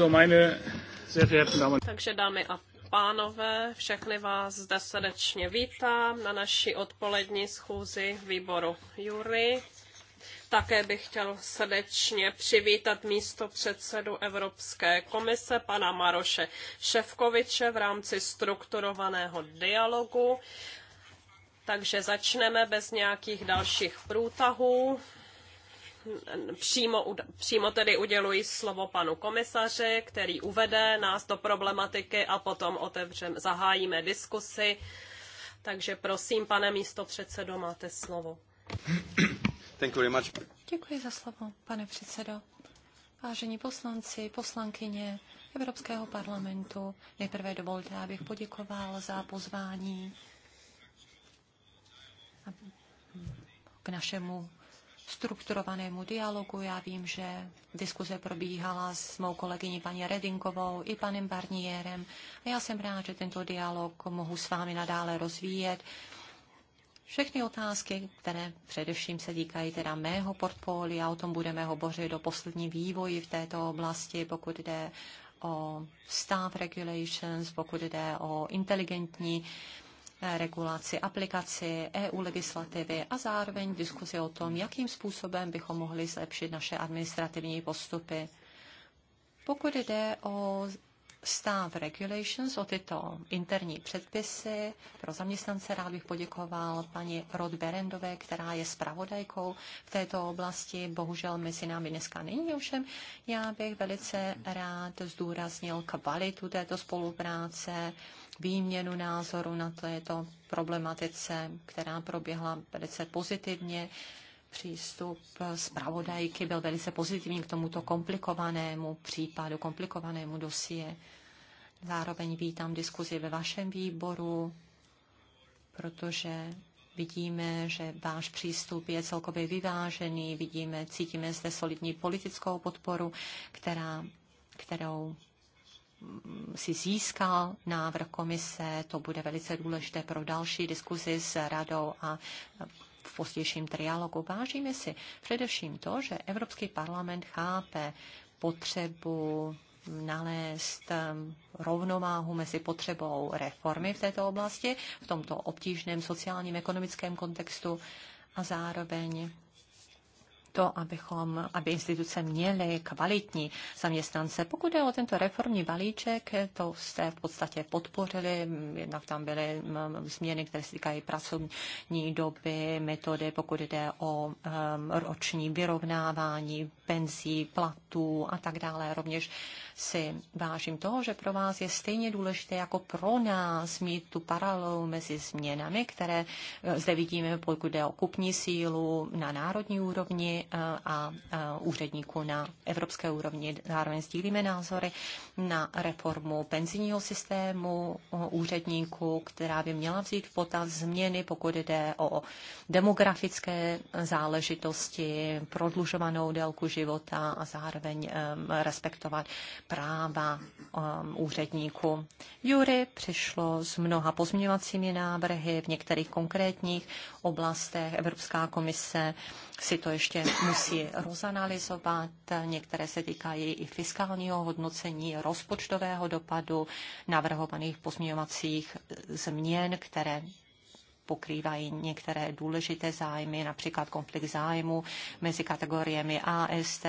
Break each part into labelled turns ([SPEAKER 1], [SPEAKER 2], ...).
[SPEAKER 1] So meine sehr verehrten Damen. Takže Herren. a pánové, všechny vás zde srdečně vítám na naší odpolední schůzi výboru Jury. Také bych chtěl srdečně přivítat místo předsedu Evropské komise pana Maroše Ševkoviče v rámci strukturovaného dialogu. Takže začneme bez nějakých dalších průtahů přímo, přímo tedy uděluji slovo panu komisaři, který uvede nás do problematiky a potom otevřem, zahájíme diskusi. Takže prosím, pane místo předsedo, máte slovo.
[SPEAKER 2] Thank you very much.
[SPEAKER 3] Děkuji za slovo, pane předsedo. Vážení poslanci, poslankyně Evropského parlamentu, nejprve dovolte, abych poděkoval za pozvání k našemu strukturovanému dialogu. Já vím, že diskuze probíhala s mou kolegyní paní Redinkovou i panem Barnierem a já jsem rád, že tento dialog mohu s vámi nadále rozvíjet. Všechny otázky, které především se týkají teda mého portfolia, o tom budeme hovořit o poslední vývoji v této oblasti, pokud jde o staff regulations, pokud jde o inteligentní uh, regulaci, aplikaci EU legislativy a zároveň diskuzi o tom, jakým způsobem bychom mohli zlepšit naše administrativní postupy. Pokud jde o staff regulations, o tyto interní předpisy. Pro zaměstnance rád bych poděkoval paní Rod Berendové, která je spravodajkou v této oblasti. Bohužel mezi námi dneska není, ovšem já bych velice rád zdůraznil kvalitu této spolupráce výměnu názoru na této problematice, která proběhla velice pozitivně. Přístup zpravodajky byl velice pozitivní k tomuto komplikovanému případu, komplikovanému dosie. Zároveň vítám diskuzi ve vašem výboru, protože vidíme, že váš přístup je celkově vyvážený, vidíme, cítíme zde solidní politickou podporu, která, kterou si získal návrh komise. To bude velice důležité pro další diskuzi s radou a v pozdějším trialogu. Vážíme si především to, že Evropský parlament chápe potřebu nalézt um, rovnováhu mezi potřebou reformy v této oblasti, v tomto obtížném sociálním ekonomickém kontextu a zároveň to, abychom, aby instituce měly kvalitní zaměstnance. Pokud je o tento reformní balíček, to jste v podstatě podpořili, jednak tam byly změny, které se týkají pracovní doby, metody, pokud jde o um, roční vyrovnávání penzí, platů a tak dále. Rovněž si vážím toho, že pro vás je stejně důležité jako pro nás mít tu paralelu mezi změnami, které eh, zde vidíme, pokud jde o kupní sílu na národní úrovni eh, a eh, úředníků na evropské úrovni. Zároveň sdílíme názory na reformu penzijního systému úředníků, která by měla vzít v potaz změny, pokud jde o demografické záležitosti, prodlužovanou délku života a zároveň respektovat práva um, úředníků. Jury přišlo s mnoha pozměňovacími návrhy v některých konkrétních oblastech. Evropská komise si to ještě musí rozanalizovat. Některé se týkají i fiskálního hodnocení, rozpočtového dopadu navrhovaných pozměňovacích změn, které pokrývají některé důležité zájmy, například konflikt zájmu mezi kategoriemi AST,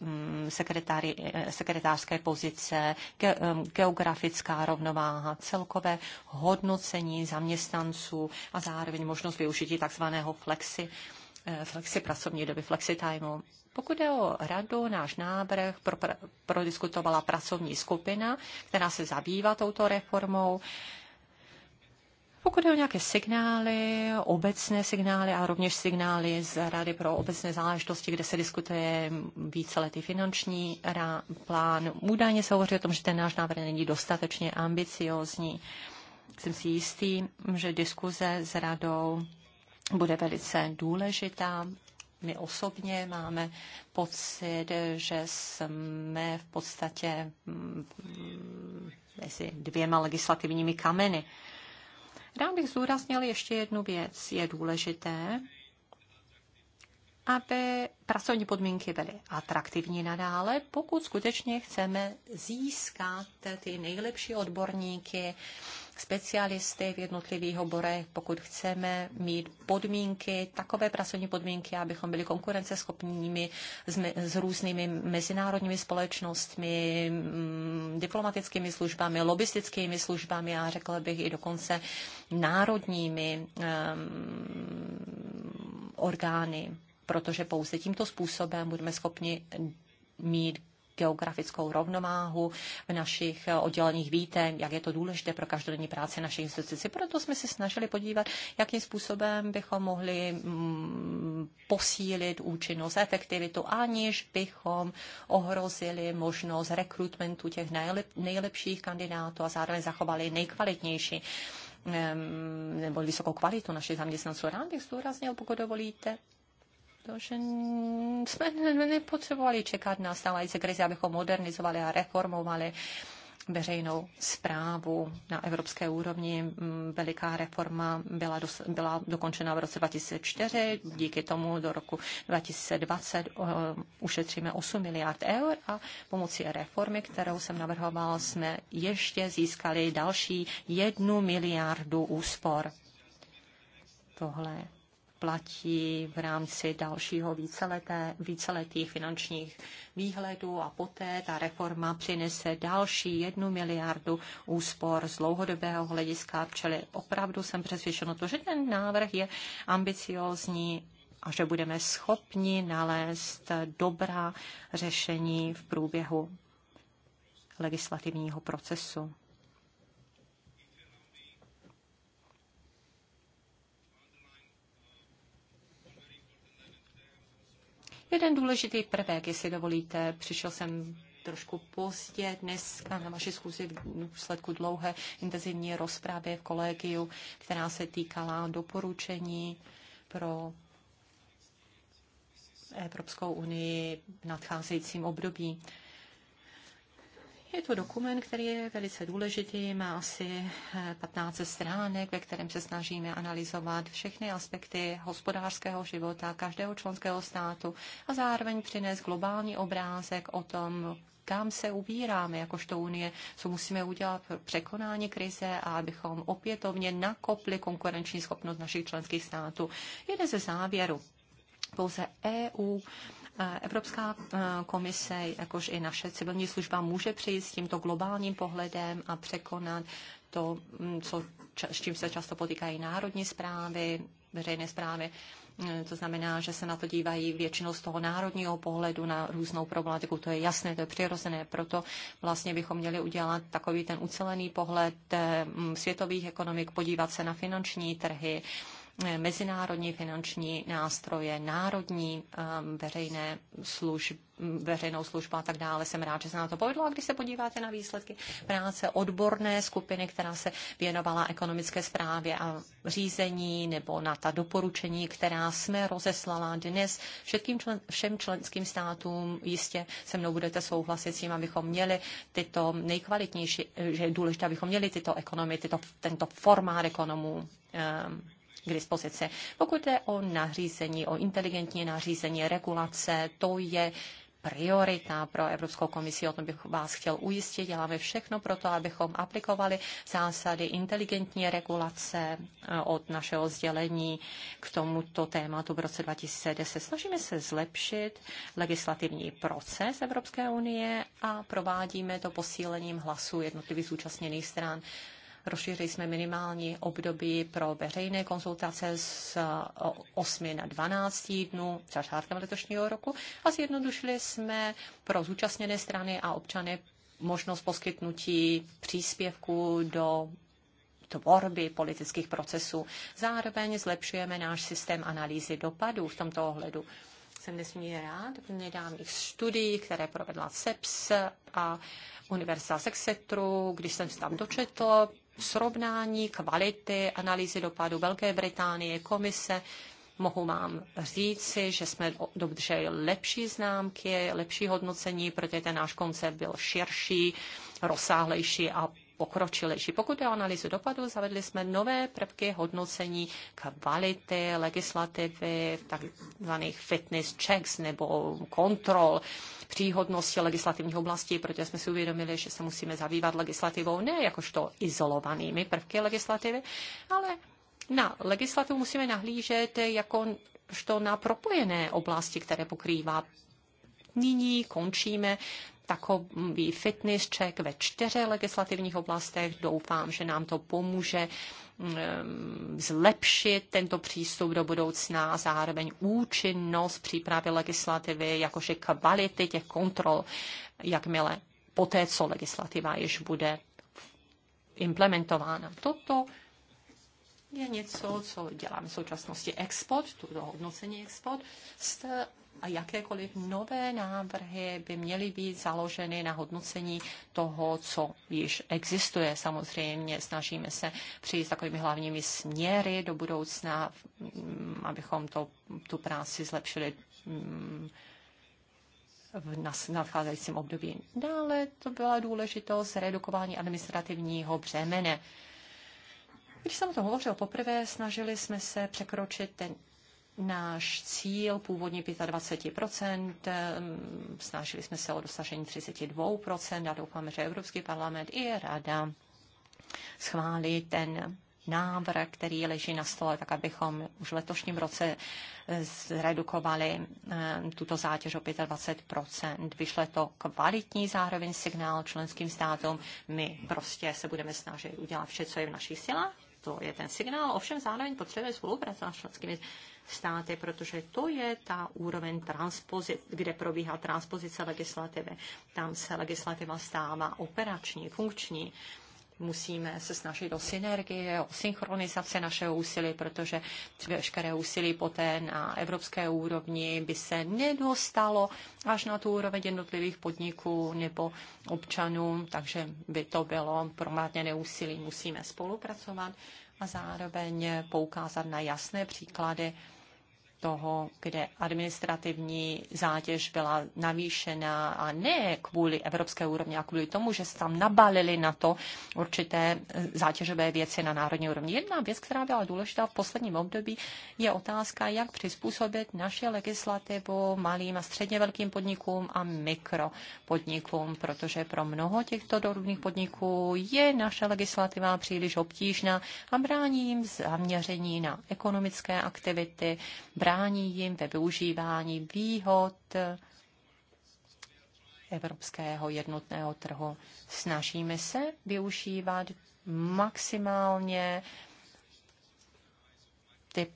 [SPEAKER 3] mm, eh, sekretářské pozice, eh, geografická rovnováha, celkové hodnocení zaměstnanců a zároveň možnost využití takzvaného flexi, eh, flexi pracovní doby, flexi timeu. Pokud je o radu, náš návrh pro, pr, prodiskutovala pracovní skupina, která se zabývá touto reformou. Pokud je o nějaké signály, obecné signály a rovněž signály z Rady pro obecné záležitosti, kde se diskutuje víceletý finanční plán, údajně se hovoří o tom, že ten náš návrh není dostatečně ambiciózní. Jsem si jistý, že diskuze s radou bude velice důležitá. My osobně máme pocit, že jsme v podstatě mm, mezi dvěma legislativními kameny Rád bych zúraznil ještě jednu věc. Je důležité, aby pracovní podmínky byly atraktivní nadále, pokud skutečně chceme získat ty nejlepší odborníky specialisty v jednotlivých oborech, pokud chceme mít podmínky, takové pracovní podmínky, abychom byli konkurenceschopními s, s různými mezinárodními společnostmi, mm, diplomatickými službami, lobistickými službami a řekla bych i dokonce národními um, orgány, protože pouze tímto způsobem budeme schopni mít geografickou rovnováhu v našich oddělených Víte, jak je to důležité pro každodenní práci naší instituci. Proto jsme se snažili podívat, jakým způsobem bychom mohli mm, posílit účinnost, efektivitu, aniž bychom ohrozili možnost rekrutmentu těch nejlepších kandidátů a zároveň zachovali nejkvalitnější nebo vysokou kvalitu našich zaměstnanců. Rád bych zdůraznil, pokud dovolíte, protože jsme nepotřebovali čekat na stávající krizi, abychom modernizovali a reformovali veřejnou zprávu na evropské úrovni. Mm, Veliká reforma byla, dos, byla dokončena v roce 2004. Díky tomu do roku 2020 uh, eh, ušetříme 8 miliard eur a pomocí reformy, kterou jsem navrhoval, jsme ještě získali další jednu miliardu úspor. Tohle platí v rámci dalšího víceleté, víceletých finančních výhledů a poté ta reforma přinese další jednu miliardu úspor z dlouhodobého hlediska, čili opravdu jsem přesvědčen o to, že ten návrh je ambiciózní a že budeme schopni nalézt dobrá řešení v průběhu legislativního procesu. Jeden důležitý prvek, jestli dovolíte, přišel jsem trošku pozdě dneska na vaši schůzi v důsledku dlouhé intenzivní rozprávy v kolegiu, která se týkala doporučení pro Evropskou unii v nadcházejícím období. Je to dokument, který je velice důležitý, má asi 15 eh, stránek, ve kterém se snažíme analyzovat všechny aspekty hospodářského života každého členského státu a zároveň přinést globální obrázek o tom, kam se ubíráme jakožto Unie, co musíme udělat pro překonání krize a abychom opětovně nakopli konkurenční schopnost našich členských států. Jeden ze závěrů. Pouze EU Eh, Evropská eh, komise, jakož i naše civilní služba, může přijít s tímto globálním pohledem a překonat to, hm, co, s čím se často potýkají národní zprávy, veřejné zprávy. Eh, to znamená, že se na to dívají většinou z toho národního pohledu na různou problematiku. To je jasné, to je přirozené. Proto vlastně bychom měli udělat takový ten ucelený pohled hm, světových ekonomik, podívat se na finanční trhy, mezinárodní finanční nástroje, národní um, veřejné služby, veřejnou službu a tak dále. Jsem rád, že se nám to povedlo. A když se podíváte na výsledky práce odborné skupiny, která se věnovala ekonomické zprávě a řízení nebo na ta doporučení, která jsme rozeslala dnes všem, člen, všem členským státům, jistě se mnou budete souhlasit s tím, abychom měli tyto nejkvalitnější, že je důležité, abychom měli tyto ekonomy, tyto, tento formát ekonomů um, k dispozici. Pokud jde o nařízení, o inteligentní nařízení, regulace, to je priorita pro Evropskou komisi, o tom bych vás chtěl ujistit. Děláme všechno pro to, abychom aplikovali zásady inteligentní regulace eh, od našeho sdělení k tomuto tématu v roce 2010. Snažíme se zlepšit legislativní proces Evropské unie a provádíme to posílením hlasu jednotlivých zúčastněných stran Rozšířili jsme minimální období pro veřejné konzultace z 8 eh, na 12 dnů začátkem letošního roku a zjednodušili jsme pro zúčastněné strany a občany možnost poskytnutí příspěvku do tvorby politických procesů. Zároveň zlepšujeme náš systém analýzy dopadů v tomto ohledu. Jsem nesmírně rád v nedávných studií, které provedla SEPS a Univerzita Sexetru, když jsem se tam dočetl, srovnání kvality analýzy dopadu Velké Británie, komise, mohu vám říci, že jsme dobře lepší známky, lepší hodnocení, protože ten náš koncept byl širší, rozsáhlejší a pokročilejší. Pokud je o analýzu dopadu, zavedli jsme nové prvky hodnocení kvality legislativy, takzvaných fitness checks nebo kontrol příhodnosti legislativních oblastí, protože jsme si uvědomili, že se musíme zabývat legislativou ne jakožto izolovanými prvky legislativy, ale na legislativu musíme nahlížet jako na propojené oblasti, které pokrývá nyní končíme takový fitness check ve čtyřech legislativních oblastech. Doufám, že nám to pomůže mm, zlepšit tento přístup do budoucna, zároveň účinnost přípravy legislativy, jakože kvality těch kontrol, jakmile poté, co legislativa již bude implementována. Toto je něco, co děláme v současnosti export, tuto hodnocení export, a jakékoliv nové návrhy by měly být založeny na hodnocení toho, co již existuje. Samozřejmě snažíme se přijít s takovými hlavními směry do budoucna, mm, abychom to, tu práci zlepšili mm, v nadcházejícím období. Dále to byla důležitost redukování administrativního břemene. Když jsem o tom hovořil poprvé, snažili jsme se překročit ten náš cíl, původně 25%, ehm, snažili jsme se o dosažení 32% a doufáme, že Evropský parlament i Rada schválí ten návrh, který leží na stole, tak abychom už v letošním roce zredukovali ehm, tuto zátěž o 25 Vyšle to kvalitní zároveň signál členským státům. My prostě se budeme snažit udělat vše, co je v našich silách. To je ten signál. Ovšem zároveň potřebujeme spolupracovat s členskými státy, protože to je ta úroveň transpozit, kde probíhá transpozice legislativy. Tam se legislativa stává operační, funkční musíme se snažit o synergie, o synchronizaci našeho úsilí, protože veškeré úsilí poté na evropské úrovni by se nedostalo až na tu úroveň jednotlivých podniků nebo občanů, takže by to bylo promárněné úsilí. Musíme spolupracovat a zároveň poukázat na jasné příklady toho, kde administrativní zátěž byla navýšena a ne kvůli evropské úrovni, a kvůli tomu, že se tam nabalili na to určité eh, zátěžové věci na národní úrovni. Jedna věc, která byla důležitá v posledním období, je otázka, jak přizpůsobit naše legislativu malým a středně velkým podnikům a mikropodnikům, protože pro mnoho těchto drobných podniků je naše legislativa příliš obtížná a brání jim zaměření na ekonomické aktivity, brání brání jim ve využívání výhod evropského jednotného trhu. Snažíme se využívat maximálně ty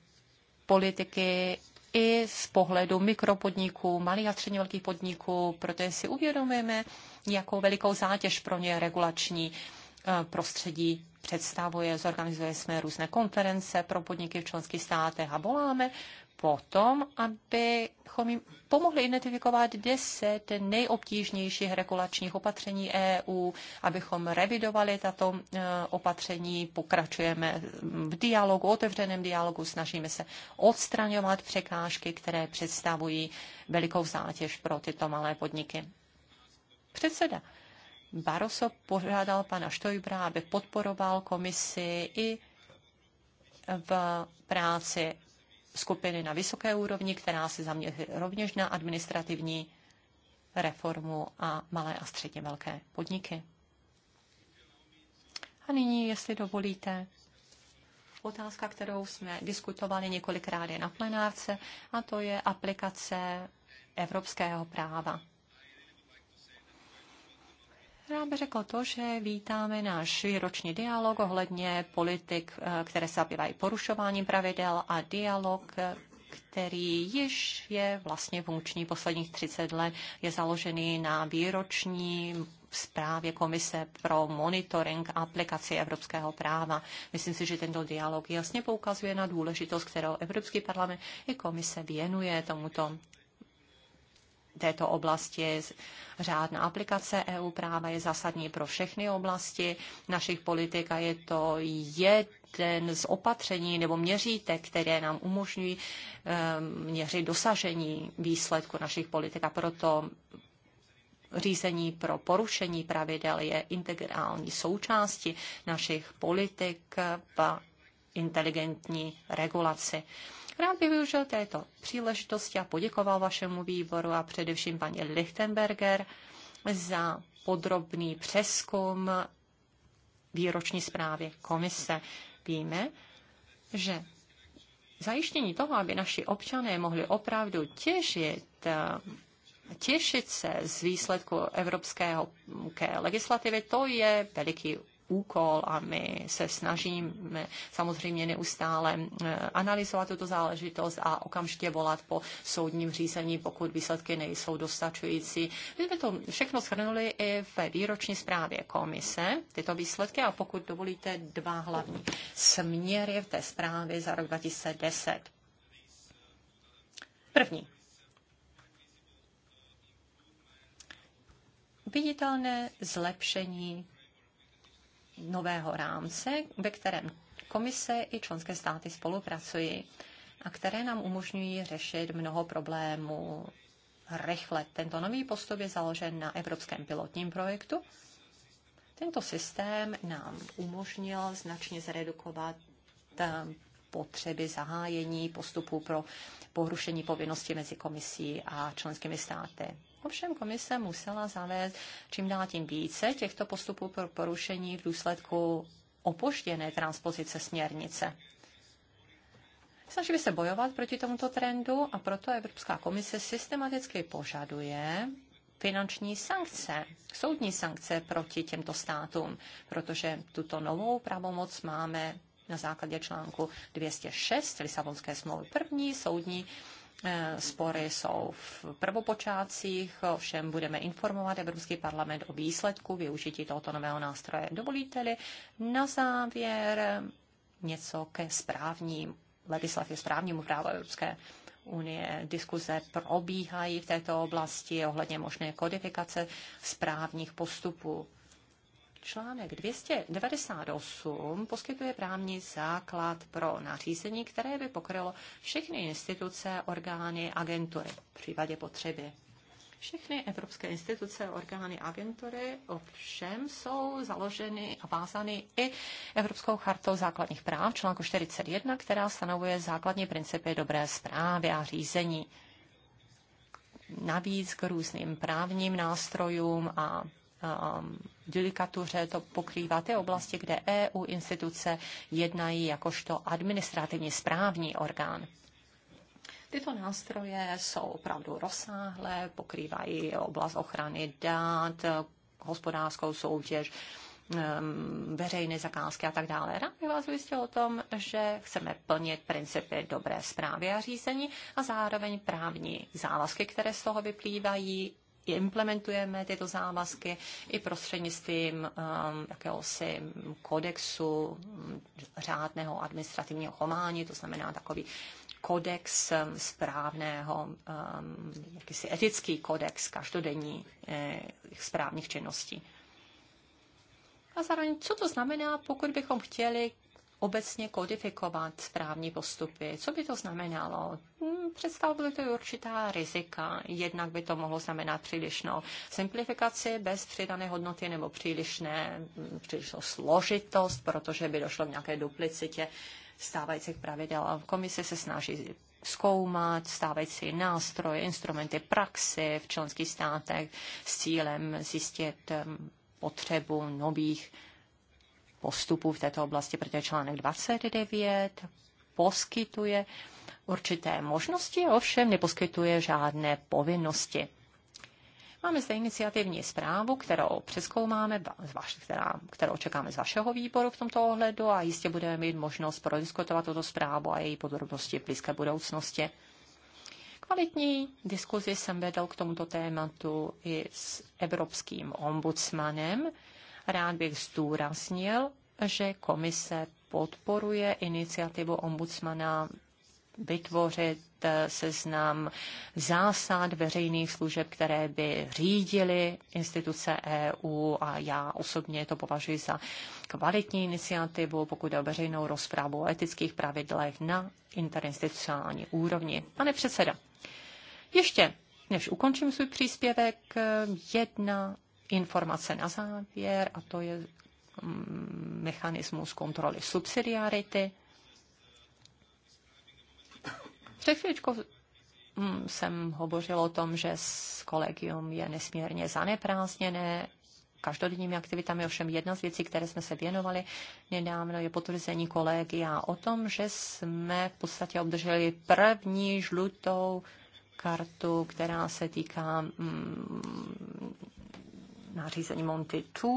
[SPEAKER 3] politiky i z pohledu mikropodniků, malých a středně velkých podniků, protože si uvědomujeme, jakou velikou zátěž pro ně regulační eh, prostředí představuje. Zorganizujeme jsme různé konference pro podniky v členských státech a voláme potom, abychom jim pomohli identifikovat deset nejobtížnějších regulačních opatření EU, abychom revidovali tato e, opatření, pokračujeme v dialogu, otevřeném dialogu, snažíme se odstraňovat překážky, které představují velikou zátěž pro tyto malé podniky. Předseda Barroso požádal pana Štojbra, aby podporoval komisi i v práci skupiny na vysoké úrovni, která se zaměří rovněž na administrativní reformu a malé a středně velké podniky. A nyní, jestli dovolíte, otázka, kterou jsme diskutovali několikrát je na plenárce, a to je aplikace evropského práva která bych řekl to, že vítáme náš roční dialog ohledně politik, eh, které se zabývají porušováním pravidel a dialog, eh, který již je vlastně funkční posledních 30 let, je založený na výroční zprávě Komise pro monitoring aplikaci evropského práva. Myslím si, že tento dialog jasně poukazuje na důležitost, kterou Evropský parlament i komise věnuje tomuto této oblasti. Řádná aplikace EU práva je zásadní pro všechny oblasti našich politik a je to jeden z opatření nebo měřítek, které nám umožňují ehm, měřit dosažení výsledku našich politik a proto řízení pro porušení pravidel je integrální součástí našich politik v inteligentní regulaci. Rád bych využil této příležitosti a poděkoval vašemu výboru a především paní Lichtenberger za podrobný přeskum výroční zprávy komise. Víme, že zajištění toho, aby naši občané mohli opravdu těžit těšit se z výsledku evropské legislativy, to je veliký úkol a my se snažíme samozřejmě neustále eh, analyzovat tuto záležitost a okamžitě volat po soudním řízení, pokud výsledky nejsou dostačující. My jsme to všechno shrnuli i ve výroční zprávě komise, tyto výsledky a pokud dovolíte dva hlavní směry v té zprávě za rok 2010. První. Viditelné zlepšení nového rámce, ve kterém komise i členské státy spolupracují a které nám umožňují řešit mnoho problémů rychle. Tento nový postup je založen na evropském pilotním projektu. Tento systém nám umožnil značně zredukovat eh, potřeby zahájení postupu pro porušení povinnosti mezi komisí a členskými státy. Ovšem komise musela zavést čím dál tím více těchto postupů pro porušení v důsledku opoštěné transpozice směrnice. Snažíme se bojovat proti tomuto trendu a proto Evropská komise systematicky požaduje finanční sankce, soudní sankce proti těmto státům, protože tuto novou pravomoc máme na základě článku 206 Lisabonské smlouvy. První soudní Eh, spory jsou v prvopočátcích, ovšem budeme informovat Evropský parlament o výsledku využití tohoto nového nástroje. Dovolíte-li na závěr něco ke správním legislativě, správnímu právu Evropské unie. Diskuze probíhají v této oblasti ohledně možné kodifikace správních postupů. Článek 298 poskytuje právní základ pro nařízení, které by pokrylo všechny instituce, orgány, agentury v případě potřeby. Všechny evropské instituce, orgány, agentury ovšem jsou založeny a vázány i Evropskou chartou základních práv, článku 41, která stanovuje základní principy dobré zprávy a řízení navíc k různým právním nástrojům a um, judikatuře, to pokrývá ty oblasti, kde EU instituce jednají jakožto administrativní správní orgán. Tyto nástroje jsou opravdu rozsáhlé, pokrývají oblast ochrany dát, hospodářskou soutěž, um, veřejné zakázky a tak dále. Rád bych vás ujistil o tom, že chceme plnit principy dobré zprávy a řízení a zároveň právní závazky, které z toho vyplývají, implementujeme tyto závazky i prostřednictvím um, jakéhosi kodexu mm, řádného administrativního chování, to znamená takový kodex um, správného, um, jakýsi etický kodex každodenní eh, správných činností. A zároveň, co to znamená, pokud bychom chtěli obecně kodifikovat správní postupy? Co by to znamenalo? Hm, představovalo to určitá rizika. Jednak by to mohlo znamenat přílišnou simplifikaci bez přidané hodnoty nebo přílišné, přílišnou složitost, protože by došlo k nějaké duplicitě stávajících pravidel. A Komise se snaží zkoumat stávající nástroje, instrumenty praxi v členských státech s cílem zjistit um, potřebu nových postupů v této oblasti, protože článek 29 poskytuje určité možnosti, ovšem neposkytuje žádné povinnosti. Máme zde iniciativní zprávu, kterou přeskoumáme, kterou čekáme z vašeho výboru v tomto ohledu a jistě budeme mít možnost prodiskutovat tuto zprávu a její podrobnosti v blízké budoucnosti. Kvalitní diskuzi jsem vedl k tomuto tématu i s evropským ombudsmanem. Rád bych zdůraznil, že komise podporuje iniciativu ombudsmana vytvořit eh, seznam zásad veřejných služeb, které by řídily instituce EU a já osobně to považuji za kvalitní iniciativu, pokud je o veřejnou rozprávu o etických pravidlech na interinstitucionální úrovni. Pane předseda, ještě než ukončím svůj příspěvek, eh, jedna informace na závěr a to je mm, mechanismus kontroly subsidiarity. Před chvíličkou mm, jsem hovořil o tom, že s kolegium je nesmírně zaneprázdněné, každodenními aktivitami. Ovšem jedna z věcí, které jsme se věnovali nedávno, je potvrzení kolegia o tom, že jsme v podstatě obdrželi první žlutou kartu, která se týká mm, nařízení Monty 2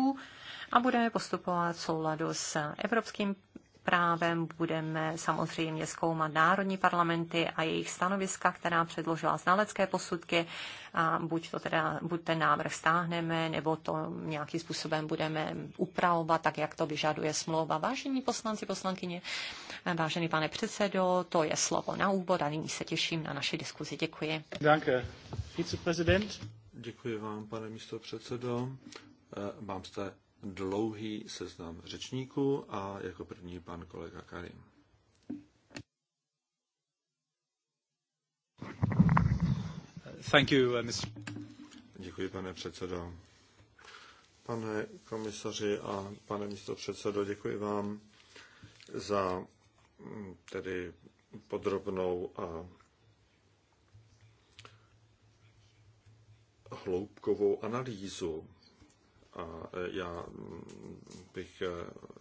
[SPEAKER 3] a budeme postupovat v souladu s evropským právem budeme samozřejmě zkoumat národní parlamenty a jejich stanoviska, která předložila znalecké posudky. A buď, to teda, buď ten návrh stáhneme, nebo to nějakým způsobem budeme upravovat, tak jak to vyžaduje smlouva. Vážení poslanci, poslankyně, vážený pane předsedo, to je slovo na úvod a nyní se těším na naši diskuzi. Děkuji.
[SPEAKER 2] Danke. Viceprezident. Děkuji vám, pane místo předsedo. Eh, mám zde dlouhý seznam řečníků a jako první pan kolega Karim. Thank you, uh, Mr. Děkuji, pane předsedo. Pane komisaři a pane předsedo, děkuji vám za mm, tedy podrobnou a hloubkovou analýzu a e, já mm, bych e,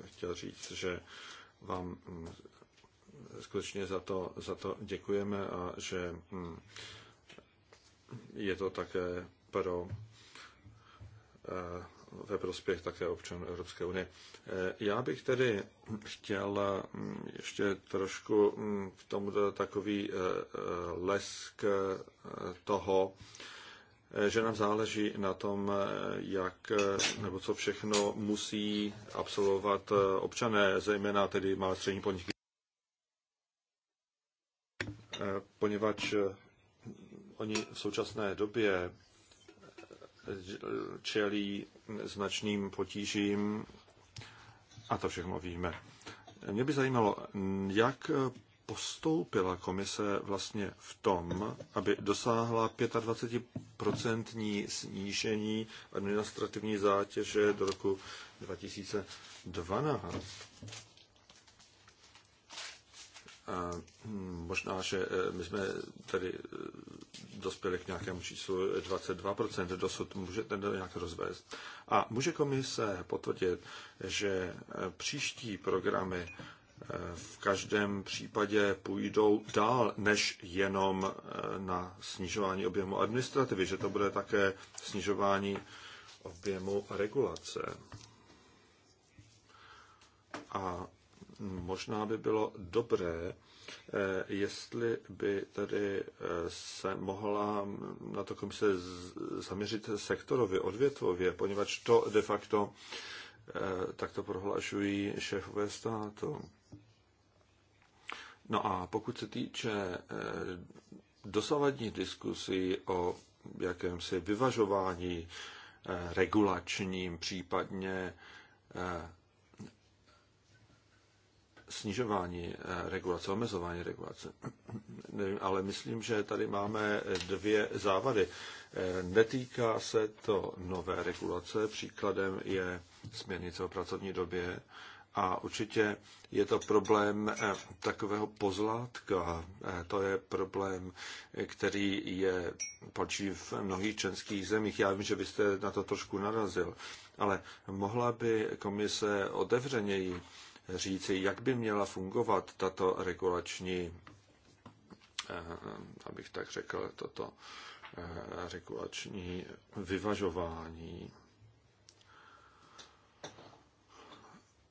[SPEAKER 2] chtěl říct, že vám mm, skutečně za to, za to děkujeme a že mm, je to také pro e, ve prospěch také občanů Evropské unie. Já bych tedy chtěl ještě trošku k tomu takový lesk toho, Eh, že nám záleží na tom, eh, jak eh, nebo co všechno musí absolvovat občané, zejména tedy malé střední podniky. Poněvadž oni v současné době čelí značným potížím a to všechno víme. Mě by zajímalo, jak postoupila komise vlastně v tom, aby dosáhla 25% snížení administrativní zátěže do roku 2012. A hm, možná, že eh, my jsme tady eh, dospěli k nějakému číslu 22%, dosud můžete nějak rozvést. A může komise potvrdit, že eh, příští programy v každém případě půjdou dál než jenom eh, na snižování objemu administrativy, že to bude také snižování objemu regulace. A možná by bylo dobré, eh, jestli by tedy eh, se mohla na to komise zaměřit sektorově, odvětvově, poněvadž to de facto tak to prohlašují šéfové státu. No a pokud se týče eh, dosavadních diskusí o jakémsi vyvažování eh, regulačním, případně eh, snižování regulace, omezování regulace. Nevím, ale myslím, že tady máme dvě závady. Netýká se to nové regulace, příkladem je směrnice o pracovní době, a určitě je to problém eh, takového pozlátka. Eh, to je problém, eh, který je počí v mnohých členských zemích. Já vím, že byste na to trošku narazil, ale mohla by komise otevřeněji říci, jak by měla fungovat tato regulační, abych tak řekl, toto regulační vyvažování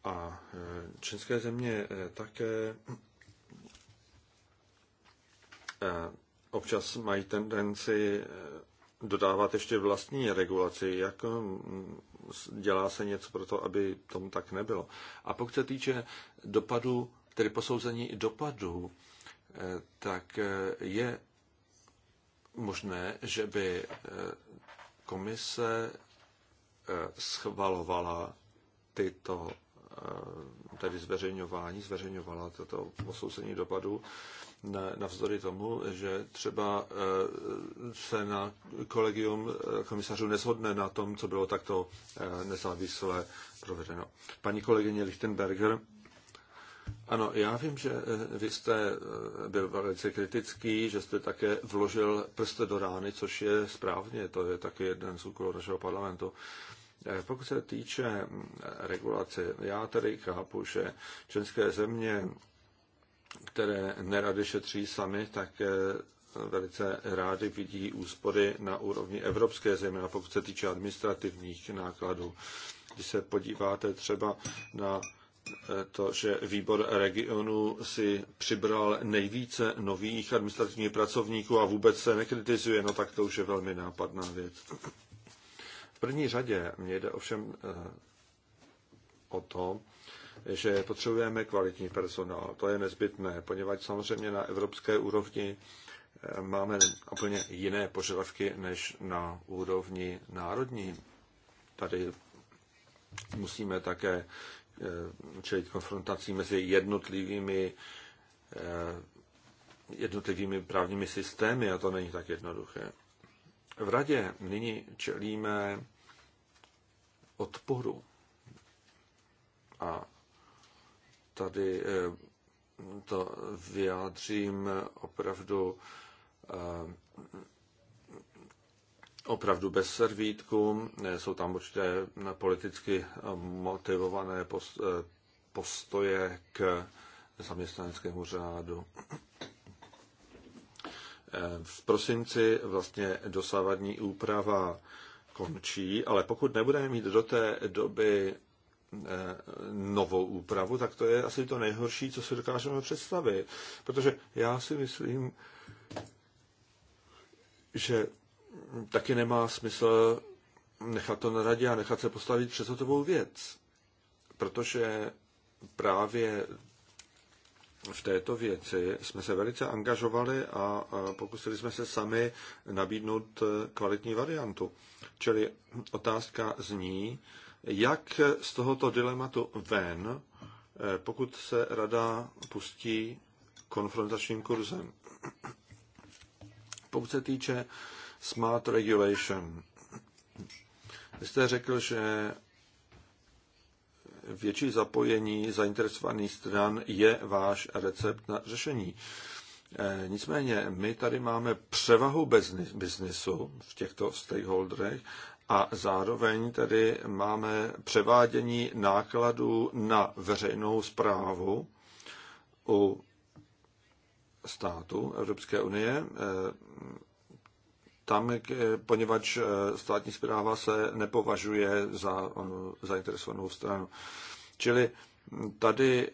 [SPEAKER 2] A e, české země e, také e, občas mají tendenci dodávat ještě vlastní regulaci, jak dělá se něco pro to, aby tomu tak nebylo. A pokud se týče dopadu, tedy posouzení dopadů, tak je možné, že by komise schvalovala tyto Eh, tedy zveřejňování, zveřejňovala toto posouzení dopadu, navzdory tomu, že třeba eh, se na kolegium eh, komisařů neshodne na tom, co bylo takto nezávisle provedeno. Paní kolegyně Lichtenberger, ano, já vím, že vy jste byl velice kritický, že jste také vložil prste do rány, což je správně, to je také jeden z úkolů našeho parlamentu. Eh, pokud se týče mm, regulace, já tady chápu, že české země, které nerady šetří sami, tak eh, velice rádi vidí úspory na úrovni evropské země, pokud se týče administrativních nákladů. Když se podíváte třeba na eh, to, že výbor regionu si přibral nejvíce nových administrativních pracovníků a vůbec se nekritizuje, no tak to už je velmi nápadná věc. V první řadě mě jde ovšem eh, o to, že potřebujeme kvalitní personál. To je nezbytné, poněvadž samozřejmě na evropské úrovni eh, máme úplně jiné požadavky než na úrovni národní. Tady musíme také eh, čelit konfrontací mezi jednotlivými jednotlivými právními systémy a to není tak jednoduché. V radě nyní čelíme odporu. A tady eh, to vyjádřím opravdu eh, opravdu bez servítku. Jsou tam určité politicky motivované eh, postoje k zaměstnaneckému řádu. V prosinci vlastně dosávadní úprava končí, ale pokud nebudeme mít do té doby eh, novou úpravu, tak to je asi to nejhorší, co si dokážeme představit. Protože já si myslím, že taky nemá smysl nechat to na radě a nechat se postavit přes hotovou věc. Protože právě v této věci jsme se velice angažovali a pokusili jsme se sami nabídnout e, kvalitní variantu. Čili otázka zní, jak z tohoto dilematu ven, e, pokud se rada pustí konfrontačním kurzem. Pokud se týče smart regulation, vy jste řekl, že větší zapojení zainteresovaných stran je váš recept na řešení. Eh, nicméně my tady máme převahu biznesu v těchto stakeholderech a zároveň tedy máme převádění nákladů na veřejnou zprávu u státu Evropské unie. Eh, tam, eh, poněvadž eh, státní zpráva se nepovažuje za eh, zainteresovanou stranu. Čili hm, tady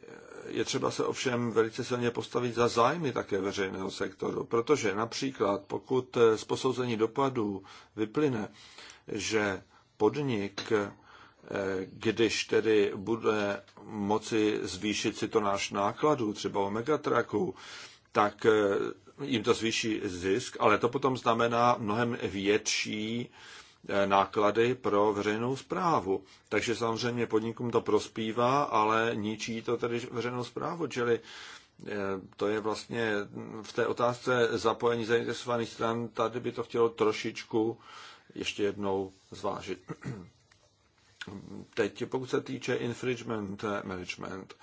[SPEAKER 2] je třeba se ovšem velice silně postavit za zájmy také veřejného sektoru, protože například pokud z posouzení dopadů vyplyne, že podnik, když tedy bude moci zvýšit si to náš nákladů, třeba o megatraku, tak jim to zvýší zisk, ale to potom znamená mnohem větší eh, náklady pro veřejnou zprávu. Takže samozřejmě podnikům to prospívá, ale ničí to tedy veřejnou zprávu, čili eh, to je vlastně v té otázce zapojení zainteresovaných stran, tady by to chtělo trošičku ještě jednou zvážit. Teď, pokud se týče infringement eh, management,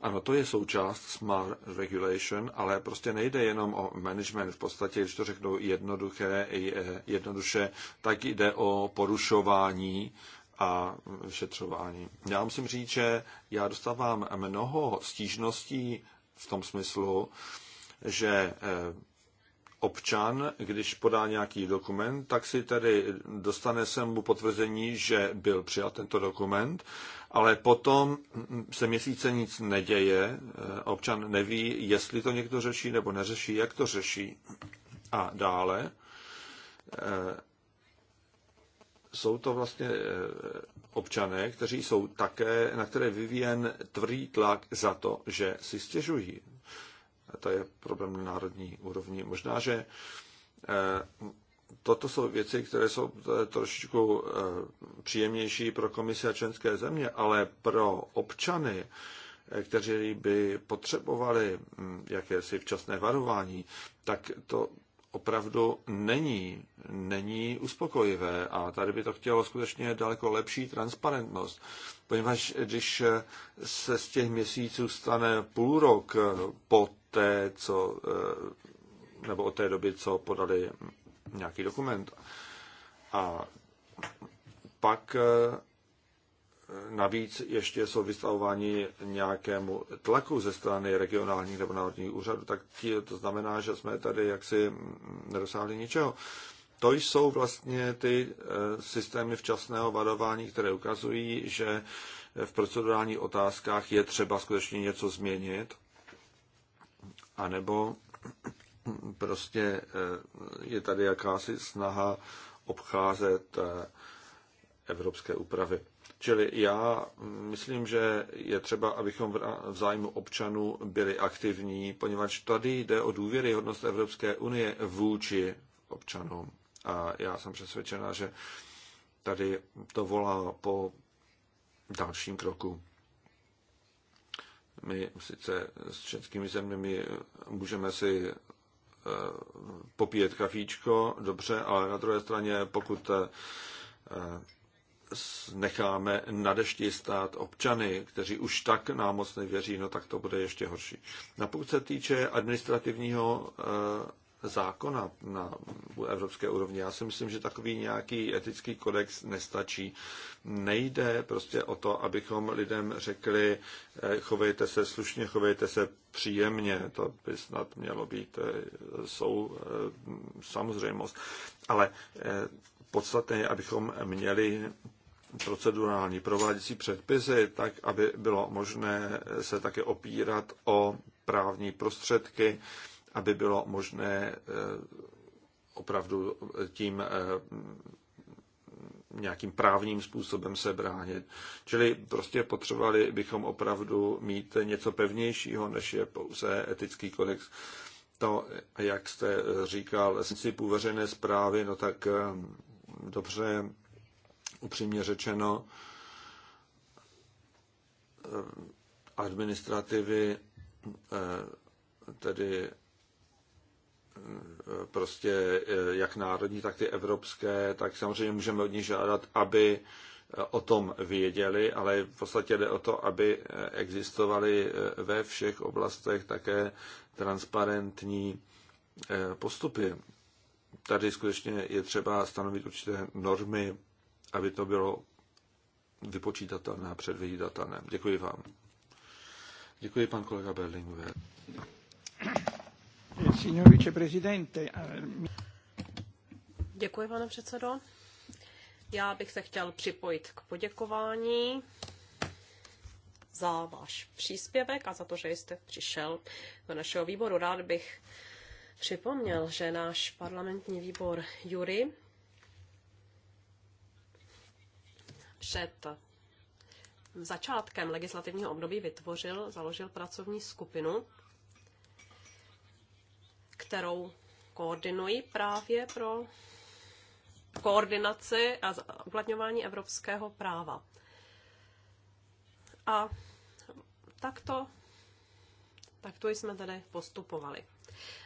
[SPEAKER 2] ano, to je součást smart regulation, ale prostě nejde jenom o management. V podstatě, když to řeknu jednoduché, e, jednoduše, tak jde o porušování a vyšetřování. Já musím říct, že já dostávám mnoho stížností v tom smyslu, že e, občan, když podá nějaký dokument, tak si tedy dostane sem mu potvrzení, že byl přijat tento dokument ale potom se měsíce nic neděje, eh, občan neví, jestli to někdo řeší nebo neřeší, jak to řeší. A dále eh, jsou to vlastně eh, občané, kteří jsou také, na které vyvíjen tvrdý tlak za to, že si stěžují. To je problém na národní úrovni. Možná, že toto jsou věci, které jsou trošičku eh, příjemnější pro komisi a členské země, ale pro občany, eh, kteří by potřebovali hm, jakési včasné varování, tak to opravdu není, není uspokojivé a tady by to chtělo skutečně daleko lepší transparentnost, poněvadž když eh, se z těch měsíců stane půl rok po té, co, nebo od té doby, co podali nějaký dokument. A pak eh, navíc ještě jsou vystavováni nějakému tlaku ze strany regionálních nebo národních úřadů, tak to znamená, že jsme tady jaksi nedosáhli ničeho. To jsou vlastně ty eh, systémy včasného varování, které ukazují, že v procedurálních otázkách je třeba skutečně něco změnit, anebo prostě eh, je tady jakási snaha obcházet eh, evropské úpravy. Čili já mm, myslím, že je třeba, abychom v zájmu občanů byli aktivní, poněvadž tady jde o důvěryhodnost Evropské unie vůči občanům. A já jsem přesvědčená, že tady to volá po dalším kroku. My sice s českými zeměmi můžeme si popíjet kafíčko, dobře, ale na druhé straně, pokud eh, necháme na dešti stát občany, kteří už tak nám moc nevěří, no tak to bude ještě horší. Na no pokud se týče administrativního eh, zákona na evropské úrovni. Já si myslím, že takový nějaký etický kodex nestačí. Nejde prostě o to, abychom lidem řekli, eh, chovejte se slušně, chovejte se příjemně. To by snad mělo být eh, sou, eh, samozřejmost. Ale podstatné je, abychom měli procedurální prováděcí předpisy, tak aby bylo možné se také opírat o právní prostředky, aby bylo možné eh, opravdu tím eh, nějakým právním způsobem se bránit. Čili prostě potřebovali bychom opravdu mít něco pevnějšího, než je pouze etický kodex. To, jak jste eh, říkal, principů veřejné zprávy, no tak dobře, upřímně řečeno, administrativy, tedy prostě eh, jak národní, tak ty evropské, tak samozřejmě můžeme od nich žádat, aby eh, o tom věděli, ale v podstatě jde o to, aby eh, existovaly ve všech oblastech také transparentní postupy. Tady skutečně je třeba stanovit určité normy, aby to bylo vypočítatelné a předvídatelné. Děkuji vám. Děkuji, pan kolega Berlingové. Eh, eh,
[SPEAKER 1] Děkuji, pane předsedo. Já bych se chtěl připojit k poděkování za váš příspěvek a za to, že jste přišel do našeho výboru. Rád bych připomněl, že náš parlamentní výbor Jury před začátkem legislativního období vytvořil, založil pracovní skupinu kterou koordinuji právě pro koordinaci a uplatňování evropského práva. A takto, takto jsme tedy postupovali.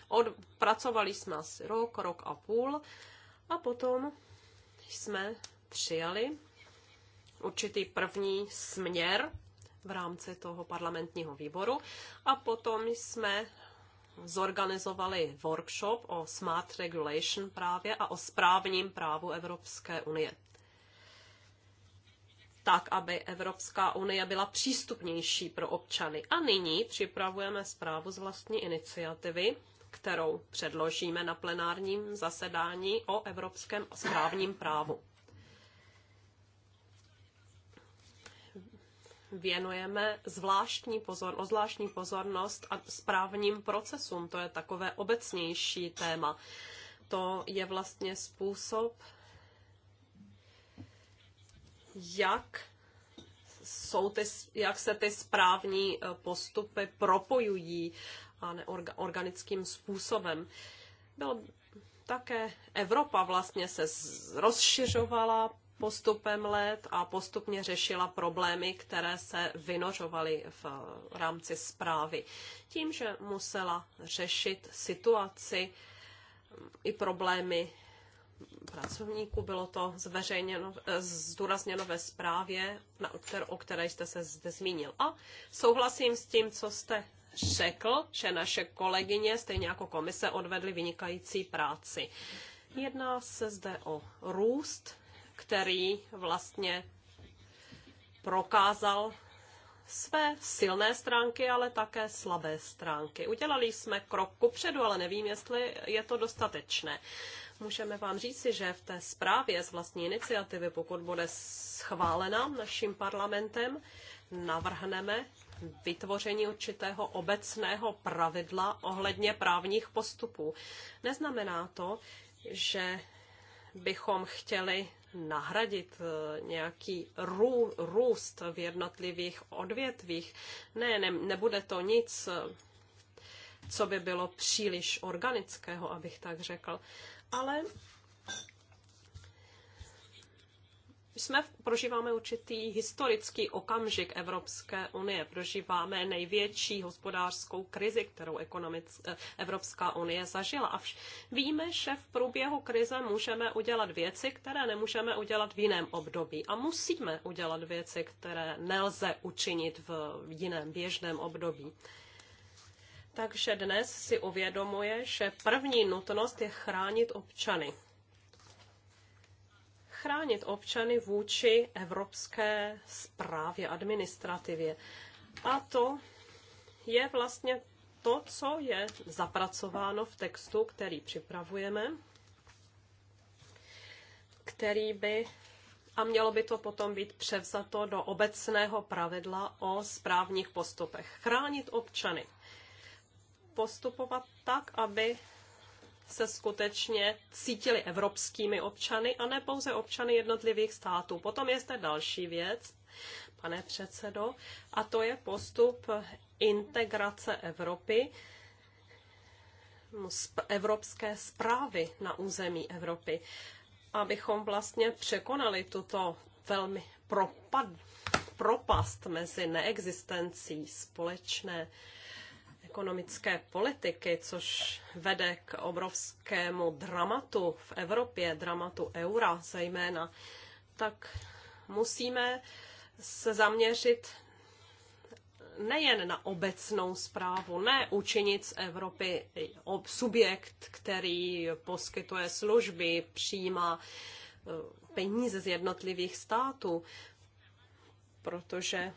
[SPEAKER 1] Odpracovali jsme asi rok, rok a půl a potom jsme přijali určitý první směr v rámci toho parlamentního výboru a potom jsme zorganizovali workshop o smart regulation právě a o správním právu Evropské unie. Tak, aby Evropská unie byla přístupnější pro občany. A nyní připravujeme zprávu z vlastní iniciativy, kterou předložíme na plenárním zasedání o evropském správním právu. věnujeme zvláštní, pozor, zvláštní pozornost a správním procesům. To je takové obecnější téma. To je vlastně způsob, jak jsou ty, jak se ty správní eh, postupy propojují a neorganickým způsobem. Bylo také Evropa vlastně se rozšiřovala, postupem let a postupně řešila problémy, které se vynořovaly v rámci zprávy. Tím, že musela řešit situaci mm, i problémy pracovníků, bylo to zveřejněno, eh, zdůrazněno ve zprávě, o které jste se zde zmínil. A souhlasím s tím, co jste řekl, že naše kolegyně, stejně jako komise, odvedly vynikající práci. Jedná se zde o růst který vlastně prokázal své silné stránky, ale také slabé stránky. Udělali jsme krok kupředu, ale nevím, jestli je to dostatečné. Můžeme vám říci, že v té zprávě z vlastní iniciativy, pokud bude schválena naším parlamentem, navrhneme vytvoření určitého obecného pravidla ohledně právních postupů. Neznamená to, že bychom chtěli nahradit eh, nějaký rů, růst v jednotlivých odvětvích. Ne, ne, nebude to nic, eh, co by bylo příliš organického, abych tak řekl. Ale jsme, prožíváme určitý historický okamžik Evropské unie. Prožíváme největší hospodářskou krizi, kterou eh, Evropská unie zažila. A vš- víme, že v průběhu krize můžeme udělat věci, které nemůžeme udělat v jiném období. A musíme udělat věci, které nelze učinit v jiném běžném období. Takže dnes si uvědomuje, že první nutnost je chránit občany chránit občany vůči evropské správě, administrativě. A to je vlastně to, co je zapracováno v textu, který připravujeme, který by a mělo by to potom být převzato do obecného pravidla o správních postupech. Chránit občany. Postupovat tak, aby se skutečně cítili evropskými občany a ne pouze občany jednotlivých států. Potom je zde další věc, pane předsedo, a to je postup integrace Evropy, no, evropské zprávy na území Evropy, abychom vlastně překonali tuto velmi propad, propast mezi neexistencí společné ekonomické politiky, což vede k obrovskému dramatu v Evropě, dramatu eura zejména, tak musíme se zaměřit nejen na obecnou zprávu, ne učinit z Evropy subjekt, který poskytuje služby, přijímá eh, peníze z jednotlivých států, protože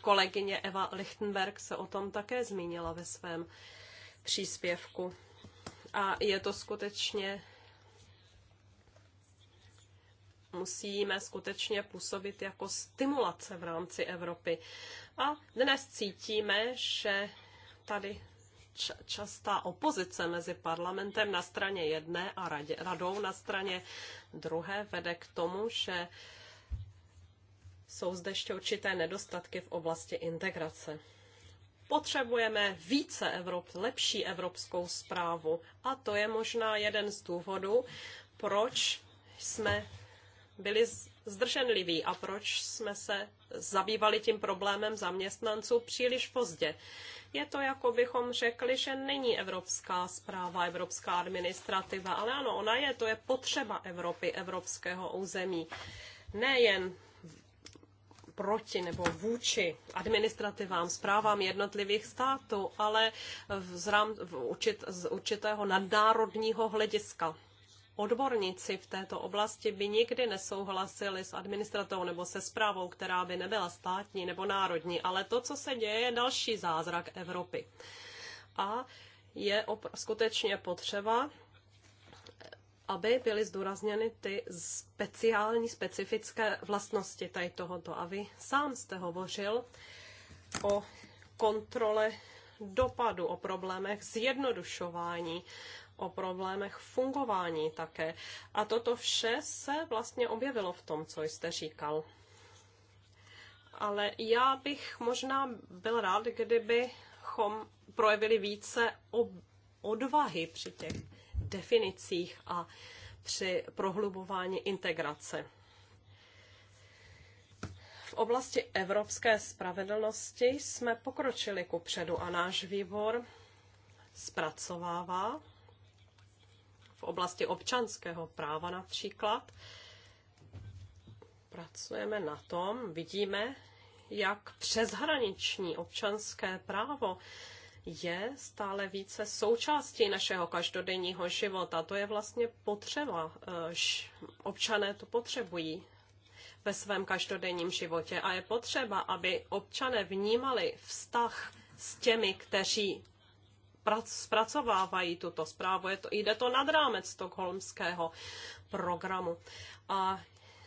[SPEAKER 1] Kolegyně Eva Lichtenberg se o tom také zmínila ve svém příspěvku. A je to skutečně musíme skutečně působit jako stimulace v rámci Evropy. A dnes cítíme, že tady častá opozice mezi parlamentem na straně jedné a radě, radou na straně druhé vede k tomu, že jsou zde ještě určité nedostatky v oblasti integrace. Potřebujeme více Evrop, lepší evropskou zprávu a to je možná jeden z důvodů, proč jsme byli zdrženliví a proč jsme se zabývali tím problémem zaměstnanců příliš pozdě. Je to, jako bychom řekli, že není evropská zpráva, evropská administrativa, ale ano, ona je, to je potřeba Evropy, evropského území. Nejen proti nebo vůči administrativám, zprávám jednotlivých států, ale z, rám, v určit, z určitého nadnárodního hlediska. Odborníci v této oblasti by nikdy nesouhlasili s administrativou nebo se zprávou, která by nebyla státní nebo národní, ale to, co se děje, je další zázrak Evropy. A je skutečně potřeba aby byly zdůrazněny ty speciální, specifické vlastnosti tady tohoto. A vy sám jste hovořil o kontrole dopadu, o problémech zjednodušování, o problémech fungování také. A toto vše se vlastně objevilo v tom, co jste říkal. Ale já bych možná byl rád, kdybychom projevili více odvahy při těch definicích a při prohlubování integrace. V oblasti evropské spravedlnosti jsme pokročili ku předu a náš výbor zpracovává v oblasti občanského práva například. Pracujeme na tom, vidíme, jak přeshraniční občanské právo je stále více součástí našeho každodenního života. To je vlastně potřeba. Eh, občané to potřebují ve svém každodenním životě a je potřeba, aby občané vnímali vztah s těmi, kteří zpracovávají tuto zprávu. Je to, jde to nad rámec stokholmského programu. A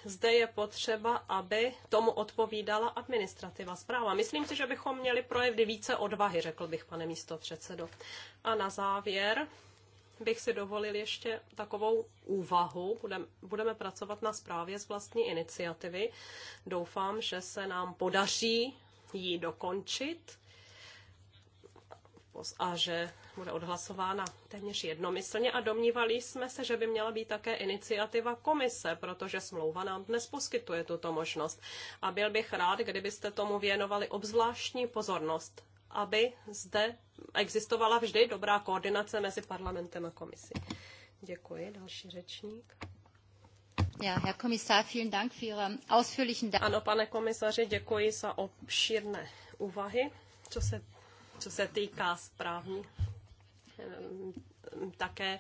[SPEAKER 1] zde je potřeba, aby tomu odpovídala administrativa zpráva. Myslím si, že bychom měli projevit více odvahy, řekl bych, pane místo předsedo. A na závěr bych si dovolil ještě takovou úvahu. Budeme, budeme pracovat na zprávě z vlastní iniciativy. Doufám, že se nám podaří ji dokončit a že bude odhlasována téměř jednomyslně a domnívali jsme se, že by měla být také iniciativa komise, protože smlouva nám dnes poskytuje tuto možnost. A byl bych rád, kdybyste tomu věnovali obzvláštní pozornost, aby zde existovala vždy dobrá koordinace mezi parlamentem a komisí. Děkuji. Další řečník. Ja, Herr Kommissar, vielen Dank für Ihre ausführlichen... Ano, pane komisaři, děkuji za obšírné úvahy, co se co se týká správní, ehm, také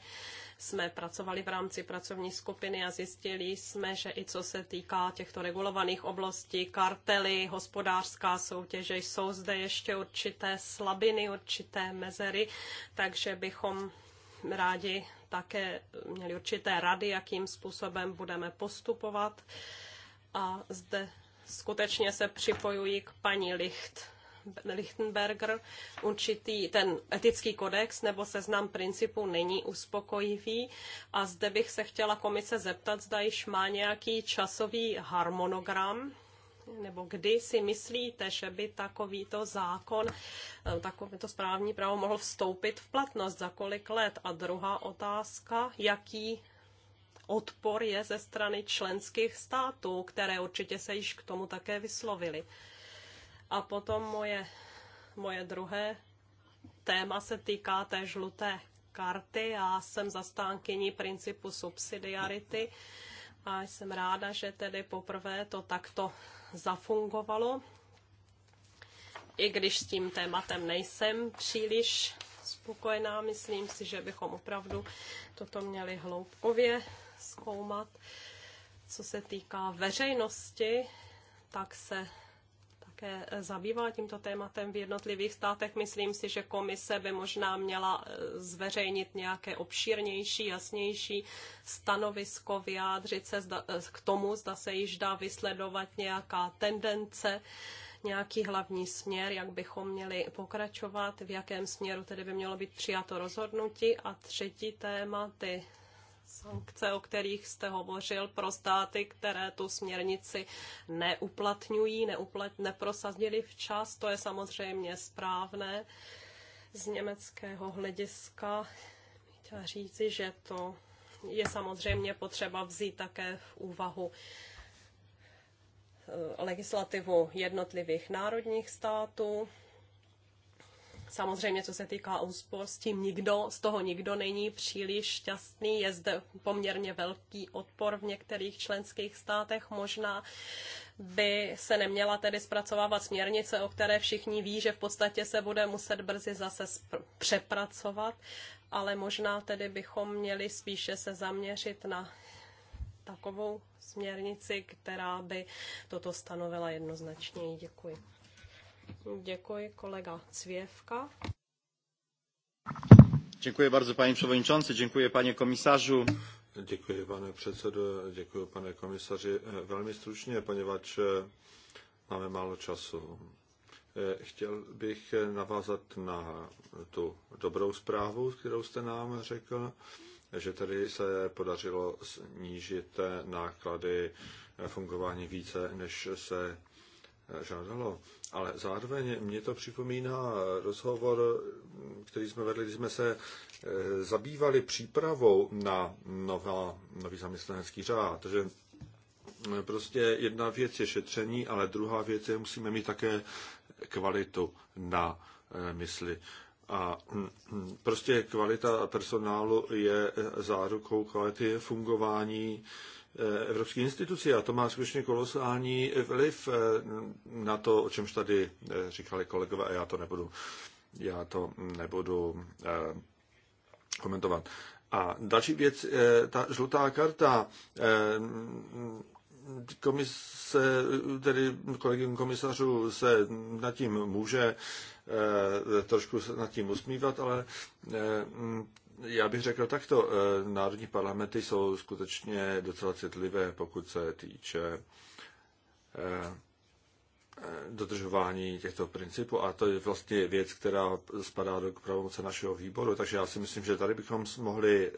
[SPEAKER 1] jsme pracovali v rámci pracovní skupiny a zjistili jsme, že i co se týká těchto regulovaných oblastí, kartely, hospodářská soutěže, jsou zde ještě určité slabiny, určité mezery, takže bychom rádi také měli určité rady, jakým způsobem budeme postupovat. A zde skutečně se připojuji k paní Licht Lichtenberger, určitý ten etický kodex nebo seznam principů není uspokojivý. A zde bych se chtěla komise zeptat, zda již má nějaký časový harmonogram nebo kdy si myslíte, že by takovýto zákon, eh, takovýto správní právo mohl vstoupit v platnost, za kolik let? A druhá otázka, jaký odpor je ze strany členských států, které určitě se již k tomu také vyslovily. A potom moje, moje druhé téma se týká té žluté karty. Já jsem zastánkyní principu subsidiarity a jsem ráda, že tedy poprvé to takto zafungovalo. I když s tím tématem nejsem příliš spokojená, myslím si, že bychom opravdu toto měli hloubkově zkoumat. Co se týká veřejnosti, tak se také zabývá tímto tématem v jednotlivých státech. Myslím si, že komise by možná měla eh, zveřejnit nějaké obšírnější, jasnější stanovisko, vyjádřit se eh, k tomu, zda se již dá vysledovat nějaká tendence, nějaký hlavní směr, jak bychom měli pokračovat, v jakém směru tedy by mělo být přijato rozhodnutí. A třetí téma, ty sankce, o kterých jste hovořil, pro státy, které tu směrnici neuplatňují, neuplat, neprosadili včas. To je samozřejmě správné z německého hlediska. Chtěla říci, že to je samozřejmě potřeba vzít také v úvahu eh, legislativu jednotlivých národních států, Samozřejmě, co se týká úspor, s tím nikdo, z toho nikdo není příliš šťastný. Je zde poměrně velký odpor v některých členských státech. Možná by se neměla tedy zpracovávat směrnice, o které všichni ví, že v podstatě se bude muset brzy zase přepracovat, ale možná tedy bychom měli spíše se zaměřit na takovou směrnici, která by toto stanovila jednoznačněji. Děkuji. Děkuji, kolega Cvěvka.
[SPEAKER 2] Děkuji bardzo, panie przewodniczący, děkuji, panie komisarzu. Děkuji, pane předsedo, děkuji, pane komisaři. Velmi stručně, poněvadž eh, máme málo času. Eh, chtěl bych eh, navázat na tu dobrou zprávu, kterou jste nám řekl, že tedy se podařilo snížit náklady fungování více, než se žádalo. Ale zároveň mě to připomíná rozhovor, který jsme vedli, když jsme se eh, zabývali přípravou na nová, nový zaměstnanecký řád. Že eh, prostě jedna věc je šetření, ale druhá věc je, musíme mít také kvalitu na eh, mysli. A hm, prostě kvalita personálu je zárukou kvality fungování Eh, evropské instituci a to má skutečně kolosální vliv eh, na to, o čemž tady eh, říkali kolegové a já to nebudu, já to nebudu komentovat. A další věc, ta žlutá karta, komise, tedy kolegium komisařů se nad tím může trošku nad tím usmívat, ale já bych řekl takto, eh, národní parlamenty jsou skutečně docela citlivé, pokud se týče eh, eh, dodržování těchto principů a to je vlastně věc, která spadá do pravomoce našeho výboru, takže já si myslím, že tady bychom mohli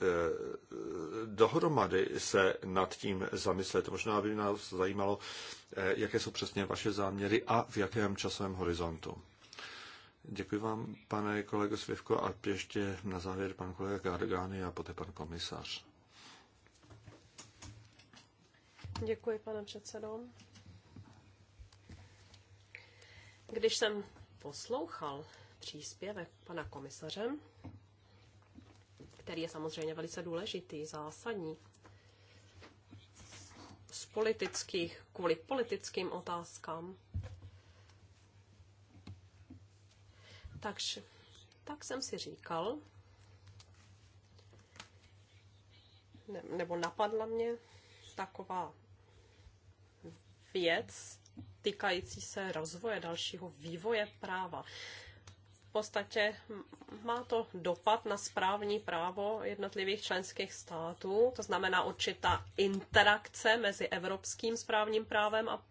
[SPEAKER 2] dohromady se nad tím zamyslet. Možná by nás zajímalo, jaké jsou přesně vaše záměry a v jakém časovém horizontu. Děkuji vám, pane kolego Svivko, a ještě na závěr pan kolega Gargány a poté pan komisař.
[SPEAKER 1] Děkuji, pane předsedo. Když jsem poslouchal příspěvek pana komisaře, který je samozřejmě velice důležitý, zásadní, z politických, kvůli politickým otázkám, Takže tak jsem si říkal, ne, nebo napadla mě taková věc týkající se rozvoje dalšího vývoje práva. V podstatě má to dopad na správní právo jednotlivých členských států, to znamená určitá interakce mezi evropským správním právem a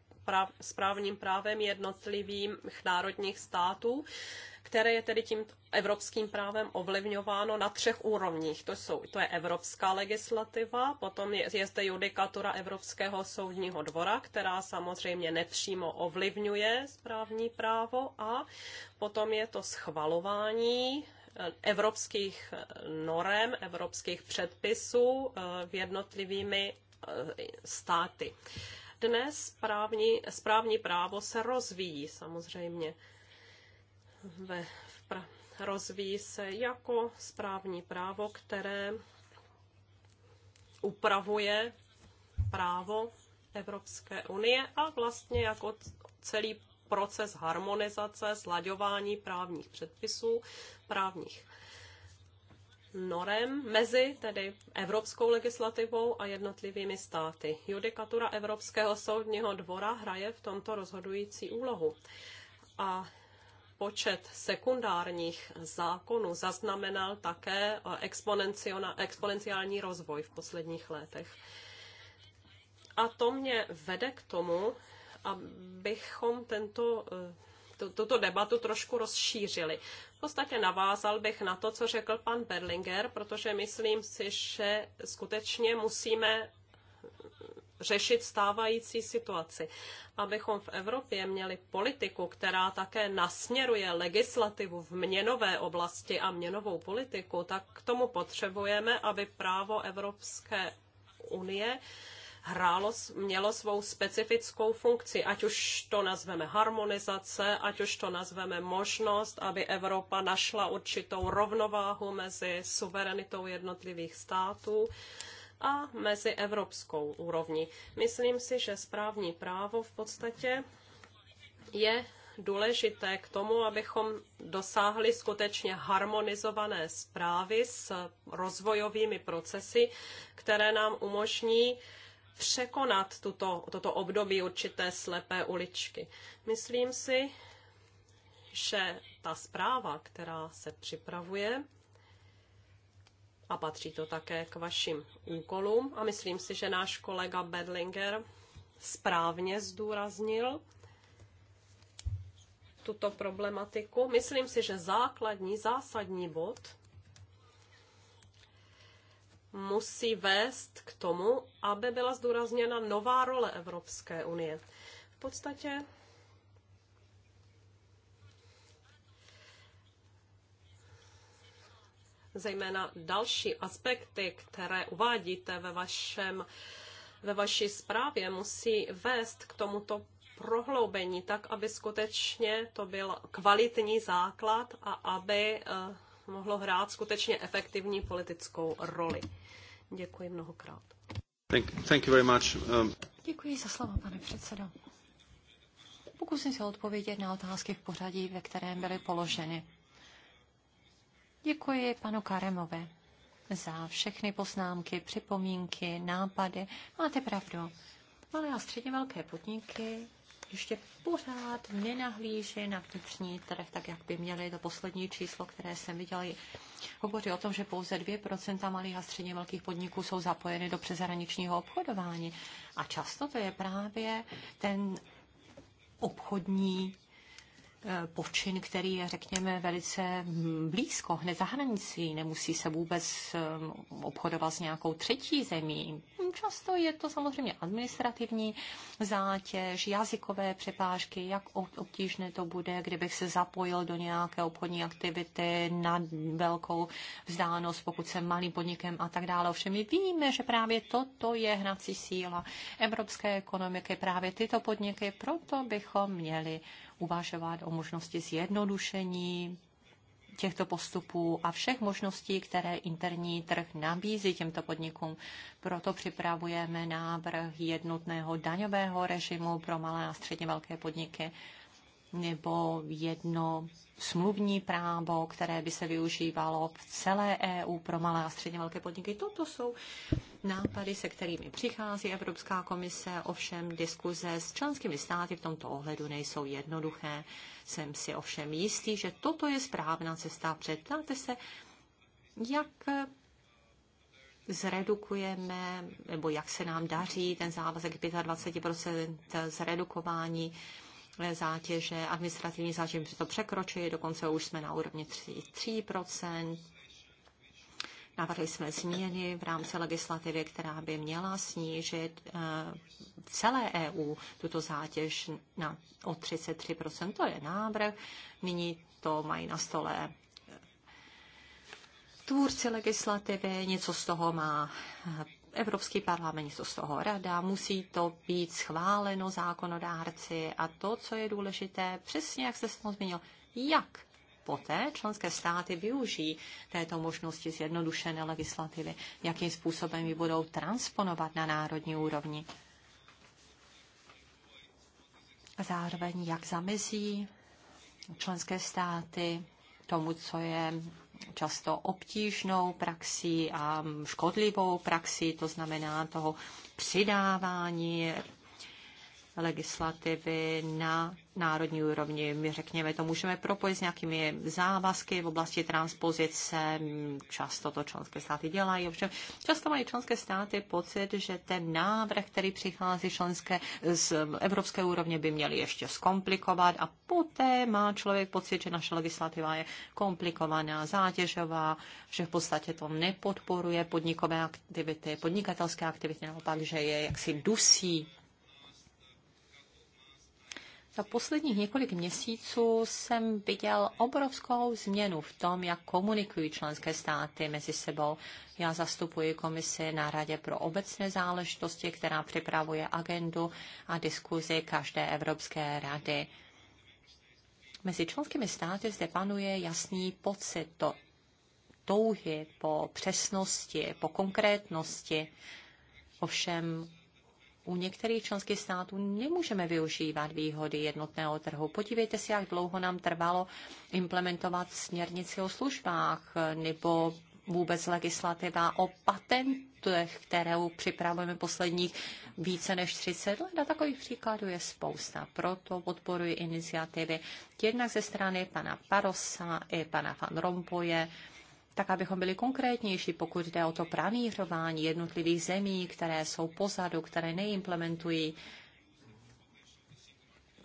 [SPEAKER 1] správním právem jednotlivých národních států které je tedy tím evropským právem ovlivňováno na třech úrovních. To, jsou, to je evropská legislativa, potom je, je zde judikatura Evropského soudního dvora, která samozřejmě nepřímo ovlivňuje správní právo a potom je to schvalování eh, evropských eh, norem, evropských předpisů eh, v jednotlivými státy. Dnes správní, správní právo se rozvíjí samozřejmě ve, pra, rozvíjí se jako správní právo, které upravuje právo Evropské unie a vlastně jako celý proces harmonizace, slaďování právních předpisů, právních norem mezi tedy evropskou legislativou a jednotlivými státy. Judikatura Evropského soudního dvora hraje v tomto rozhodující úlohu. A počet sekundárních zákonů zaznamenal také eh, exponenciální rozvoj v posledních letech. A to mě vede k tomu, abychom tento, eh, tuto debatu trošku rozšířili. V podstatě navázal bych na to, co řekl pan Berlinger, protože myslím si, že skutečně musíme řešit stávající situaci. Abychom v Evropě měli politiku, která také nasměruje legislativu v měnové oblasti a měnovou politiku, tak k tomu potřebujeme, aby právo Evropské unie hrálo, mělo svou specifickou funkci, ať už to nazveme harmonizace, ať už to nazveme možnost, aby Evropa našla určitou rovnováhu mezi suverenitou jednotlivých států a mezi evropskou úrovní. Myslím si, že správní právo v podstatě je důležité k tomu, abychom dosáhli skutečně harmonizované zprávy s rozvojovými procesy, které nám umožní překonat tuto, toto období určité slepé uličky. Myslím si, že ta zpráva, která se připravuje, a patří to také k vašim úkolům. A myslím si, že náš kolega Bedlinger správně zdůraznil tuto problematiku. Myslím si, že základní, zásadní bod musí vést k tomu, aby byla zdůrazněna nová role Evropské unie. V podstatě zejména další aspekty, které uvádíte ve, vašem, ve vaší zprávě, musí vést k tomuto prohloubení, tak aby skutečně to byl kvalitní základ a aby eh, mohlo hrát skutečně efektivní politickou roli. Děkuji mnohokrát.
[SPEAKER 2] Thank, thank you very much. Um...
[SPEAKER 3] Děkuji za slovo, pane předsedo. Pokusím se odpovědět na otázky v pořadí, ve kterém byly položeny. Děkuji panu Karemové za všechny poznámky, připomínky, nápady. Máte pravdu. Malé a středně velké podniky ještě pořád nenahlíží na vnitřní trh, tak jak by měli. To poslední číslo, které jsem viděla, hovoří o tom, že pouze 2% malých a středně velkých podniků jsou zapojeny do přezahraničního obchodování. A často to je právě ten obchodní Eh, počin, který je, řekněme, velice hm, blízko, hned za hranicí, nemusí se vůbec eh, obchodovat s nějakou třetí zemí. Často je to samozřejmě administrativní zátěž, jazykové přepážky, jak obtížné to bude, kdybych se zapojil do nějaké obchodní aktivity na velkou vzdálenost, pokud jsem malým podnikem a tak dále. Ovšem my víme, že právě toto je hnací síla evropské ekonomiky, právě tyto podniky, proto bychom měli uvažovat o možnosti zjednodušení těchto postupů a všech možností, které interní trh nabízí těmto podnikům. Proto připravujeme návrh jednotného daňového režimu pro malé a středně velké podniky nebo jedno smluvní právo, které by se využívalo v celé EU pro malé a středně velké podniky. Toto jsou nápady, se kterými přichází Evropská komise, ovšem diskuze s členskými státy v tomto ohledu nejsou jednoduché. Jsem si ovšem jistý, že toto je správná cesta. Předtáte se, jak zredukujeme, nebo jak se nám daří ten závazek 25% zredukování zátěže, administrativní zátěže, že to překročí, dokonce už jsme na úrovni 3%. Navrhli jsme změny v rámci legislativy, která by měla snížit eh, v celé EU tuto zátěž na, o 33%. To je návrh. Nyní to mají na stole eh, tvůrci legislativy, něco z toho má eh, Evropský parlament, něco z toho rada, musí to být schváleno zákonodárci a to, co je důležité, přesně jak jste se zmínil, jak poté členské státy využijí této možnosti zjednodušené legislativy, jakým způsobem ji budou transponovat na národní úrovni. A zároveň, jak zamezí členské státy tomu, co je často obtížnou praxí a škodlivou praxí, to znamená toho přidávání legislativy na národní úrovni. My řekněme, to můžeme propojit s nějakými závazky v oblasti transpozice, často to členské státy dělají, ovšem často mají členské státy pocit, že ten návrh, který přichází členské z evropské úrovně, by měli ještě zkomplikovat a poté má člověk pocit, že naše legislativa je komplikovaná, zátěžová, že v podstatě to nepodporuje podnikové aktivity, podnikatelské aktivity, naopak, že je jaksi dusí za posledních několik měsíců jsem viděl obrovskou změnu v tom, jak komunikují členské státy mezi sebou. Já zastupuji komisi na Radě pro obecné záležitosti, která připravuje agendu a diskuzi každé Evropské rady. Mezi členskými státy zde panuje jasný pocit to, touhy po přesnosti, po konkrétnosti. Ovšem u některých členských států nemůžeme využívat výhody jednotného trhu. Podívejte se, jak dlouho nám trvalo implementovat směrnici o službách nebo vůbec legislativa o patentech, kterou připravujeme posledních více než 30 let. A takových příkladů je spousta. Proto podporuji iniciativy jednak ze strany pana Parosa i pana Van Rompoje, tak abychom byli konkrétnější, pokud jde o to pranířování jednotlivých zemí, které jsou pozadu, které neimplementují.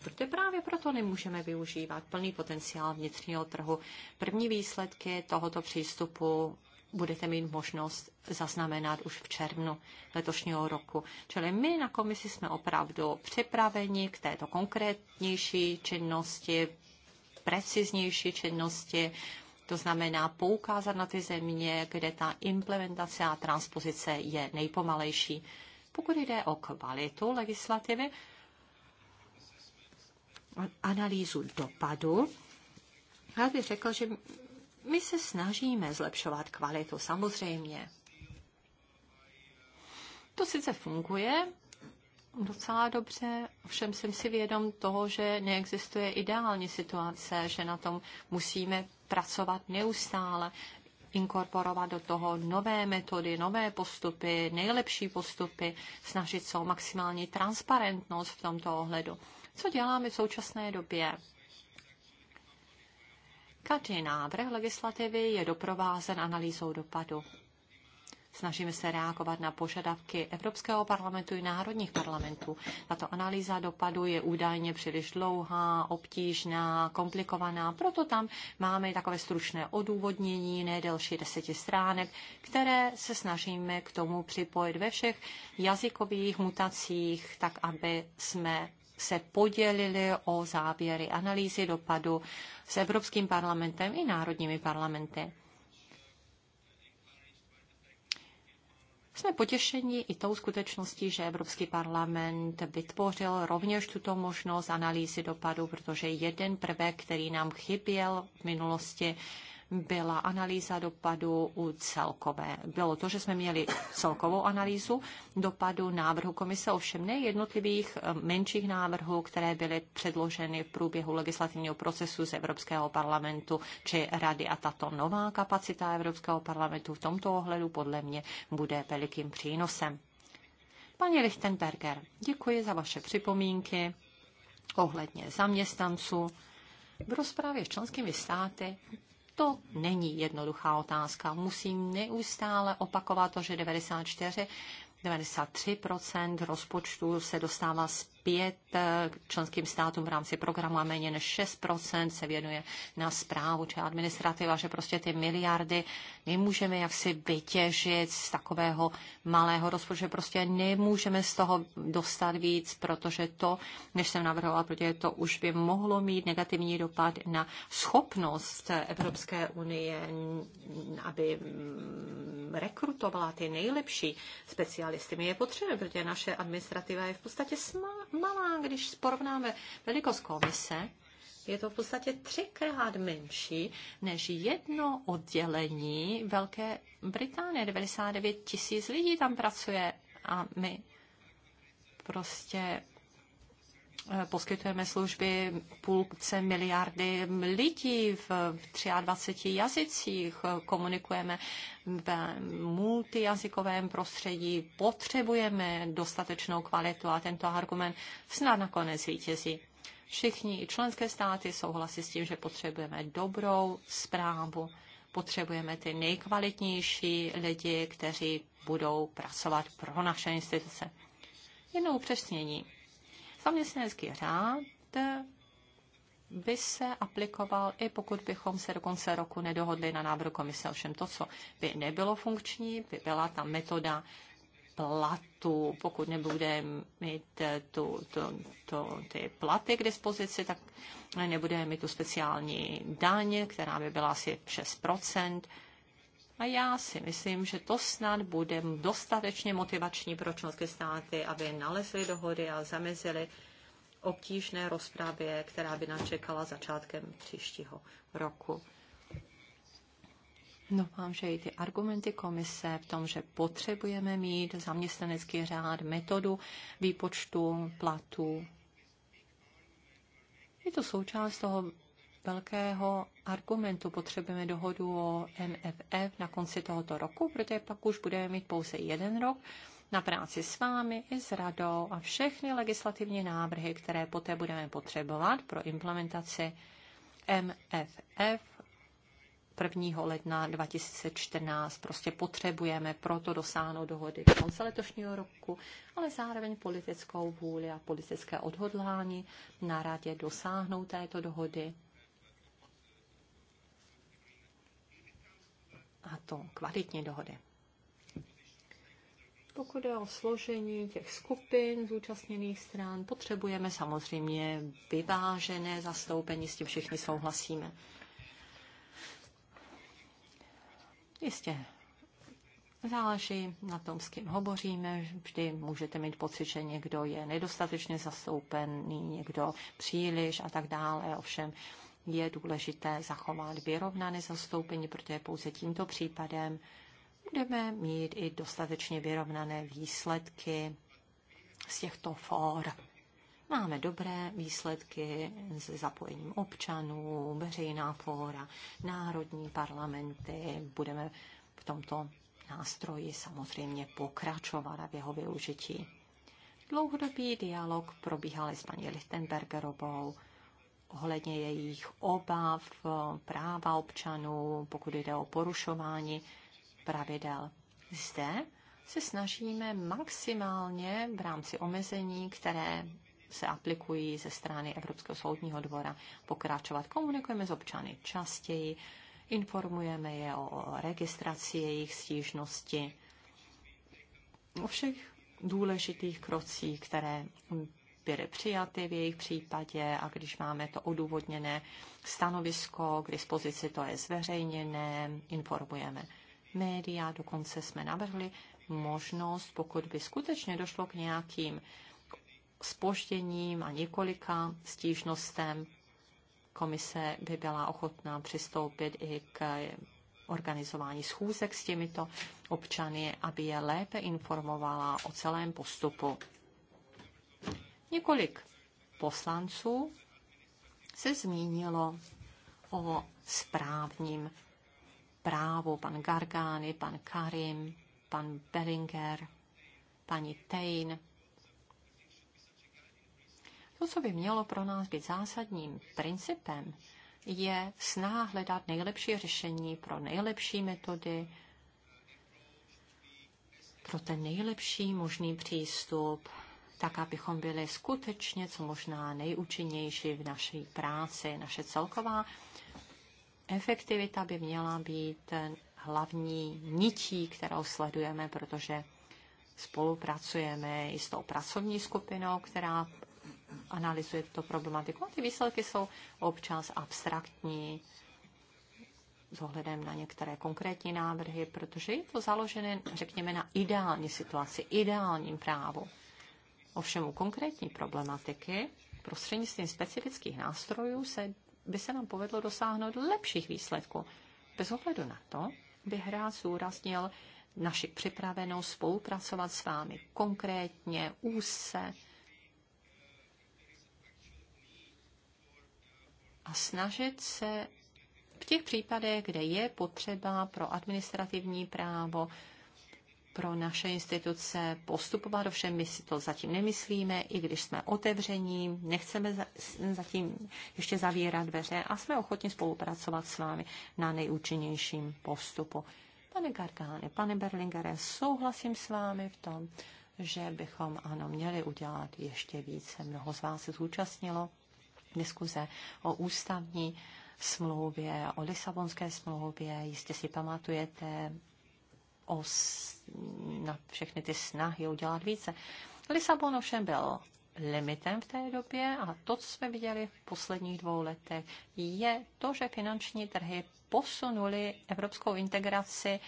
[SPEAKER 3] Protože právě proto nemůžeme využívat plný potenciál vnitřního trhu. První výsledky tohoto přístupu budete mít možnost zaznamenat už v červnu letošního roku. Čili my na komisi jsme opravdu připraveni k této konkrétnější činnosti, preciznější činnosti, to znamená poukázat na ty země, kde ta implementace a transpozice je nejpomalejší. Pokud jde o kvalitu legislativy, analýzu dopadu, já bych řekl, že my se snažíme zlepšovat kvalitu, samozřejmě. To sice funguje docela dobře, ovšem jsem si vědom toho, že neexistuje ideální situace, že na tom musíme pracovat neustále, inkorporovat do toho nové metody, nové postupy, nejlepší postupy, snažit se o maximální transparentnost v tomto ohledu. Co děláme v současné době? Každý návrh legislativy je doprovázen analýzou dopadu. Snažíme se reagovat na požadavky Evropského parlamentu i národních parlamentů. Tato analýza dopadu je údajně příliš dlouhá, obtížná, komplikovaná, proto tam máme takové stručné odůvodnění, ne delší deseti stránek, které se snažíme k tomu připojit ve všech jazykových mutacích, tak aby jsme se podělili o závěry analýzy dopadu s Evropským parlamentem i národními parlamenty. Jsme potěšeni i tou skutečností, že Evropský parlament vytvořil rovněž tuto možnost analýzy dopadu, protože jeden prvek, který nám chyběl v minulosti, byla analýza dopadu u celkové. Bylo to, že jsme měli celkovou analýzu dopadu návrhu komise, ovšem ne jednotlivých eh, menších návrhů, které byly předloženy v průběhu legislativního procesu z Evropského parlamentu či rady. A tato nová kapacita Evropského parlamentu v tomto ohledu podle mě bude velikým přínosem. Paní Lichtenberger, děkuji za vaše připomínky ohledně zaměstnanců. V rozprávě s členskými státy to není jednoduchá otázka. Musím neustále opakovat to, že 94 93% rozpočtu se dostává z pět eh, členským státům v rámci programu a méně než 6 se věnuje na zprávu či administrativa, že prostě ty miliardy nemůžeme jaksi vytěžit z takového malého rozpočtu, že prostě nemůžeme z toho dostat víc, protože to, než jsem navrhovala, protože to už by mohlo mít negativní dopad na schopnost Evropské unie, aby mm, rekrutovala ty nejlepší specialisty. My je potřebujeme, protože naše administrativa je v podstatě smá malá, když porovnáme velikost komise, je to v podstatě třikrát menší než jedno oddělení Velké Británie. 99 tisíc lidí tam pracuje a my prostě Eh, poskytujeme služby půlce miliardy lidí v 23 jazycích, komunikujeme v multijazykovém prostředí, potřebujeme dostatečnou kvalitu a tento argument snad nakonec vítězí. Všichni členské státy souhlasí s tím, že potřebujeme dobrou zprávu, potřebujeme ty nejkvalitnější lidi, kteří budou pracovat pro naše instituce. Jenom upřesnění Zaměstnanecký řád by se aplikoval, i pokud bychom se do konce roku nedohodli na návrhu komise. Ovšem to, co by nebylo funkční, by byla ta metoda platu. Pokud nebude mít tu, tu, tu, ty platy k dispozici, tak nebude mít tu speciální daně, která by byla asi 6 a já si myslím, že to snad bude dostatečně motivační pro členské státy, aby nalezly dohody a zamezily obtížné rozpravě, která by nás čekala začátkem příštího roku. No, mám že i ty argumenty komise v tom, že potřebujeme mít zaměstnanecký řád, metodu výpočtu platů, je to součást toho velkého argumentu. Potřebujeme dohodu o MFF na konci tohoto roku, protože pak už budeme mít pouze jeden rok na práci s vámi i s radou a všechny legislativní návrhy, které poté budeme potřebovat pro implementaci MFF 1. ledna 2014. Prostě potřebujeme proto dosáhnout dohody do konce letošního roku, ale zároveň politickou vůli a politické odhodlání na radě dosáhnout této dohody a to kvalitní dohody. Pokud je o složení těch skupin zúčastněných stran, potřebujeme samozřejmě vyvážené zastoupení, s tím všichni souhlasíme. Jistě, záleží na tom, s kým hovoříme. Vždy můžete mít pocit, že někdo je nedostatečně zastoupený, někdo příliš a tak dále. Ovšem, je důležité zachovat vyrovnané zastoupení, protože pouze tímto případem budeme mít i dostatečně vyrovnané výsledky z těchto fór. Máme dobré výsledky s zapojením občanů, veřejná fóra, národní parlamenty. Budeme v tomto nástroji samozřejmě pokračovat a v jeho využití. Dlouhodobý dialog probíhal s paní Lichtenbergerovou ohledně jejich obav, práva občanů, pokud jde o porušování pravidel. Zde se snažíme maximálně v rámci omezení, které se aplikují ze strany Evropského soudního dvora, pokračovat. Komunikujeme s občany častěji, informujeme je o registraci jejich stížnosti, o všech důležitých krocích, které byly přijaty v jejich případě a když máme to odůvodněné stanovisko k dispozici, to je zveřejněné, informujeme média, dokonce jsme navrhli možnost, pokud by skutečně došlo k nějakým spožděním a několika stížnostem, komise by byla ochotná přistoupit i k organizování schůzek s těmito občany, aby je lépe informovala o celém postupu. Několik poslanců se zmínilo o správním právu. Pan Gargány, pan Karim, pan Bellinger, paní Tejn. To, co by mělo pro nás být zásadním principem, je snaha hledat nejlepší řešení pro nejlepší metody, pro ten nejlepší možný přístup tak abychom byli skutečně co možná nejúčinnější v naší práci. Naše celková efektivita by měla být hlavní nití, kterou sledujeme, protože spolupracujeme i s tou pracovní skupinou, která analyzuje tuto problematiku. A ty výsledky jsou občas abstraktní s ohledem na některé konkrétní návrhy, protože je to založené, řekněme, na ideální situaci, ideálním právu. Ovšem u konkrétní problematiky prostřednictvím specifických nástrojů se, by se nám povedlo dosáhnout lepších výsledků. Bez ohledu na to by hráč zúraznil naši připravenou spolupracovat s vámi konkrétně, úzce a snažit se v těch případech, kde je potřeba pro administrativní právo pro naše instituce postupovat, ovšem my si to zatím nemyslíme, i když jsme otevření, nechceme zatím ještě zavírat dveře a jsme ochotni spolupracovat s vámi na nejúčinnějším postupu. Pane Gargány, pane Berlingere, souhlasím s vámi v tom, že bychom ano měli udělat ještě více. Mnoho z vás se zúčastnilo diskuze o ústavní smlouvě, o Lisabonské smlouvě. Jistě si pamatujete o, na všechny ty snahy udělat více. Lisabon ovšem byl limitem v té době a to, co jsme viděli v posledních dvou letech, je to, že finanční trhy posunuli evropskou integraci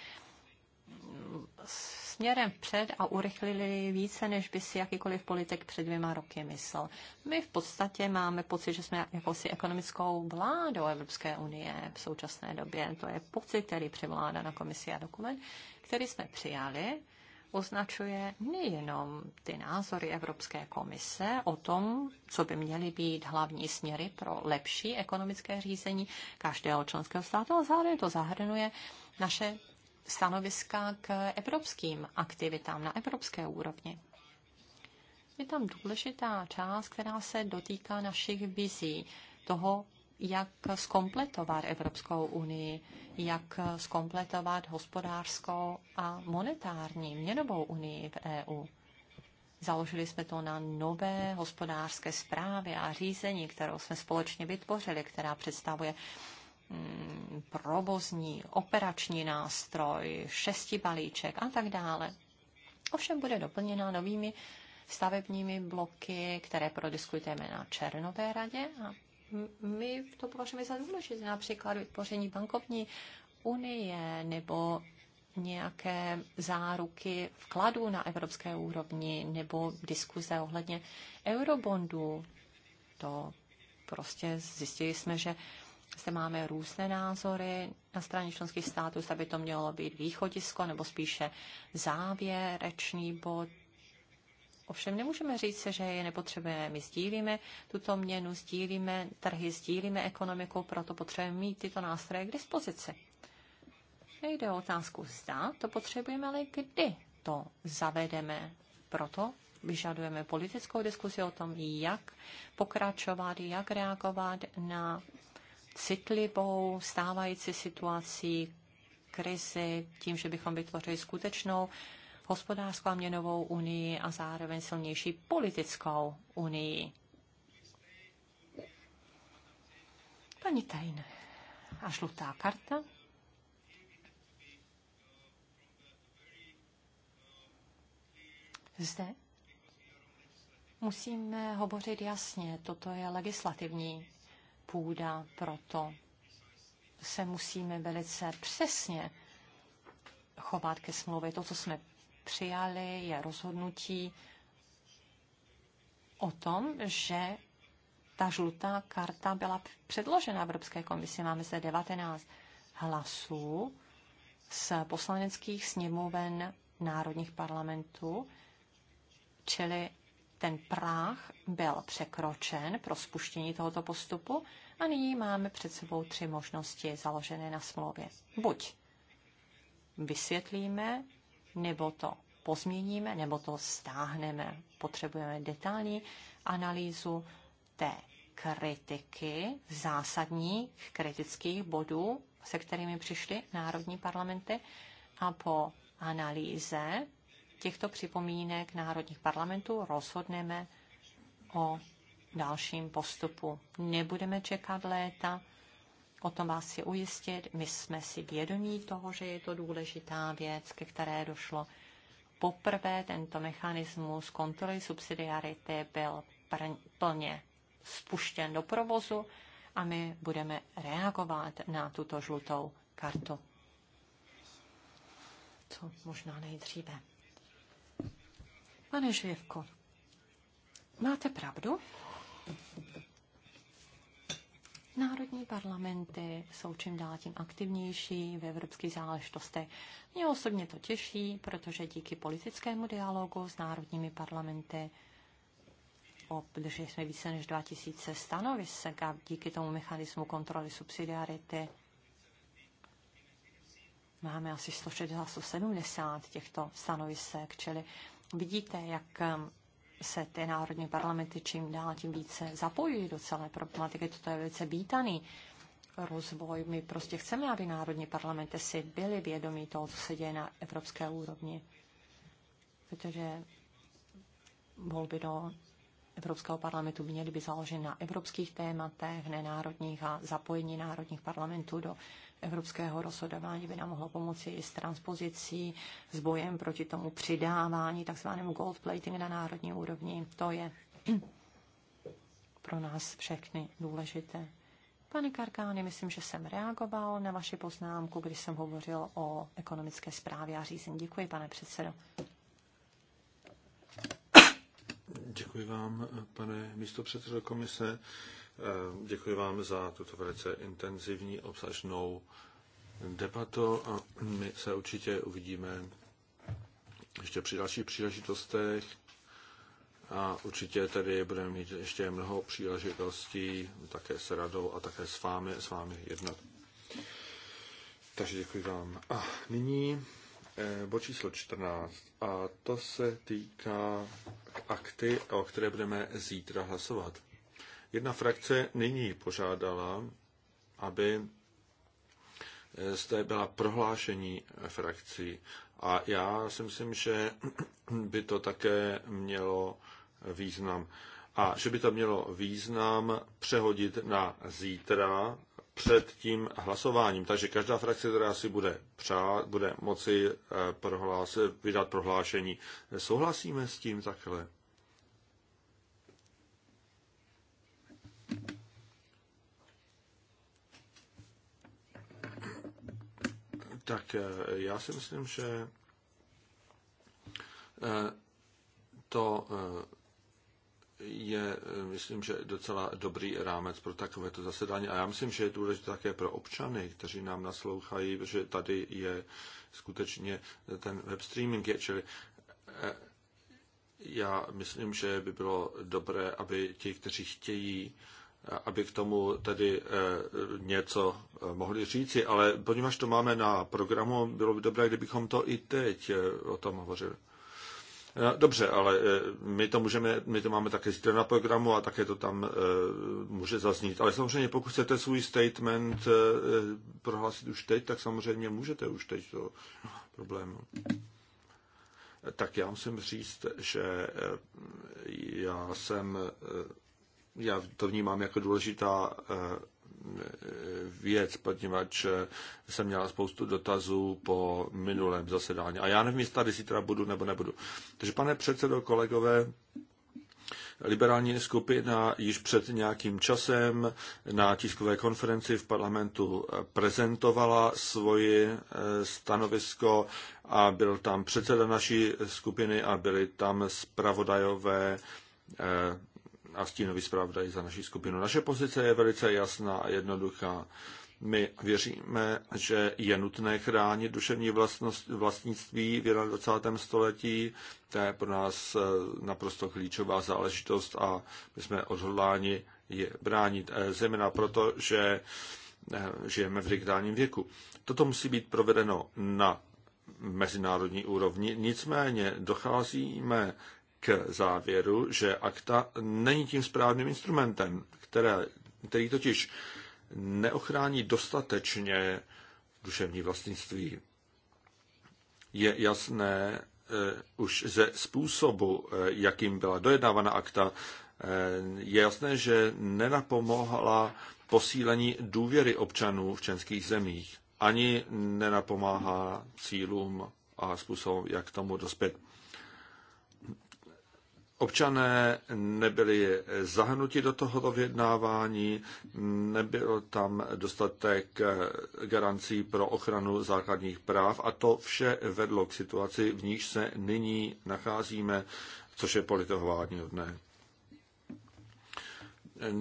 [SPEAKER 3] směrem před a urychlili více, než by si jakýkoliv politik před dvěma roky myslel. My v podstatě máme pocit, že jsme jakousi ekonomickou vládou Evropské unie v současné době. To je pocit, který převládá na komisi a dokument který jsme přijali, označuje nejenom ty názory Evropské komise o tom, co by měly být hlavní směry pro lepší ekonomické řízení každého členského státu, ale zároveň to zahrnuje naše stanoviska k evropským aktivitám na evropské úrovni. Je tam důležitá část, která se dotýká našich vizí, toho, jak skompletovat Evropskou unii, jak skompletovat hospodářskou a monetární měnovou unii v EU. Založili jsme to na nové hospodářské zprávy a řízení, kterou jsme společně vytvořili, která představuje mm, provozní, operační nástroj, šesti balíček a tak dále. Ovšem bude doplněna novými stavebními bloky, které prodiskutujeme na Černové radě a my to považujeme za důležité, například vytvoření bankovní unie nebo nějaké záruky vkladů na evropské úrovni nebo diskuze ohledně eurobondů. To prostě zjistili jsme, že zde máme různé názory na straně členských států, aby to mělo být východisko nebo spíše závěrečný bod Ovšem nemůžeme říct, že je nepotřebujeme. My sdílíme tuto měnu, sdílíme trhy, sdílíme ekonomiku, proto potřebujeme mít tyto nástroje k dispozici. Nejde o otázku zda, to potřebujeme, ale kdy to zavedeme. Proto vyžadujeme politickou diskusi o tom, jak pokračovat, jak reagovat na citlivou stávající situaci, krizi, tím, že bychom vytvořili skutečnou hospodářskou a měnovou unii a zároveň silnější politickou unii. Pani Tajn a žlutá karta. Zde musíme hovořit jasně, toto je legislativní půda, proto se musíme velice přesně chovat ke smlouvě. To, co jsme přijali, je rozhodnutí o tom, že ta žlutá karta byla předložena Evropské komisi. Máme zde 19 hlasů z poslaneckých sněmoven národních parlamentů, čili ten práh byl překročen pro spuštění tohoto postupu a nyní máme před sebou tři možnosti založené na smlouvě. Buď vysvětlíme nebo to pozměníme, nebo to stáhneme. Potřebujeme detailní analýzu té kritiky, zásadních kritických bodů, se kterými přišly národní parlamenty a po analýze těchto připomínek národních parlamentů rozhodneme o dalším postupu. Nebudeme čekat léta, o tom vás si ujistit. My jsme si vědomí toho, že je to důležitá věc, ke které došlo. Poprvé tento mechanismus kontroly subsidiarity byl plně spuštěn do provozu a my budeme reagovat na tuto žlutou kartu. Co možná nejdříve. Pane živko, máte pravdu? Národní parlamenty jsou čím dál tím aktivnější v evropských záležitostech. Mě osobně to těší, protože díky politickému dialogu s národními parlamenty obdrželi jsme více než 2000 stanovisek a díky tomu mechanismu kontroly subsidiarity máme asi 170 těchto stanovisek, čili vidíte, jak se ty národní parlamenty čím dál tím více zapojují do celé problematiky. Toto je velice vítaný rozvoj. My prostě chceme, aby národní parlamenty si byly vědomí toho, co se děje na evropské úrovni. Protože volby do Evropského parlamentu měly by založeny na evropských tématech, nenárodních a zapojení národních parlamentů do evropského rozhodování by nám mohlo pomoci i s transpozicí, s bojem proti tomu přidávání, takzvanému gold plating na národní úrovni. To je pro nás všechny důležité. Pane Karkány, myslím, že jsem reagoval na vaši poznámku, když jsem hovořil o ekonomické zprávě a řízení. Děkuji, pane předsedo.
[SPEAKER 2] Děkuji vám, pane místopředsedo komise. Eh, děkuji vám za tuto velice intenzivní, obsažnou debatu a my se určitě uvidíme ještě při dalších příležitostech a určitě tedy budeme mít ještě mnoho příležitostí také s radou a také s vámi, s vámi jednat. Takže děkuji vám. A nyní eh, bod číslo 14 a to se týká akty, o které budeme zítra hlasovat. Jedna frakce nyní požádala, aby eh, zde byla prohlášení frakcí. A já si myslím, že by to také mělo význam. A že by to mělo význam přehodit na zítra před tím hlasováním. Takže každá frakce, která si bude přát, bude moci eh, prohlásit, vydat prohlášení. Souhlasíme s tím takhle? Tak eh, já si myslím, že eh, to eh, je, myslím, že docela dobrý rámec pro takovéto zasedání. A já myslím, že je důležité také pro občany, kteří nám naslouchají, že tady je skutečně ten web streaming. Je, čili já myslím, že by bylo dobré, aby ti, kteří chtějí aby k tomu tedy eh, něco eh, mohli říci, ale poněvadž to máme na programu, bylo by dobré, kdybychom to i teď eh, o tom hovořili. Dobře, ale my to, můžeme, my to máme také zítra na programu a také to tam může zaznít. Ale samozřejmě, pokud chcete svůj statement prohlásit už teď, tak samozřejmě můžete už teď to problém. Tak já musím říct, že já jsem já to vnímám jako důležitá eh, věc, poněvadž eh, jsem měla spoustu dotazů po minulém zasedání. A já nevím, jestli tady zítra budu nebo nebudu. Takže pane předsedo, kolegové, liberální skupina již před nějakým časem na tiskové konferenci v parlamentu eh, prezentovala svoji stanovisko a byl tam předseda naší skupiny a byli tam zpravodajové a stínový zpravodaj za naši skupinu. Naše pozice je velice jasná a jednoduchá. My věříme, že je nutné chránit duševní vlastnost, vlastnictví v 21. století. To je pro nás eh, naprosto klíčová záležitost a my jsme odhodláni je bránit, eh, zejména proto, že eh, žijeme v digitálním věku. Toto musí být provedeno na mezinárodní úrovni. Nicméně docházíme k závěru, že akta není tím správným instrumentem, které, který totiž neochrání dostatečně duševní vlastnictví. Je jasné eh, už ze způsobu, eh, jakým byla dojednávána akta, eh, je jasné, že nenapomohla posílení důvěry občanů v českých zemích, ani nenapomáhá cílům a způsobům, jak tomu dospět. Občané nebyli zahnuti do tohoto vyjednávání, nebyl tam dostatek garancí pro ochranu základních práv a to vše vedlo k situaci, v níž se nyní nacházíme, což je politování dne.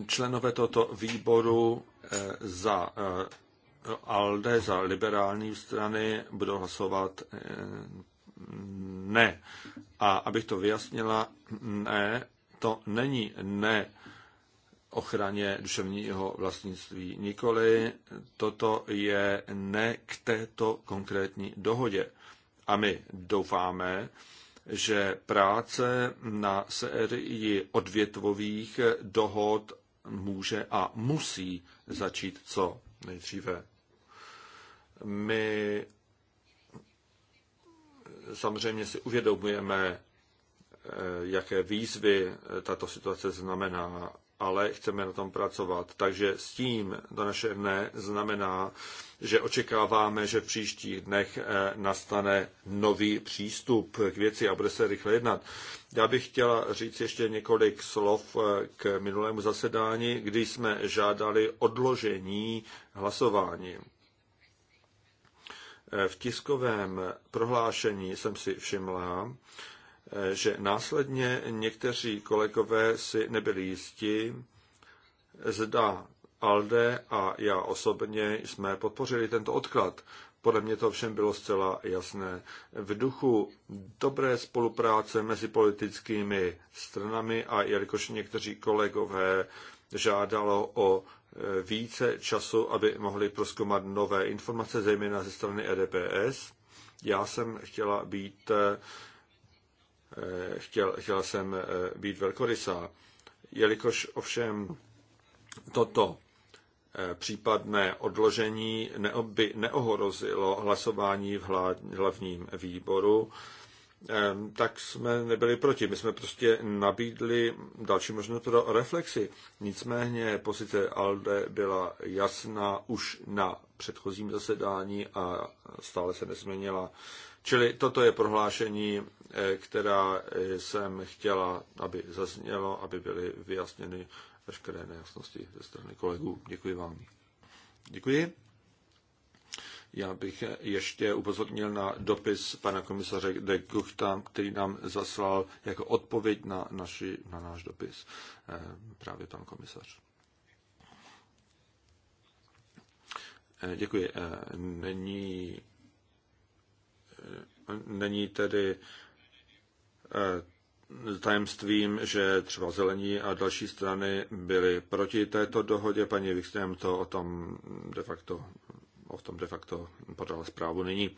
[SPEAKER 2] Členové tohoto výboru eh, za eh, ALDE, za liberální strany, budou hlasovat eh, ne a abych to vyjasnila, ne, to není ne ochraně duševního vlastnictví. Nikoli toto je ne k této konkrétní dohodě. A my doufáme, že práce na sérii odvětvových dohod může a musí začít co nejdříve. My samozřejmě si uvědomujeme, eh, jaké výzvy eh, tato situace znamená, ale chceme na tom pracovat. Takže s tím do naše dne znamená, že očekáváme, že v příštích dnech eh, nastane nový přístup k věci a bude se rychle jednat. Já bych chtěla říct ještě několik slov k minulému zasedání, kdy jsme žádali odložení hlasování. V tiskovém prohlášení jsem si všimla, že následně někteří kolegové si nebyli jisti, zda Alde a já osobně jsme podpořili tento odklad. Podle mě to všem bylo zcela jasné. V duchu dobré spolupráce mezi politickými stranami a jelikož někteří kolegové žádalo o více času, aby mohli proskoumat nové informace, zejména ze strany EDPS. Já jsem chtěla být, eh, chtěl, chtěla jsem eh, být velkorysá, jelikož ovšem toto eh, případné odložení neoby neohorozilo hlasování v hlavním výboru, tak jsme nebyli proti. My jsme prostě nabídli další možnost pro reflexy. Nicméně pozice ALDE byla jasná už na předchozím zasedání a stále se nezměnila. Čili toto je prohlášení, eh, která jsem chtěla, aby zaznělo, aby byly vyjasněny veškeré nejasnosti ze strany kolegů. Děkuji vám. Děkuji. Já bych ještě upozornil na dopis pana komisaře de Guchta, který nám zaslal jako odpověď na, naši, na náš dopis eh, právě pan komisař. Eh, děkuji. Eh, není, není tedy tajemstvím, že třeba zelení a další strany byly proti této dohodě. Paní Wikström to o tom de facto o tom de facto podala zprávu nyní.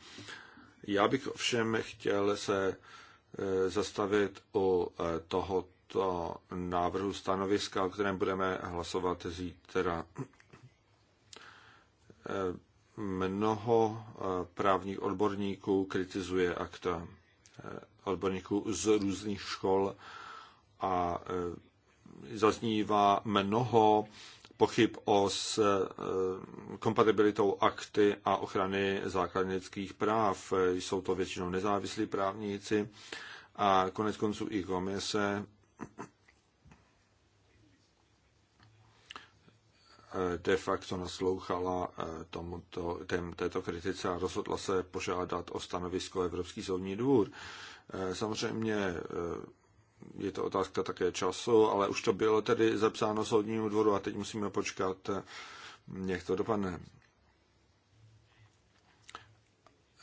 [SPEAKER 2] Já bych ovšem chtěl se e, zastavit u e, tohoto návrhu stanoviska, o kterém budeme hlasovat zítra. E, mnoho právních odborníků kritizuje akta odborníků z různých škol a zaznívá mnoho pochyb o s e, kompatibilitou akty a ochrany základnických práv. Jsou to většinou nezávislí právníci a konec konců i komise e, de facto naslouchala e, tomuto, tém, této kritice a rozhodla se požádat o stanovisko Evropský soudní dvůr. Samozřejmě je to otázka také času, ale už to bylo tedy zapsáno soudnímu dvoru a teď musíme počkat, jak to dopadne.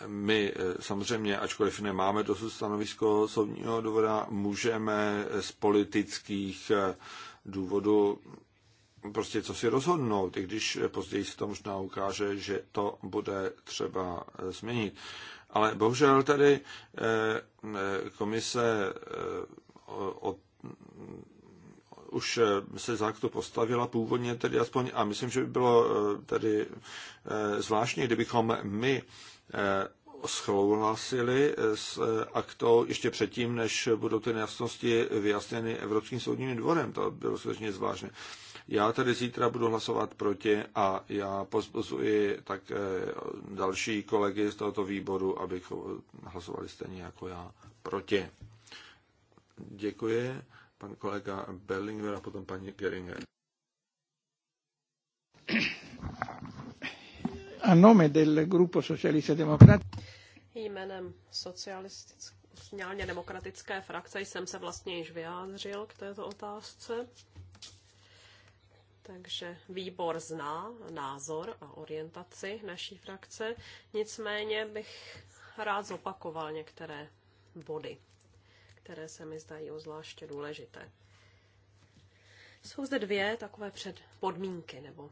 [SPEAKER 2] My eh, samozřejmě, ačkoliv nemáme dosud stanovisko soudního dvora, můžeme z politických eh, důvodů prostě co si rozhodnout, i když později se to možná ukáže, že to bude třeba eh, změnit. Ale bohužel tady komise od, už se za to postavila původně tedy aspoň a myslím, že by bylo e, tedy e, zvláštní, kdybychom my e, schlouhlasili s aktou ještě předtím, než budou ty nejasnosti vyjasněny Evropským soudním dvorem. To bylo skutečně zvláštní. Já tedy zítra budu hlasovat proti a já pozbuzuji tak další kolegy z tohoto výboru, aby hlasovali stejně jako já proti. Děkuji. Pan kolega Berlinger a potom paní Geringer. A nome del Gruppo Socialista
[SPEAKER 3] Democratico.
[SPEAKER 1] Jménem sociálně demokratické frakce jsem se vlastně již vyjádřil k této otázce. Takže výbor zná názor a orientaci naší frakce. Nicméně bych rád zopakoval některé body které se mi zdají zvláště důležité. Jsou zde dvě takové předpodmínky nebo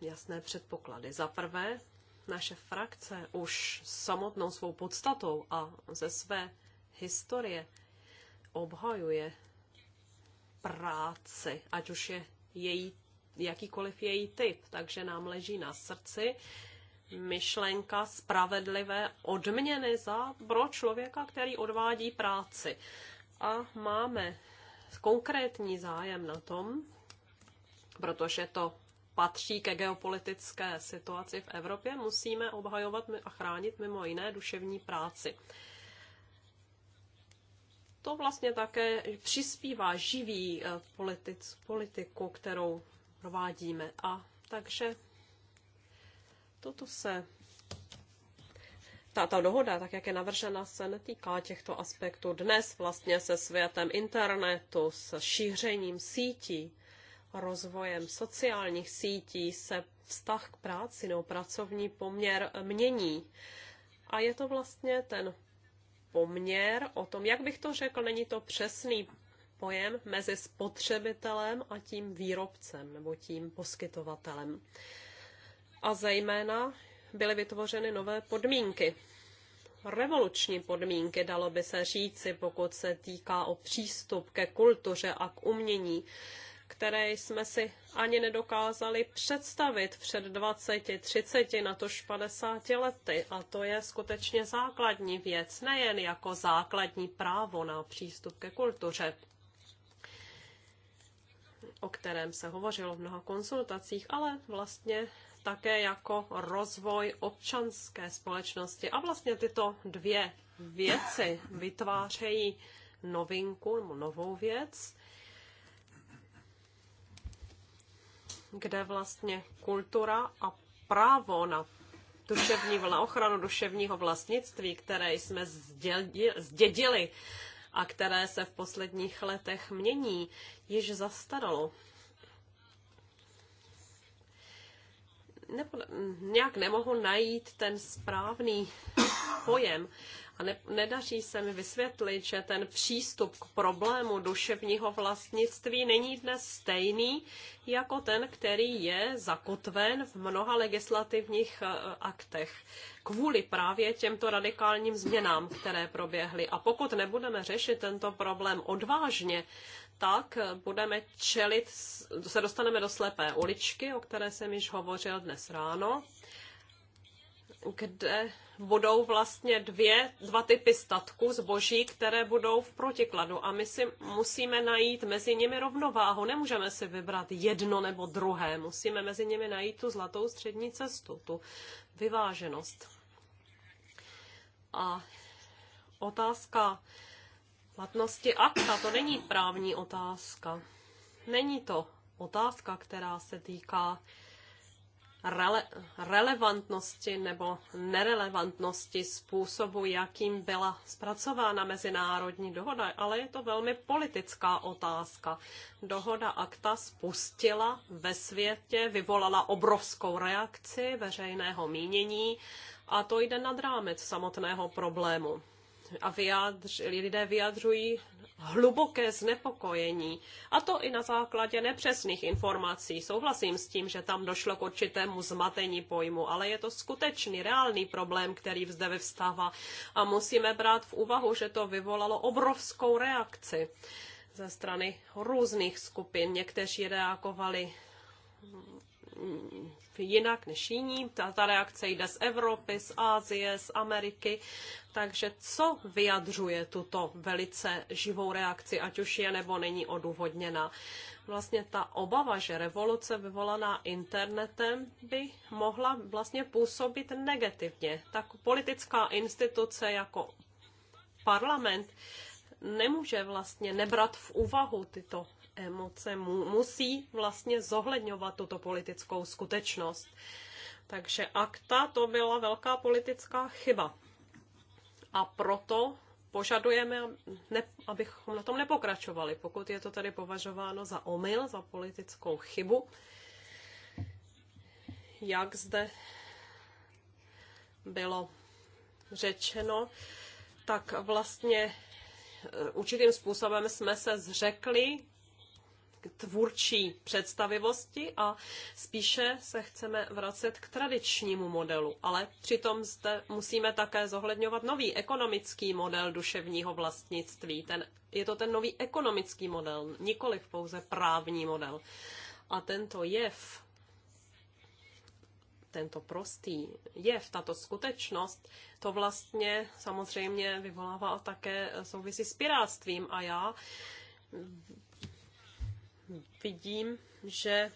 [SPEAKER 1] jasné předpoklady. Za prvé, naše frakce už samotnou svou podstatou a ze své historie obhajuje práci, ať už je její, jakýkoliv její typ, takže nám leží na srdci myšlenka spravedlivé odměny za pro člověka, který odvádí práci. A máme konkrétní zájem na tom, protože to patří ke geopolitické situaci v Evropě, musíme obhajovat a chránit mimo jiné duševní práci. To vlastně také přispívá živý eh, politic, politiku, kterou provádíme. A takže Toto se ta, ta dohoda, tak jak je navržena, se netýká těchto aspektů. Dnes vlastně se světem internetu, s šířením sítí, rozvojem sociálních sítí se vztah k práci nebo pracovní poměr mění. A je to vlastně ten poměr o tom, jak bych to řekl, není to přesný pojem mezi spotřebitelem a tím výrobcem nebo tím poskytovatelem a zejména byly vytvořeny nové podmínky. Revoluční podmínky, dalo by se říci, pokud se týká o přístup ke kultuře a k umění, které jsme si ani nedokázali představit před 20, 30, natož 50 lety. A to je skutečně základní věc, nejen jako základní právo na přístup ke kultuře, o kterém se hovořilo v mnoha konsultacích, ale vlastně také jako rozvoj občanské společnosti. A vlastně tyto dvě věci vytvářejí novinku nebo novou věc, kde vlastně kultura a právo na duševní, na ochranu duševního vlastnictví, které jsme zdědili a které se v posledních letech mění, již zastaralo. Nepo, nějak nemohu najít ten správný pojem. A ne, nedaří se mi vysvětlit, že ten přístup k problému duševního vlastnictví není dnes stejný jako ten, který je zakotven v mnoha legislativních eh, aktech kvůli právě těmto radikálním změnám, které proběhly. A pokud nebudeme řešit tento problém odvážně, tak eh, budeme čelit, se dostaneme do slepé uličky, o které jsem již hovořil dnes ráno, kde budou vlastně dvě, dva typy statků zboží, které budou v protikladu. A my si musíme najít mezi nimi rovnováhu. Nemůžeme si vybrat jedno nebo druhé. Musíme mezi nimi najít tu zlatou střední cestu, tu vyváženost. A otázka platnosti akta, to není právní otázka. Není to otázka, která se týká rele, relevantnosti nebo nerelevantnosti způsobu, jakým byla zpracována mezinárodní dohoda, ale je to velmi politická otázka. Dohoda akta spustila ve světě, vyvolala obrovskou reakci veřejného mínění a to jde nad rámec samotného problému a vyjadř, lidé vyjadřují hluboké znepokojení. A to i na základě nepřesných informací. Souhlasím s tím, že tam došlo k určitému zmatení pojmu, ale je to skutečný, reálný problém, který zde vyvstává. A musíme brát v úvahu, že to vyvolalo obrovskou reakci ze strany různých skupin. Někteří reagovali jinak než jiní. Ta, ta reakce jde z Evropy, z Asie, z Ameriky. Takže co vyjadřuje tuto velice živou reakci, ať už je nebo není odůvodněna? Vlastně ta obava, že revoluce vyvolaná internetem by mohla vlastně působit negativně. Tak politická instituce jako parlament nemůže vlastně nebrat v úvahu tyto emoce mu, musí vlastně zohledňovat tuto politickou skutečnost. Takže akta to byla velká politická chyba. A proto požadujeme, ne, abychom na tom nepokračovali, pokud je to tady považováno za omyl, za politickou chybu. Jak zde bylo řečeno, tak vlastně eh, určitým způsobem jsme se zřekli tvůrčí představivosti a spíše se chceme vracet k tradičnímu modelu. Ale přitom zde musíme také zohledňovat nový ekonomický model duševního vlastnictví. Ten, je to ten nový ekonomický model, nikoliv pouze právní model. A tento jev, tento prostý jev, tato skutečnost, to vlastně samozřejmě vyvolává také souvisí s piráctvím. A já Vidím, že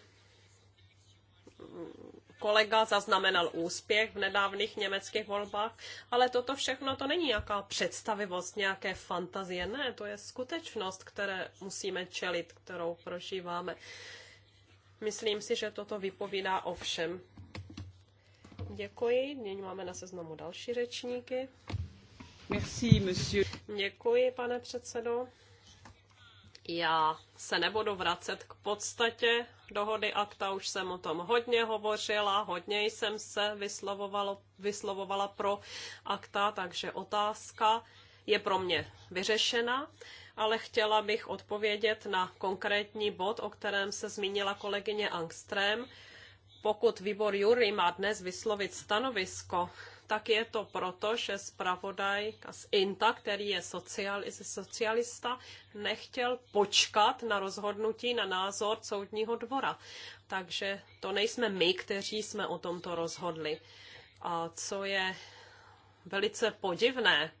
[SPEAKER 1] kolega zaznamenal úspěch v nedávných německých volbách, ale toto všechno to není nějaká představivost, nějaké fantazie. Ne, to je skutečnost, které musíme čelit, kterou prožíváme. Myslím si, že toto vypovídá o všem. Děkuji. Nyní máme na seznamu další řečníky. Merci, monsieur. Děkuji, pane předsedo. Já se nebudu vracet k podstatě dohody akta, už jsem o tom hodně hovořila, hodně jsem se vyslovovala pro akta, takže otázka je pro mě vyřešena, ale chtěla bych odpovědět na konkrétní bod, o kterém se zmínila kolegyně Angström. Pokud výbor Jury má dnes vyslovit stanovisko, tak je to proto, že zpravodaj z INTA, který je socialista, nechtěl počkat na rozhodnutí na názor soudního dvora. Takže to nejsme my, kteří jsme o tomto rozhodli. A co je velice podivné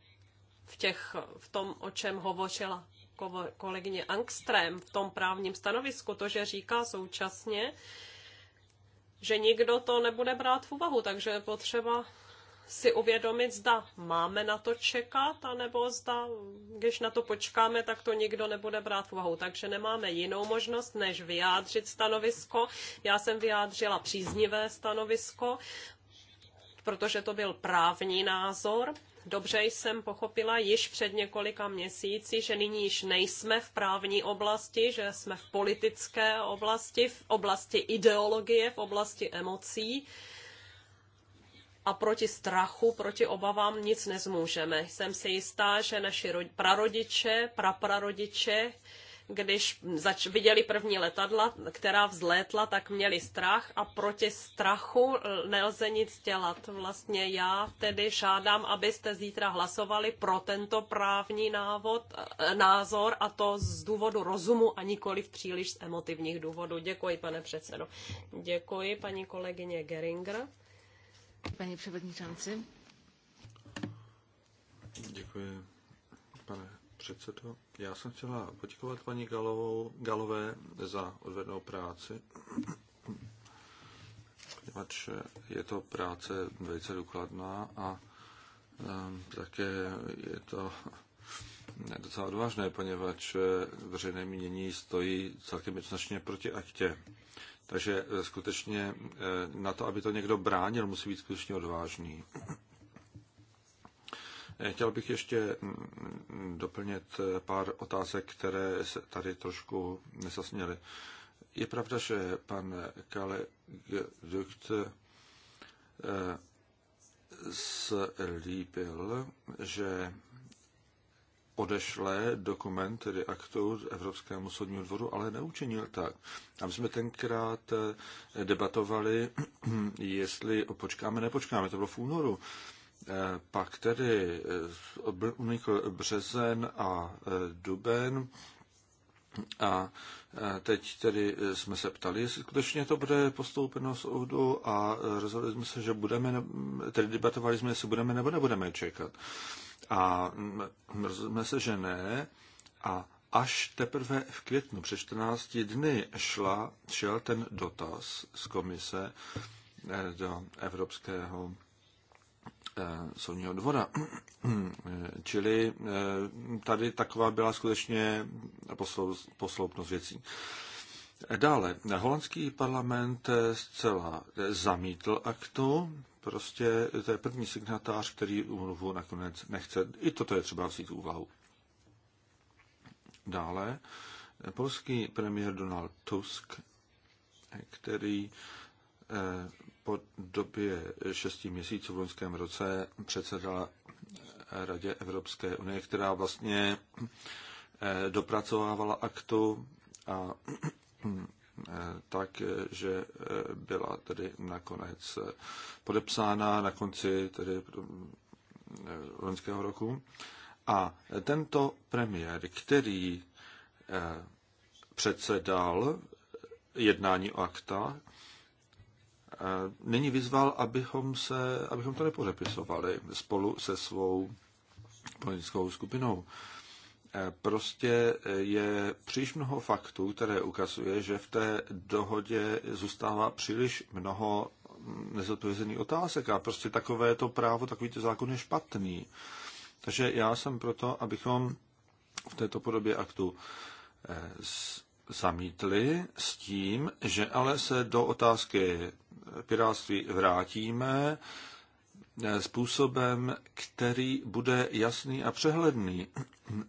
[SPEAKER 1] v, těch, v tom, o čem hovořila kolegyně Angstrem v tom právním stanovisku, to, že říká současně, že nikdo to nebude brát v úvahu, takže je potřeba si uvědomit, zda máme na to čekat, anebo zda, když na to počkáme, tak to nikdo nebude brát v úvahu. Takže nemáme jinou možnost, než vyjádřit stanovisko. Já jsem vyjádřila příznivé stanovisko, protože to byl právní názor. Dobře jsem pochopila již před několika měsíci, že nyní již nejsme v právní oblasti, že jsme v politické oblasti, v oblasti ideologie, v oblasti emocí a proti strachu, proti obavám nic nezmůžeme. Jsem si jistá, že naši prarodiče, praprarodiče, když zač- viděli první letadla, která vzlétla, tak měli strach a proti strachu nelze nic dělat. Vlastně já tedy žádám, abyste zítra hlasovali pro tento právní návod, eh, názor a to z důvodu rozumu a nikoli v příliš z emotivních důvodů. Děkuji, pane předsedo. Děkuji, paní kolegyně Geringer. Pane předsedající.
[SPEAKER 2] Děkuji, pane předsedo. Já jsem chtěla poděkovat paní Galovou, Galové za odvedenou práci, poněvadž je to práce velice důkladná a um, také je to docela odvážné, poněvadž veřejné mínění stojí celkem jednoznačně proti aktě. Takže eh, skutečně eh, na to, aby to někdo bránil, musí být skutečně odvážný. Eh, chtěl bych ještě mm, doplnit pár otázek, které se tady trošku nesasněly. Je pravda, že pan Kale Ducht slíbil, že odešle dokument, tedy aktu Evropskému soudnímu dvoru, ale neučinil tak. A my jsme tenkrát eh, debatovali, jestli počkáme, nepočkáme, to bylo v únoru. Eh, pak tedy eh, unikl březen a duben a teď tedy jsme se ptali, jestli skutečně to bude postoupeno soudu a rozhodli jsme se, že budeme, tedy debatovali jsme, jestli budeme nebo nebudeme čekat. A rozhodne se, že ne. A až teprve v květnu před 14 dny šla, šel ten dotaz z komise eh, do Evropského eh, soudního dvora. Čili eh, tady taková byla skutečně posloupnost věcí. Dále, holandský parlament zcela zamítl aktu, prostě to je první signatář, který umluvu nakonec nechce. I toto je třeba vzít úvahu. Dále, polský premiér Donald Tusk, který eh, po době šesti měsíců v loňském roce předsedal eh, Radě Evropské unie, která vlastně eh, dopracovávala aktu a tak, že eh, byla tedy nakonec eh, podepsána na konci tedy eh, loňského roku. A tento premiér, který předsedal jednání o akta, nyní vyzval, abychom, se, abychom to nepodepisovali spolu se svou politickou skupinou. Prostě eh, je příliš mnoho faktů, které ukazuje, že v té dohodě zůstává příliš mnoho mm, nezodpovězených otázek a prostě takové to právo, takový to zákon je špatný. Takže já jsem proto, abychom v této podobě aktu eh, zamítli s tím, že ale se do otázky piráctví vrátíme eh, způsobem, který bude jasný a přehledný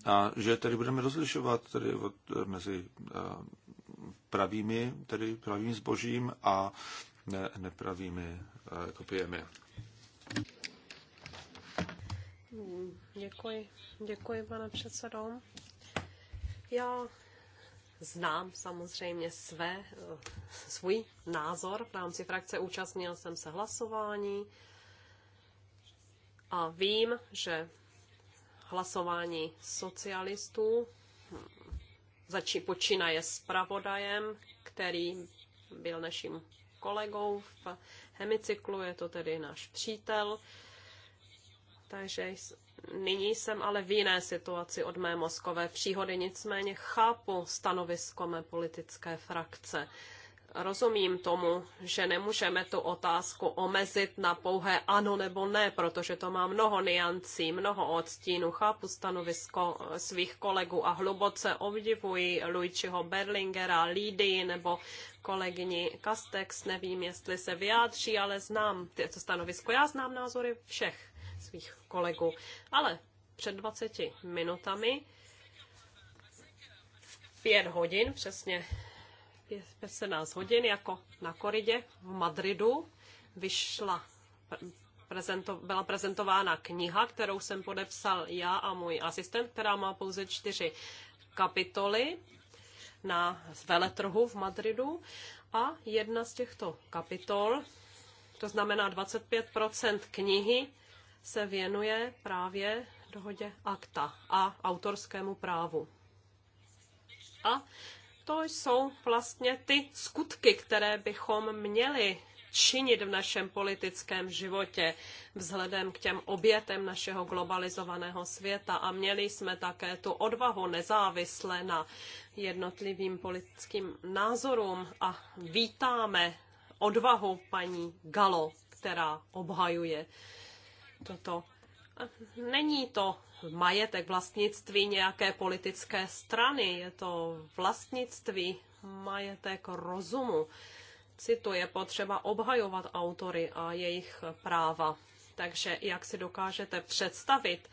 [SPEAKER 2] a že tedy budeme rozlišovat tedy od, mezi eh, pravými, tedy pravým zbožím a ne, nepravými eh, kopiemi.
[SPEAKER 1] Děkuji, děkuji pane předsedo. Já znám samozřejmě své, eh, svůj názor v rámci frakce, účastnil jsem se hlasování a vím, že hlasování socialistů. Začí počínaje zpravodajem, který byl naším kolegou v hemicyklu, je to tedy náš přítel. Takže nyní jsem ale v jiné situaci od mé mozkové příhody, nicméně chápu stanovisko mé politické frakce. Rozumím tomu, že nemůžeme tu otázku omezit na pouhé ano nebo ne, protože to má mnoho niancí, mnoho odstínů. Chápu stanovisko svých kolegů a hluboce obdivuji Luigiho Berlingera, Lidy nebo kolegyni Kastex. Nevím, jestli se vyjádří, ale znám to stanovisko. Já znám názory všech svých kolegů. Ale před 20 minutami, v pět hodin přesně v 17 hodin jako na koridě v Madridu vyšla prezento, byla prezentována kniha, kterou jsem podepsal já a můj asistent, která má pouze čtyři kapitoly na veletrhu v Madridu. A jedna z těchto kapitol, to znamená 25 knihy, se věnuje právě dohodě akta a autorskému právu. A to jsou vlastně ty skutky, které bychom měli činit v našem politickém životě vzhledem k těm obětem našeho globalizovaného světa a měli jsme také tu odvahu nezávisle na jednotlivým politickým názorům a vítáme odvahu paní Galo, která obhajuje toto. Není to majetek, vlastnictví nějaké politické strany, je to vlastnictví, majetek rozumu. Cituje potřeba obhajovat autory a jejich práva. Takže jak si dokážete představit,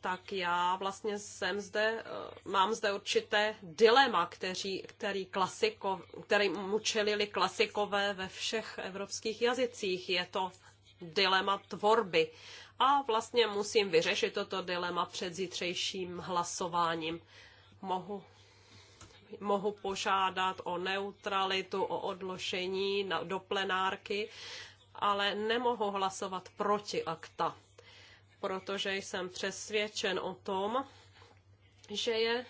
[SPEAKER 1] tak já vlastně jsem zde, eh, mám zde určité dilema, kteří, který, klasiko, který mu čelili klasikové ve všech evropských jazycích. Je to dilema tvorby a vlastně musím vyřešit toto dilema před zítřejším hlasováním. Mohu mohu požádat o neutralitu, o odložení na, do plenárky, ale nemohu hlasovat proti akta, protože jsem přesvědčen o tom, že je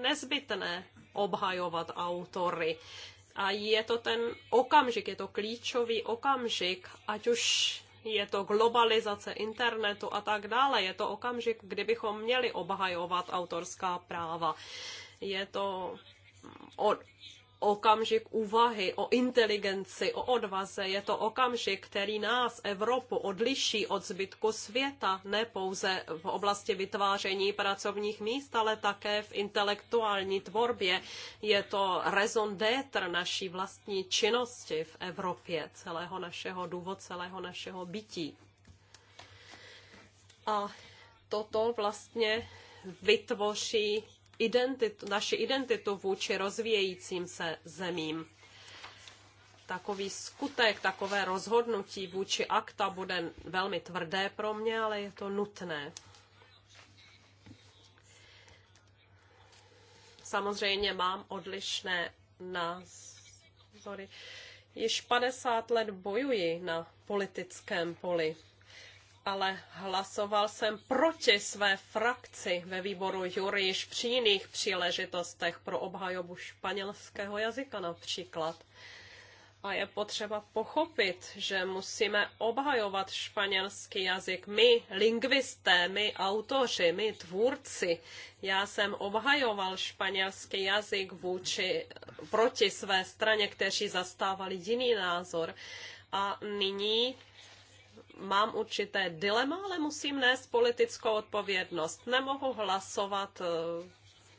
[SPEAKER 1] nezbytné obhajovat autory. A je to ten okamžik, je to klíčový okamžik, ať už je to globalizace internetu a tak dále. Je to okamžik, kdybychom měli obhajovat autorská práva. Je to okamžik úvahy o inteligenci, o odvaze. Je to okamžik, který nás, Evropu, odliší od zbytku světa, ne pouze v oblasti vytváření pracovních míst, ale také v intelektuální tvorbě. Je to raison d'être naší vlastní činnosti v Evropě, celého našeho důvod, celého našeho bytí. A toto vlastně vytvoří identitu, naši identitu vůči rozvíjejícím se zemím. Takový skutek, takové rozhodnutí vůči akta bude velmi tvrdé pro mě, ale je to nutné. Samozřejmě mám odlišné názory. Již 50 let bojuji na politickém poli ale hlasoval jsem proti své frakci ve výboru jury již při jiných příležitostech pro obhajobu španělského jazyka například. A je potřeba pochopit, že musíme obhajovat španělský jazyk. My, lingvisté, my, autoři, my, tvůrci. Já jsem obhajoval španělský jazyk vůči, proti své straně, kteří zastávali jiný názor. A nyní mám určité dilema, ale musím nést politickou odpovědnost. Nemohu hlasovat eh,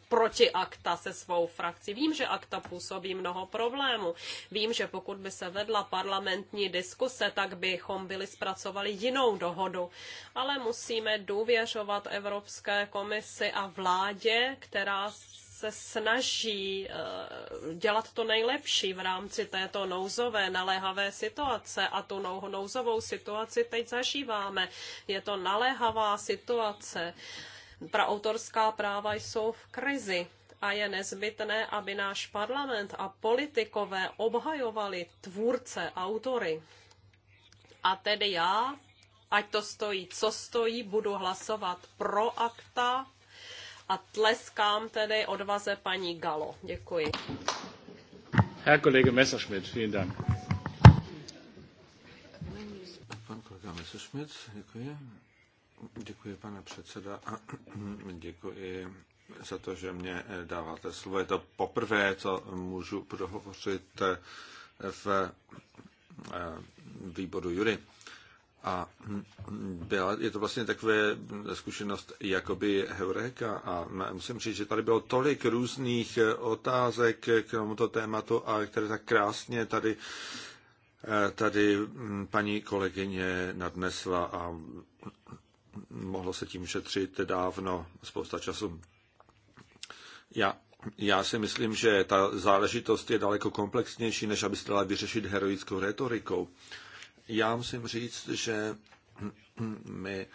[SPEAKER 1] proti akta se svou frakcí. Vím, že akta působí mnoho problémů. Vím, že pokud by se vedla parlamentní diskuse, tak bychom byli zpracovali jinou dohodu. Ale musíme důvěřovat Evropské komisi a vládě, která se snaží eh, dělat to nejlepší v rámci této nouzové naléhavé situace a tu nouzovou situaci teď zažíváme. Je to naléhavá situace. pro autorská práva jsou v krizi a je nezbytné, aby náš parlament a politikové obhajovali tvůrce, autory. A tedy já, ať to stojí, co stojí, budu hlasovat pro akta, a tleskám tedy odvaze paní Galo. Děkuji.
[SPEAKER 2] Herr Kollege Messerschmidt, vielen Dank. Pan kolega Messerschmidt, děkuji. Děkuji, pane předseda, a děkuji za to, že mě dáváte slovo. Je to poprvé, co můžu prohovořit v eh, výboru Jury. A byla, je to vlastně takové zkušenost jakoby Heureka a musím říct, že tady bylo tolik různých otázek k tomuto tématu a které tak krásně tady, tady paní kolegyně nadnesla a mohlo se tím šetřit dávno spousta času. Já já si myslím, že ta záležitost je daleko komplexnější, než aby se dala vyřešit heroickou retorikou já musím říct, že my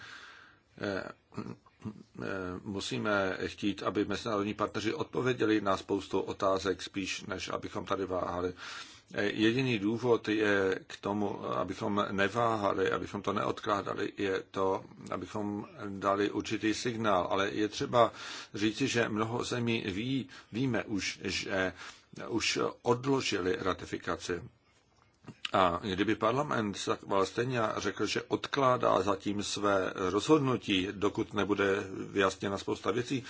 [SPEAKER 2] eh, eh, musíme chtít, aby mezinárodní partneři odpověděli na spoustu otázek spíš, než abychom tady váhali. Eh, jediný důvod je k tomu, abychom neváhali, abychom to neodkládali, je to, abychom dali určitý signál. Ale je třeba říci, že mnoho zemí ví, víme už, že už odložili ratifikaci. A kdyby parlament zachoval stejně a řekl, že odkládá zatím své rozhodnutí, dokud nebude vyjasněna spousta věcí,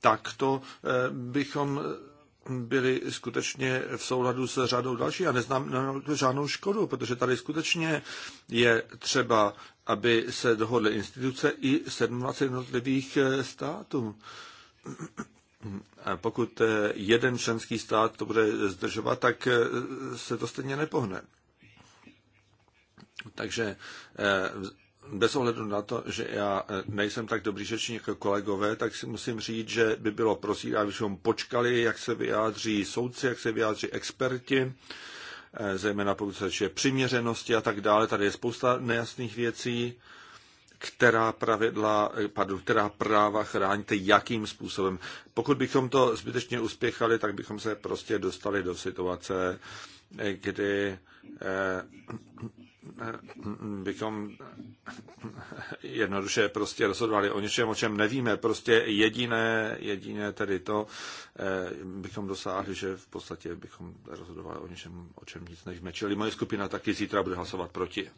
[SPEAKER 2] tak to eh, bychom byli skutečně v souladu s řadou další. a neznám žádnou škodu, protože tady skutečně je třeba, aby se dohodly instituce i 27 jednotlivých eh, států pokud eh, jeden členský stát to bude zdržovat, tak eh, se to stejně nepohne. Takže eh, bez ohledu na to, že já nejsem tak dobrý řečník jako kolegové, tak si musím říct, že by bylo prosím, abychom počkali, jak se vyjádří soudci, jak se vyjádří experti, zejména pokud se přiměřenosti a tak dále. Tady je spousta nejasných věcí která pravidla, pardon, která práva chráníte, jakým způsobem. Pokud bychom to zbytečně uspěchali, tak bychom se prostě dostali do situace, kdy eh, bychom jednoduše prostě rozhodovali o něčem, o čem nevíme. Prostě jediné, jediné tedy to eh, bychom dosáhli, že v podstatě bychom rozhodovali o něčem, o čem nic nevíme. Čili moje skupina taky zítra bude hlasovat proti.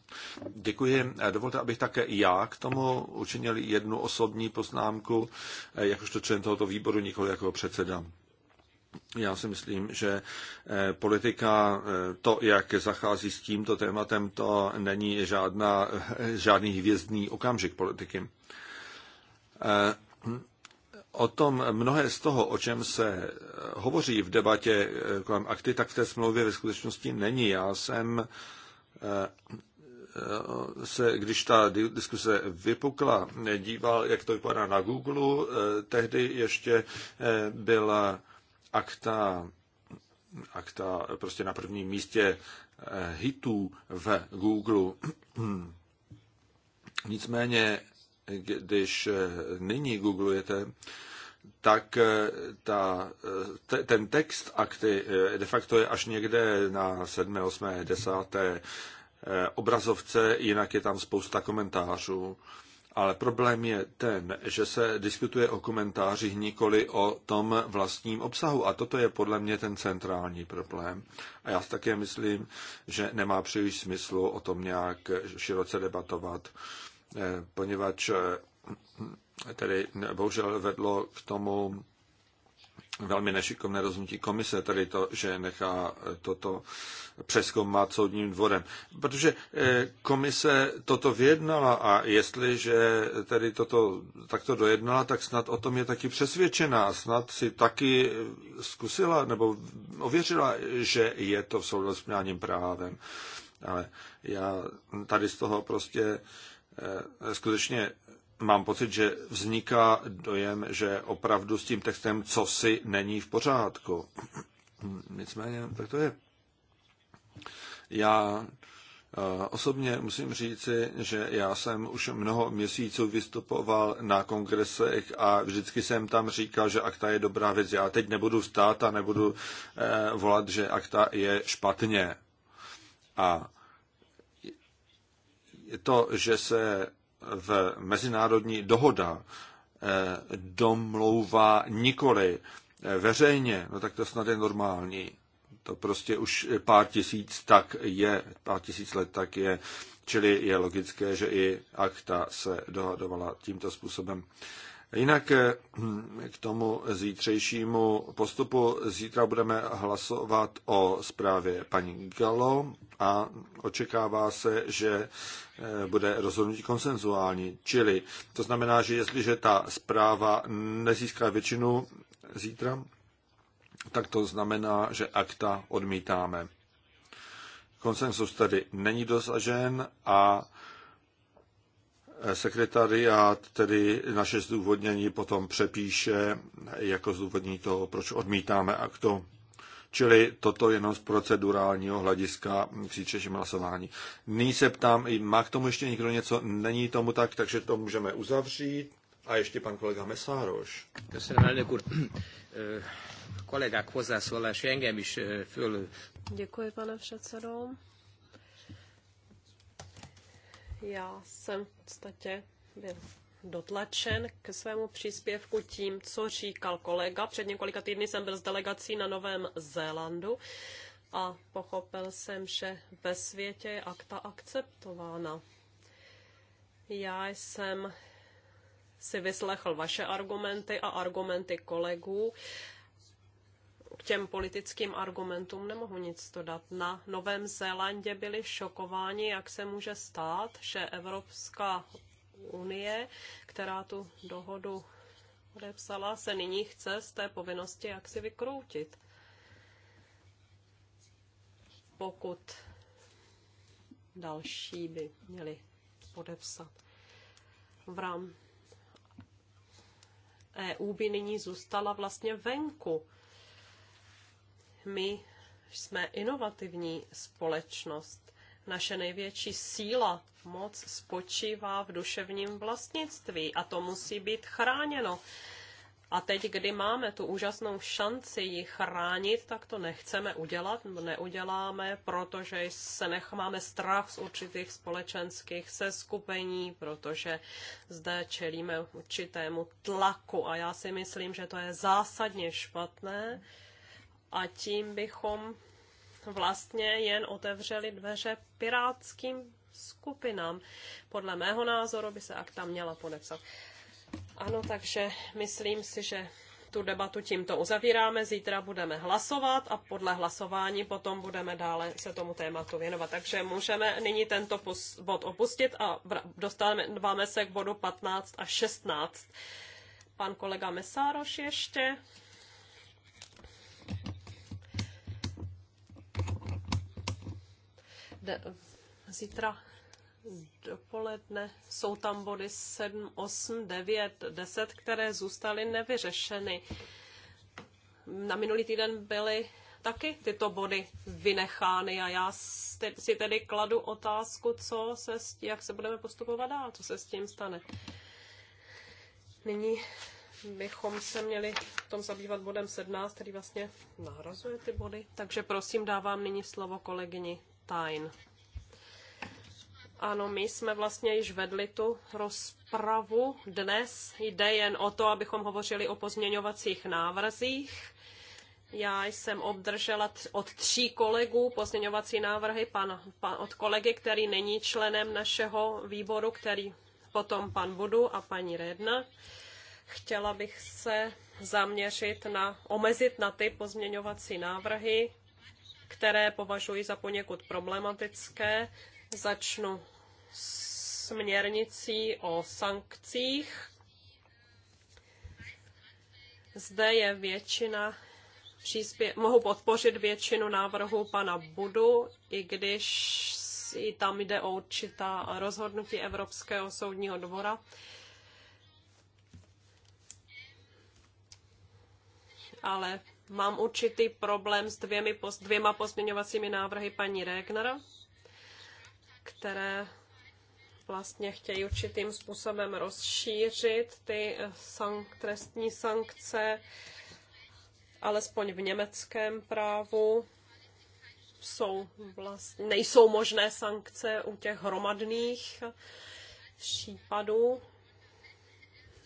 [SPEAKER 2] Děkuji. Eh, dovolte, abych také já k tomu učinil jednu osobní poznámku, eh, jakožto člen tohoto výboru, nikoli jako předseda. Já si myslím, že eh, politika, eh, to, jak zachází s tímto tématem, to není žádná, eh, žádný hvězdný okamžik politiky. O tom mnohé z toho, o čem se hovoří v debatě kolem akty, tak v té smlouvě ve skutečnosti není. Já jsem se, když ta diskuse vypukla, díval, jak to vypadá na Google. Tehdy ještě byla akta, akta prostě na prvním místě eh, hitů v Google. Nicméně, když eh, nyní googlujete, tak eh, ta, te, ten text akty de facto je až někde na 7., 8., 10. obrazovce, jinak je tam spousta komentářů. Ale problém je ten, že se diskutuje o komentářích, nikoli o tom vlastním obsahu. A toto je podle mě ten centrální problém. A já také myslím, že nemá příliš smyslu o tom nějak široce debatovat, eh, poněvadž eh, tedy bohužel vedlo k tomu velmi nešikovné rozhodnutí komise, tady to, že nechá eh, toto přeskoumat soudním dvorem. Protože eh, komise toto vyjednala a jestliže tedy toto takto dojednala, tak snad o tom je taky přesvědčená, snad si taky eh, zkusila nebo ověřila, že je to v souladu s právním právem. Ale já tady z toho prostě skutečně mám pocit, že vzniká dojem, že opravdu s tím textem co si není v pořádku. Nicméně, tak to je. Já eh, Osobně musím říci, že já jsem už mnoho měsíců vystupoval na kongresech a vždycky jsem tam říkal, že akta je dobrá věc. Já teď nebudu vstát a nebudu eh, volat, že akta je špatně. A je to, že se v mezinárodní dohoda eh, domlouvá nikoli eh, veřejně, no tak to snad je normální. To prostě už pár tisíc tak je, pár tisíc let tak je, čili je logické, že i akta se dohadovala tímto způsobem. Jinak eh, k tomu zítřejšímu postupu. Zítra budeme hlasovat o zprávě paní Galo a očekává se, že eh, bude rozhodnutí konsenzuální. Čili to znamená, že jestliže ta zpráva nezíská většinu zítra, tak to znamená, že akta odmítáme. Konsensus tedy není dosažen a eh, sekretariát tedy naše zdůvodnění potom přepíše jako zdůvodnění toho, proč odmítáme aktu. Čili toto jenom z procedurálního hlediska příčeším hlasování. Nyní se ptám, má k tomu ještě někdo něco? Není tomu tak, takže to můžeme uzavřít. A ještě pan kolega Mesároš. Köszönöm, elnök engem is föl...
[SPEAKER 1] Děkuji, pane předsedo. Já jsem v podstatě byl dotlačen k svému příspěvku tím, co říkal kolega. Před několika týdny jsem byl s delegací na Novém Zélandu a pochopil jsem, že ve světě je akta akceptována. Já jsem si vyslechl vaše argumenty a argumenty kolegů. K těm politickým argumentům nemohu nic dodat. Na Novém Zélandě byli šokováni, jak se může stát, že Evropská unie, která tu dohodu odepsala, se nyní chce z té povinnosti jaksi vykroutit. Pokud další by měli podepsat. V rám EU by nyní zůstala vlastně venku. My jsme inovativní společnost. Naše největší síla, moc spočívá v duševním vlastnictví a to musí být chráněno. A teď, kdy máme tu úžasnou šanci ji chránit, tak to nechceme udělat, neuděláme, protože se necháme strach z určitých společenských seskupení, protože zde čelíme určitému tlaku a já si myslím, že to je zásadně špatné a tím bychom vlastně jen otevřeli dveře pirátským skupinám. Podle mého názoru by se akta měla podepsat. Ano, takže myslím si, že tu debatu tímto uzavíráme. Zítra budeme hlasovat a podle hlasování potom budeme dále se tomu tématu věnovat. Takže můžeme nyní tento bod opustit a dostáváme se k bodu 15 a 16. Pan kolega Mesároš ještě. de, zítra dopoledne jsou tam body 7, 8, 9, 10, které zůstaly nevyřešeny. Na minulý týden byly taky tyto body vynechány a já si tedy kladu otázku, co se, jak se budeme postupovat dál, co se s tím stane. Nyní bychom se měli v tom zabývat bodem 17, který vlastně nahrazuje ty body. Takže prosím, dávám nyní slovo kolegyni Stein. Ano, my jsme vlastně již vedli tu rozpravu. Dnes jde jen o to, abychom hovořili o pozměňovacích návrzích. Já jsem obdržela od tří kolegů pozměňovací návrhy pan, pan, od kolegy, který není členem našeho výboru, který potom pan Budu a paní Redna. Chtěla bych se zaměřit na, omezit na ty pozměňovací návrhy, které považuji za poněkud problematické. Začnu směrnicí o sankcích. Zde je většina příspěv... mohu podpořit většinu návrhů pana Budu, i když i tam jde o určitá rozhodnutí Evropského soudního dvora. Ale Mám určitý problém s dvěmi, dvěma pozměňovacími návrhy paní Regner, které vlastně chtějí určitým způsobem rozšířit ty eh, sank, trestní sankce, alespoň v německém právu jsou vlastně, nejsou možné sankce u těch hromadných případů.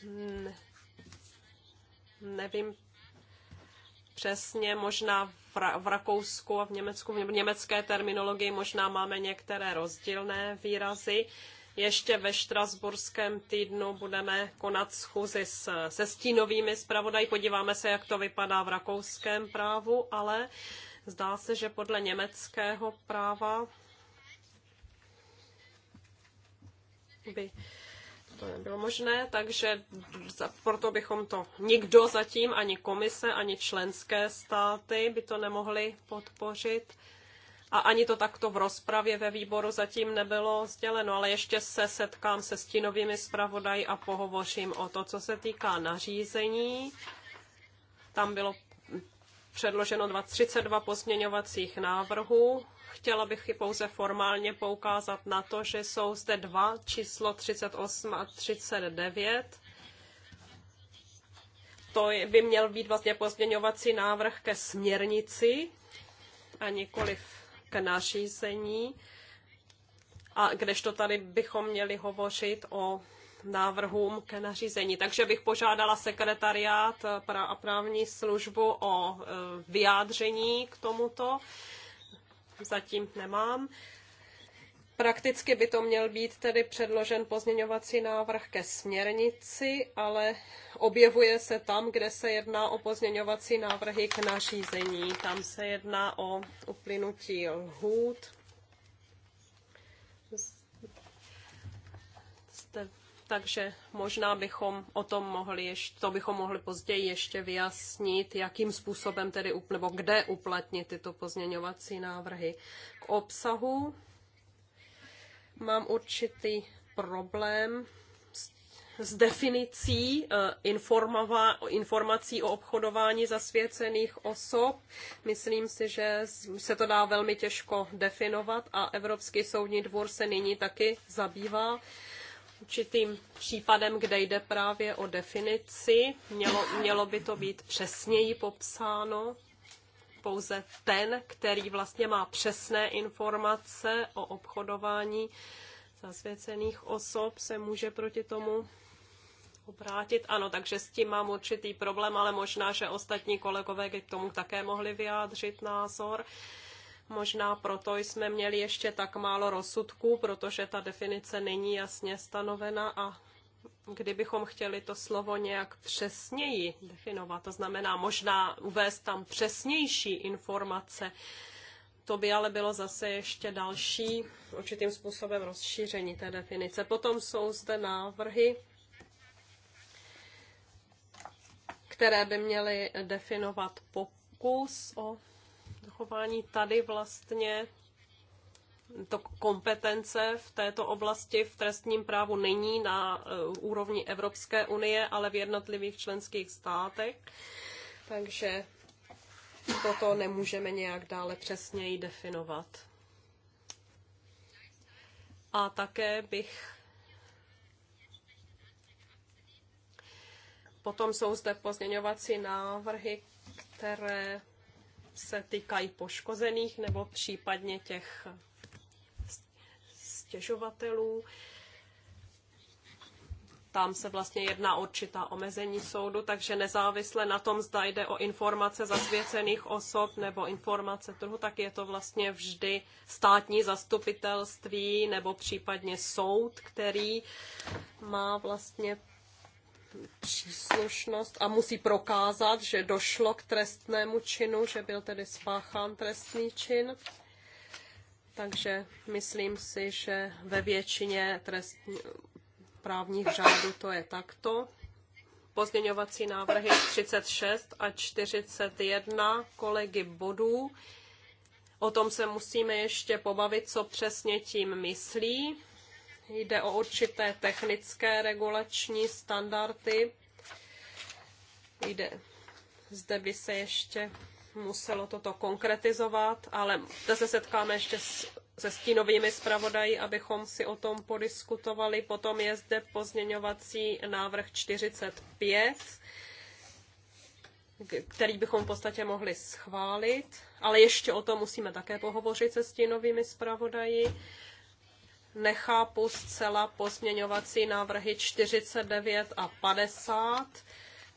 [SPEAKER 1] Ne, nevím přesně možná v Rakousku a v Německu, v německé terminologii možná máme některé rozdílné výrazy. Ještě ve Štrasburském týdnu budeme konat schůzi s, se stínovými zpravodaji. Podíváme se, jak to vypadá v rakouském právu, ale zdá se, že podle německého práva by to nebylo možné, takže proto bychom to nikdo zatím, ani komise, ani členské státy by to nemohli podpořit. A ani to takto v rozpravě ve výboru zatím nebylo sděleno, ale ještě se setkám se stínovými zpravodají a pohovořím o to, co se týká nařízení. Tam bylo předloženo 32 pozměňovacích návrhů Chtěla bych i pouze formálně poukázat na to, že jsou zde dva, číslo 38 a 39. To by měl být vlastně pozměňovací návrh ke směrnici a nikoliv k nařízení. A kdežto tady bychom měli hovořit o návrhům ke nařízení. Takže bych požádala sekretariát a právní službu o e, vyjádření k tomuto zatím nemám. Prakticky by to měl být tedy předložen pozměňovací návrh ke směrnici, ale objevuje se tam, kde se jedná o pozměňovací návrhy k nařízení. Tam se jedná o uplynutí lhůt takže možná bychom o tom mohli ještě, to bychom mohli později ještě vyjasnit, jakým způsobem tedy, nebo kde uplatnit tyto pozměňovací návrhy. K obsahu mám určitý problém s definicí eh, informací o obchodování zasvěcených osob. Myslím si, že se to dá velmi těžko definovat a Evropský soudní dvůr se nyní taky zabývá určitým případem, kde jde právě o definici. Mělo, mělo by to být přesněji popsáno. Pouze ten, který vlastně má přesné informace o obchodování zasvěcených osob, se může proti tomu obrátit. Ano, takže s tím mám určitý problém, ale možná, že ostatní kolegové k tomu také mohli vyjádřit názor. Uh, Možná proto jsme měli ještě tak málo rozsudků, protože ta definice není jasně stanovena a kdybychom chtěli to slovo nějak přesněji definovat, to znamená možná uvést tam přesnější informace, to by ale bylo zase ještě další určitým způsobem rozšíření té definice. Potom jsou zde návrhy, které by měly definovat pokus o zastropování tady vlastně to kompetence v této oblasti v trestním právu není na eh, úrovni Evropské unie, ale v jednotlivých členských státech. Takže toto nemůžeme nějak dále přesněji definovat. A také bych Potom jsou zde pozměňovací návrhy, které se týkají poškozených nebo případně těch stěžovatelů. Tam se vlastně jedná určitá omezení soudu, takže nezávisle na tom, zda jde o informace zasvěcených osob nebo informace trhu, tak je to vlastně vždy státní zastupitelství nebo případně soud, který má vlastně příslušnost a musí prokázat, že došlo k trestnému činu, že byl tedy spáchán trestný čin. Takže myslím si, že ve většině trestní, právních řádů to je takto. Pozměňovací návrhy 36 a 41 kolegy bodů. O tom se musíme ještě pobavit, co přesně tím myslí Jde o určité technické regulační standardy. Jde. Zde by se ještě muselo toto konkretizovat, ale zde se setkáme ještě s, se stínovými zpravodají, abychom si o tom podiskutovali. Potom je zde pozměňovací návrh 45, který bychom v podstatě mohli schválit, ale ještě o tom musíme také pohovořit se stínovými zpravodají nechápu zcela pozměňovací návrhy 49 a 50.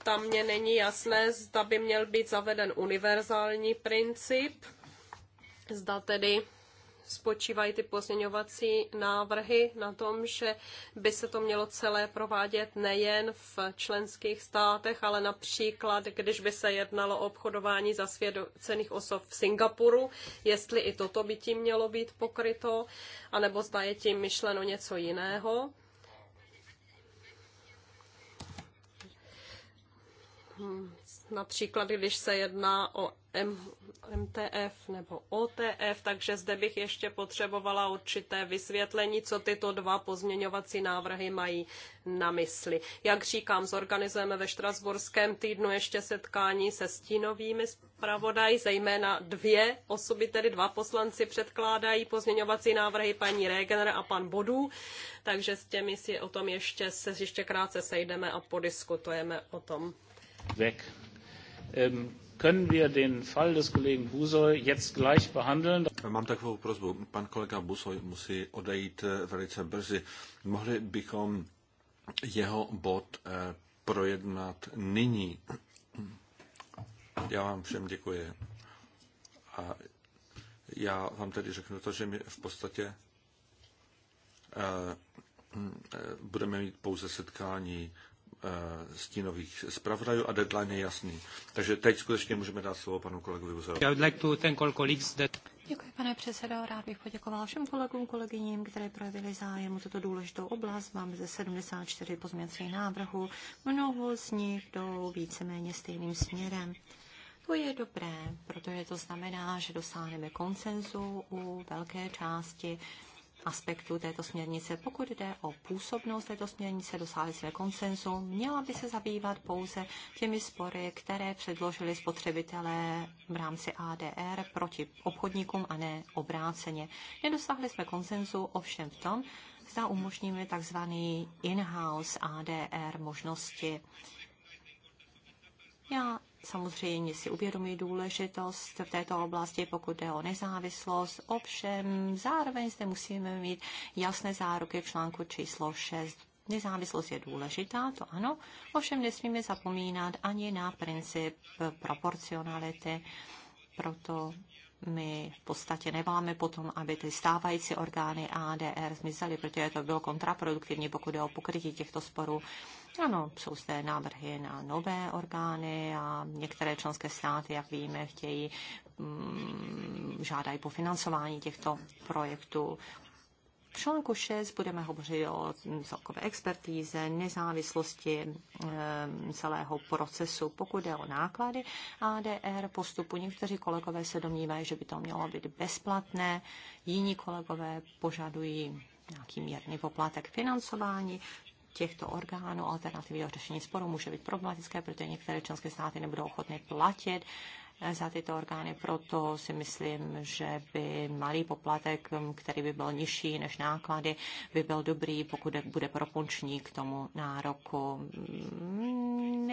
[SPEAKER 1] Tam mě není jasné, zda by měl být zaveden univerzální princip, zda tedy spočívají ty pozměňovací návrhy na tom, že by se to mělo celé provádět nejen v členských státech, ale například, když by se jednalo o obchodování zasvěcených osob v Singapuru, jestli i toto by tím mělo být pokryto, anebo zda je tím myšleno něco jiného. Hmm například když se jedná o M, MTF nebo OTF, takže zde bych ještě potřebovala určité vysvětlení, co tyto dva pozměňovací návrhy mají na mysli. Jak říkám, zorganizujeme ve Štrasburském týdnu ještě setkání se stínovými zpravodaj, zejména dvě osoby, tedy dva poslanci předkládají pozměňovací návrhy paní Regener a pan Bodů, takže s těmi si o tom ještě, se, ještě krátce sejdeme a podiskutujeme o tom. Děk. Ähm,
[SPEAKER 2] können wir den Fall des Kollegen Busoy jetzt gleich behandeln? Mám takovou prozbu. Pan kolega Busoy musí odejít eh, velice brzy. Mohli bychom jeho bod eh, projednat nyní. Já vám všem děkuji. A já vám tedy řeknu to, že my v podstatě eh, hm, budeme mít pouze setkání Eh, stínových zpravodajů a deadline je jasný. Takže teď skutečně můžeme dát slovo panu kolegovi Buzorovi.
[SPEAKER 3] Děkuji, pane předsedo. Rád bych poděkoval všem kolegům, kolegyním, které projevili zájem o tuto důležitou oblast. Máme ze 74 pozměňovacích návrhů. Mnoho z nich jdou víceméně stejným směrem. To je dobré, protože to znamená, že dosáhneme koncenzu u velké části aspektů této směrnice. Pokud jde o působnost této směrnice, dosáhli jsme konsenzu, měla by se zabývat pouze těmi spory, které předložili spotřebitelé v rámci ADR proti obchodníkům a ne obráceně. Nedosáhli jsme konsenzu ovšem v tom, zda umožníme tzv. in-house ADR možnosti. Já samozřejmě si uvědomí důležitost v této oblasti, pokud jde o nezávislost. Ovšem, zároveň zde musíme mít jasné záruky v článku číslo 6. Nezávislost je důležitá, to ano, ovšem nesmíme zapomínat ani na princip proporcionality, proto my v podstatě neváme potom, aby ty stávající orgány ADR zmizely, protože to bylo kontraproduktivní, pokud je o pokrytí těchto sporů ano, jsou zde návrhy na nové orgány a některé členské státy, jak víme, chtějí, mm, žádají po financování těchto projektů. V článku 6 budeme hovořit o celkové expertíze, nezávislosti celého procesu, pokud jde o náklady ADR postupu. Někteří kolegové se domnívají, že by to mělo být bezplatné, jiní kolegové požadují nějaký mírný poplatek financování těchto orgánů alternativního řešení sporu může být problematické, protože některé členské státy nebudou ochotny platit eh, za tyto orgány, proto si myslím, že by malý poplatek, mm, který by byl nižší než náklady, by byl dobrý, pokud bude propunční k tomu nároku. Mm,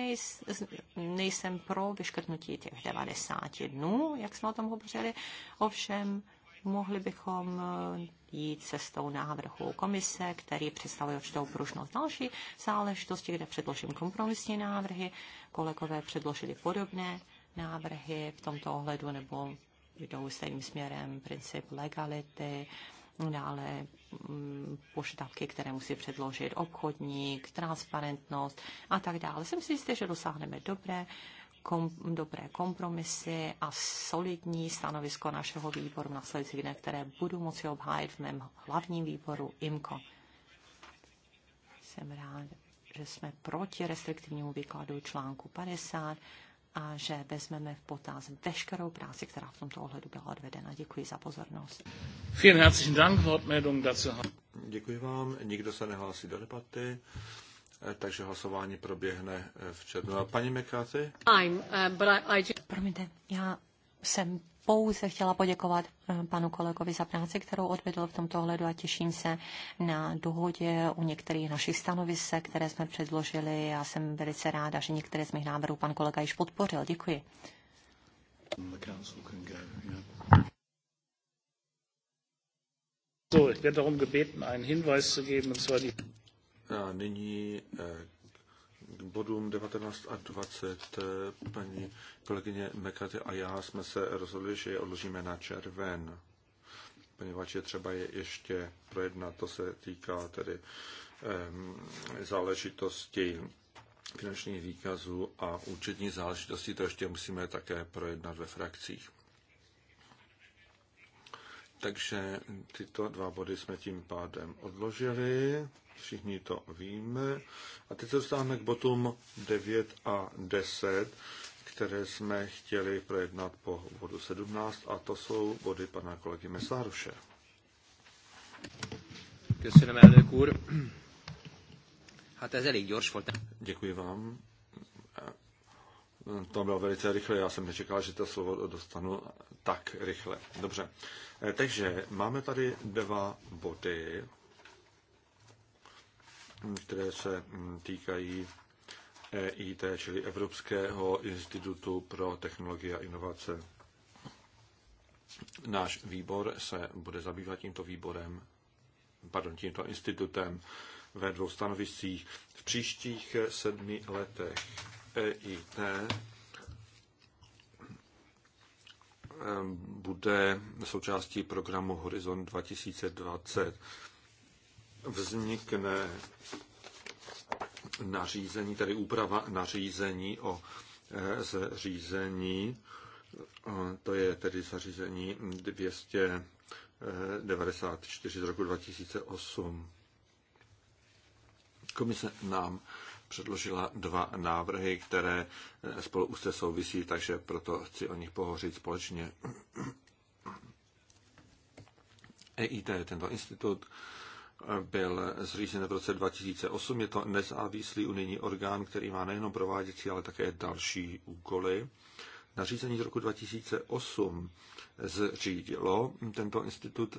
[SPEAKER 3] nejsem pro vyškrtnutí těch 90 dnů, jak jsme o tom hovořili, ovšem mohli bychom eh, jít cestou návrhu komise, který představuje určitou pružnost další záležitosti, kde předložím kompromisní návrhy. Kolegové předložili podobné návrhy v tomto ohledu nebo jdou stejným směrem princip legality, dále mm, požadavky, které musí předložit obchodník, transparentnost a tak dále. Jsem si jistý, že dosáhneme dobré kom, dobré kompromisy a solidní stanovisko našeho výboru na následujících dne, které budu moci obhájit v mém hlavním výboru IMCO. Jsem rád, že jsme proti restriktivnímu výkladu článku 50 a že vezmeme v potaz veškerou práci, která v tomto ohledu byla odvedena. Děkuji za pozornost.
[SPEAKER 1] Vielen herzlichen
[SPEAKER 2] Dank. Wortmeldung dazu. Děkuji vám. Nikdo se nehlásí do debaty. Eh, takže hlasování proběhne eh, v červnu. A paní McCarthy?
[SPEAKER 3] I'm, uh, but I, I... Promiňte, já jsem pouze chtěla poděkovat panu kolegovi za práci, kterou odvedl v tomto ohledu a těším se na dohodě u některých našich stanovisek, které jsme předložili. Já jsem velice ráda, že některé z mých návrhů pan kolega již podpořil. Děkuji.
[SPEAKER 1] So, ich werde darum gebeten, einen Hinweis zu geben, und zwar die
[SPEAKER 2] a nyní eh, k bodům 19 a 20 eh, paní kolegyně Mekaty a já jsme se rozhodli, že je odložíme na červen, poněvadž je třeba je ještě projednat. To se týká tedy um, záležitosti finančních výkazů a účetní záležitosti. To ještě musíme také projednat ve frakcích. Takže tyto dva body jsme tím pádem odložili všichni to víme. A teď se dostáváme k botům 9 a 10, které jsme chtěli projednat po bodu 17, a to jsou body pana kolegy Mesáruše. Děkuji vám. To bylo velice rychle, já jsem nečekal, že to slovo dostanu tak rychle. Dobře, takže máme tady dva body které se týkají EIT, čili Evropského institutu pro technologie a inovace. Náš výbor se bude zabývat tímto výborem, pardon, tímto institutem ve dvou stanoviscích. V příštích sedmi letech EIT bude součástí programu Horizon 2020 vznikne nařízení, tedy úprava nařízení o eh, zřízení, to je tedy zařízení 294 eh, z roku 2008. Komise nám předložila dva návrhy, které eh, spolu se souvisí, takže proto chci o nich pohořit společně. EIT, je tento institut, byl zřízen v roce 2008. Je to nezávislý unijní orgán, který má nejenom prováděcí, ale také další úkoly. Nařízení z roku 2008 zřídilo tento institut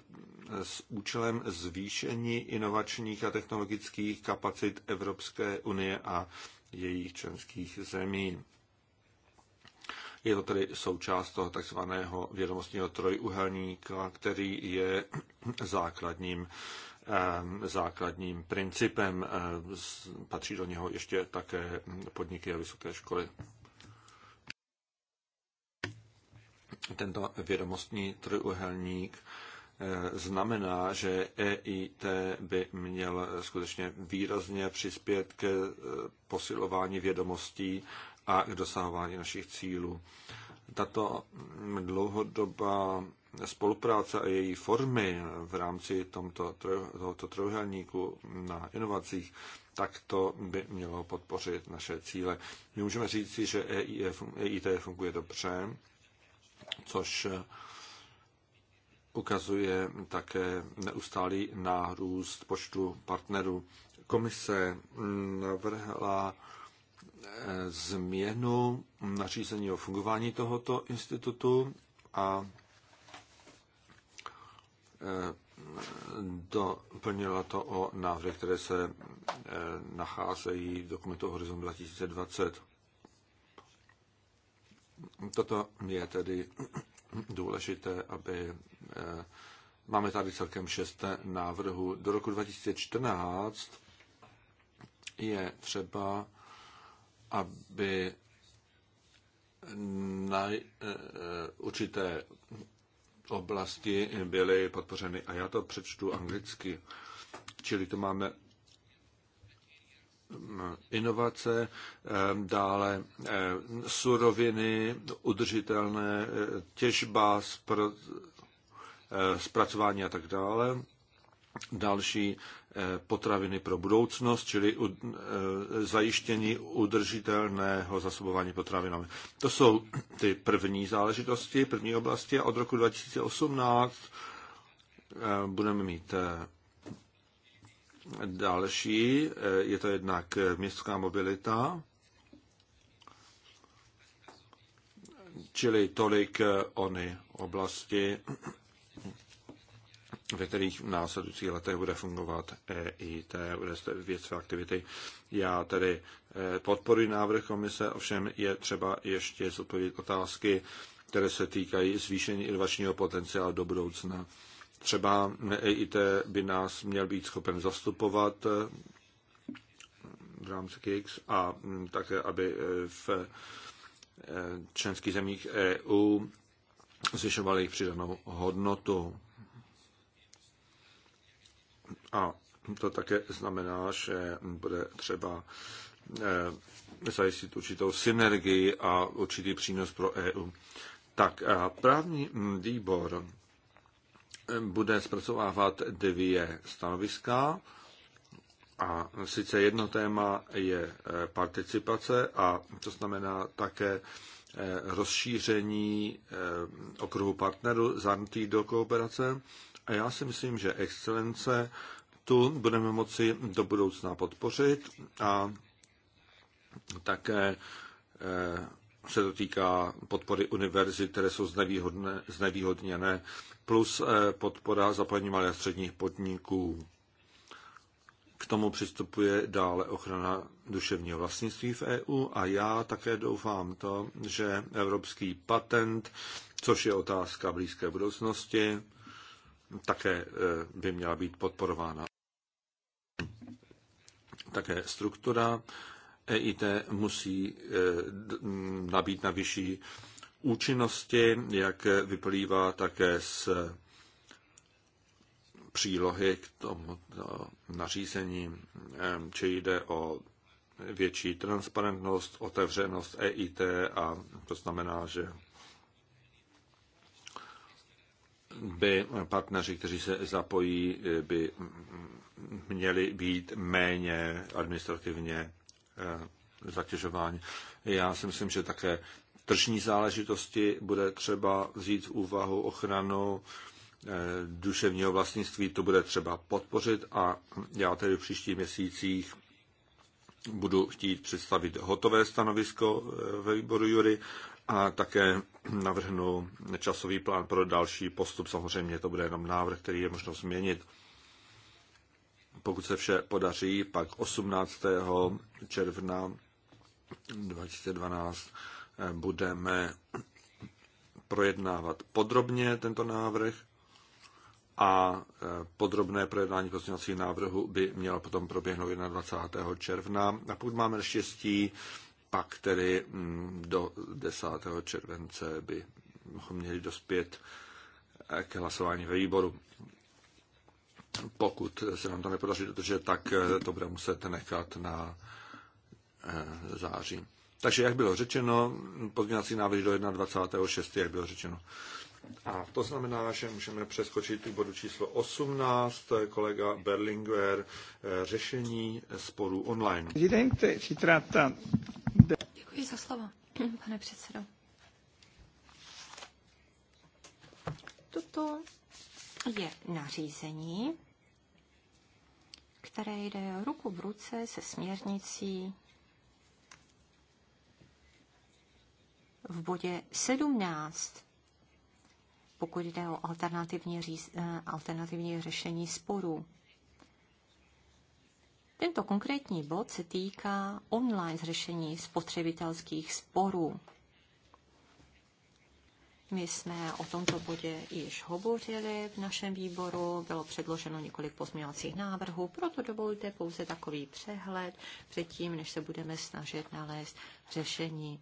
[SPEAKER 2] s účelem zvýšení inovačních a technologických kapacit Evropské unie a jejich členských zemí. Je to tedy součást toho takzvaného vědomostního trojuhelníka, který je základním Ehm, základním principem. Ehm, patří do něho ještě také podniky a vysoké školy. Tento vědomostní trojuhelník ehm, znamená, že EIT by měl skutečně výrazně přispět ke posilování vědomostí a k dosahování našich cílů. Tato dlouhodobá spolupráce a její formy v rámci tomto, tohoto trojuhelníku na inovacích, tak to by mělo podpořit naše cíle. My můžeme říci, že EIT e e funguje dobře, což eh, ukazuje také neustálý nárůst počtu partnerů. Komise navrhla eh, změnu nařízení o fungování tohoto institutu a doplnila to o návrhy, které se eh, nacházejí v dokumentu Horizon 2020. Toto je tedy důležité, aby eh, máme tady celkem šest návrhů. Do roku 2014 je třeba, aby eh, na určité oblasti byly podpořeny. A já to přečtu anglicky. Čili to máme mm, inovace, eh, dále eh, suroviny, udržitelné eh, těžba, zpracování a tak dále. Další Eh, potraviny pro budoucnost, čili eh, zajištění udržitelného zasobování potravinami. To jsou ty první záležitosti, první oblasti a od roku 2018 eh, budeme mít další. Je to jednak městská mobilita, čili tolik ony oblasti ve kterých v následujících letech bude fungovat EIT, bude věcové aktivity. Já tedy eh, podporuji návrh komise, ovšem je třeba ještě zodpovědět otázky, které se týkají zvýšení inovačního potenciálu do budoucna. Třeba EIT by nás měl být schopen zastupovat eh, v rámci KIX a hm, také, aby eh, v členských zemích EU zvyšovali jejich přidanou hodnotu. A to také znamená, že bude třeba eh, zajistit určitou synergii a určitý přínos pro EU. Tak a právní výbor eh, bude zpracovávat dvě stanoviska. A sice jedno téma je eh, participace a to znamená také rozšíření okruhu partnerů zahrnutých do kooperace a já si myslím, že excelence tu budeme moci do budoucna podpořit a také eh, se to týká podpory univerzit, které jsou znevýhodněné, plus eh, podpora zapojení malých a středních podniků. K tomu přistupuje dále ochrana duševního vlastnictví v EU a já také doufám to, že evropský patent, což je otázka blízké budoucnosti, také eh, by měla být podporována. Také struktura EIT musí eh, nabít na vyšší účinnosti, jak vyplývá také z přílohy k tomuto nařízení, eh, či jde o větší transparentnost, otevřenost EIT a to znamená, že by partneři, kteří se zapojí, by měli být méně administrativně eh, zatěžováni. Já si myslím, že také tržní záležitosti bude třeba vzít v úvahu ochranu eh, duševního vlastnictví, to bude třeba podpořit a já tedy v příštích měsících budu chtít představit hotové stanovisko eh, ve výboru Jury a také navrhnu časový plán pro další postup. Samozřejmě to bude jenom návrh, který je možno změnit. Pokud se vše podaří, pak 18. června 2012 budeme projednávat podrobně tento návrh a e, podrobné projednání pozměňovacích návrhu by mělo potom proběhnout 21. června. A pokud máme štěstí, pak tedy mm, do 10. července by měli dospět eh, k hlasování ve výboru. Pokud se nám to nepodaří protože tak eh, to bude muset nechat na eh, září. Takže, jak bylo řečeno, pozměňovací návrh do 6., jak bylo řečeno. A to znamená, že můžeme přeskočit k bodu číslo 18, kolega Berlinguer, eh, řešení sporů online.
[SPEAKER 3] Děkuji za slovo, pane předsedo. Toto je nařízení, které jde ruku v ruce se směrnicí v bodě 17 pokud jde o alternativní, říz, eh, alternativní řešení sporů. Tento konkrétní bod se týká online řešení spotřebitelských sporů. My jsme o tomto bodě již hovořili v našem výboru, bylo předloženo několik pozměňovacích návrhů, proto dovolte pouze takový přehled předtím, než se budeme snažit nalézt řešení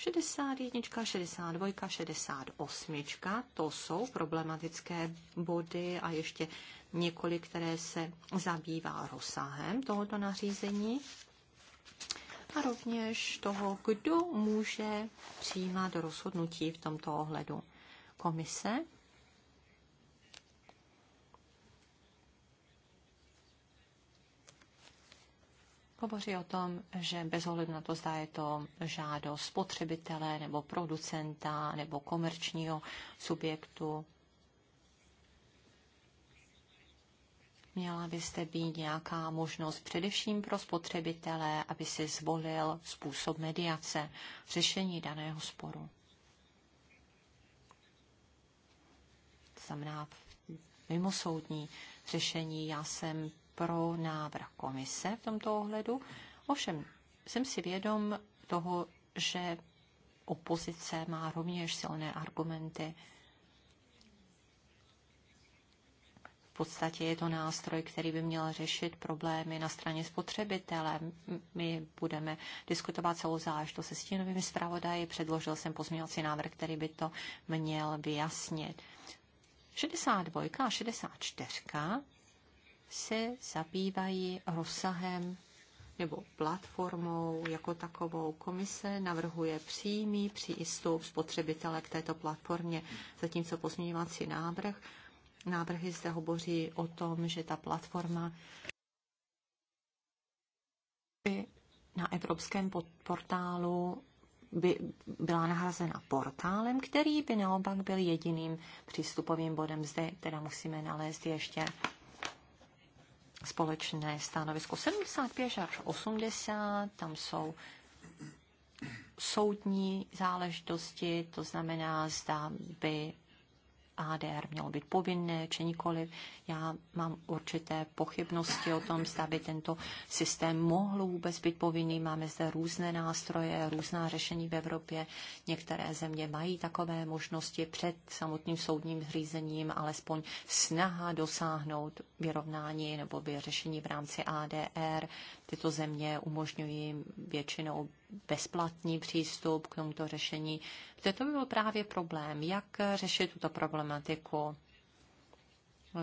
[SPEAKER 3] 61, 62, 68, to jsou problematické body a ještě několik, které se zabývá rozsahem tohoto nařízení a rovněž toho, kdo může přijímat rozhodnutí v tomto ohledu. Komise hovoří o tom, že bez ohledu na to, zda je to žádost spotřebitele nebo producenta nebo komerčního subjektu, měla byste být nějaká možnost především pro spotřebitele, aby si zvolil způsob mediace, řešení daného sporu. To znamená mimosoudní řešení. Já jsem pro návrh komise v tomto ohledu. Ovšem, jsem si vědom toho, že opozice má rovněž silné argumenty. V podstatě je to nástroj, který by měl řešit problémy na straně spotřebitele. My budeme diskutovat celou záležitost se stínovými zpravodaji. Předložil jsem pozměňovací návrh, který by to měl vyjasnit. 62 a 64 se zabývají rozsahem nebo platformou jako takovou. Komise navrhuje přímý přístup spotřebitele k této platformě, zatímco pozměňovací návrh návrhy zde hovoří o tom, že ta platforma by na evropském portálu by byla nahrazena portálem, který by naopak byl jediným přístupovým bodem. Zde teda musíme nalézt ještě společné stanovisko. 75 až 80, tam jsou soudní záležitosti, to znamená, zda by ADR mělo být povinné či nikoliv. Já mám určité pochybnosti o tom, zda by tento systém mohl vůbec být povinný. Máme zde různé nástroje, různá řešení v Evropě. Některé země mají takové možnosti před samotným soudním řízením, alespoň snaha dosáhnout vyrovnání nebo vyřešení v rámci ADR. Tyto země umožňují většinou bezplatný přístup k tomuto řešení. Kde to by byl právě problém, jak řešit tuto problematiku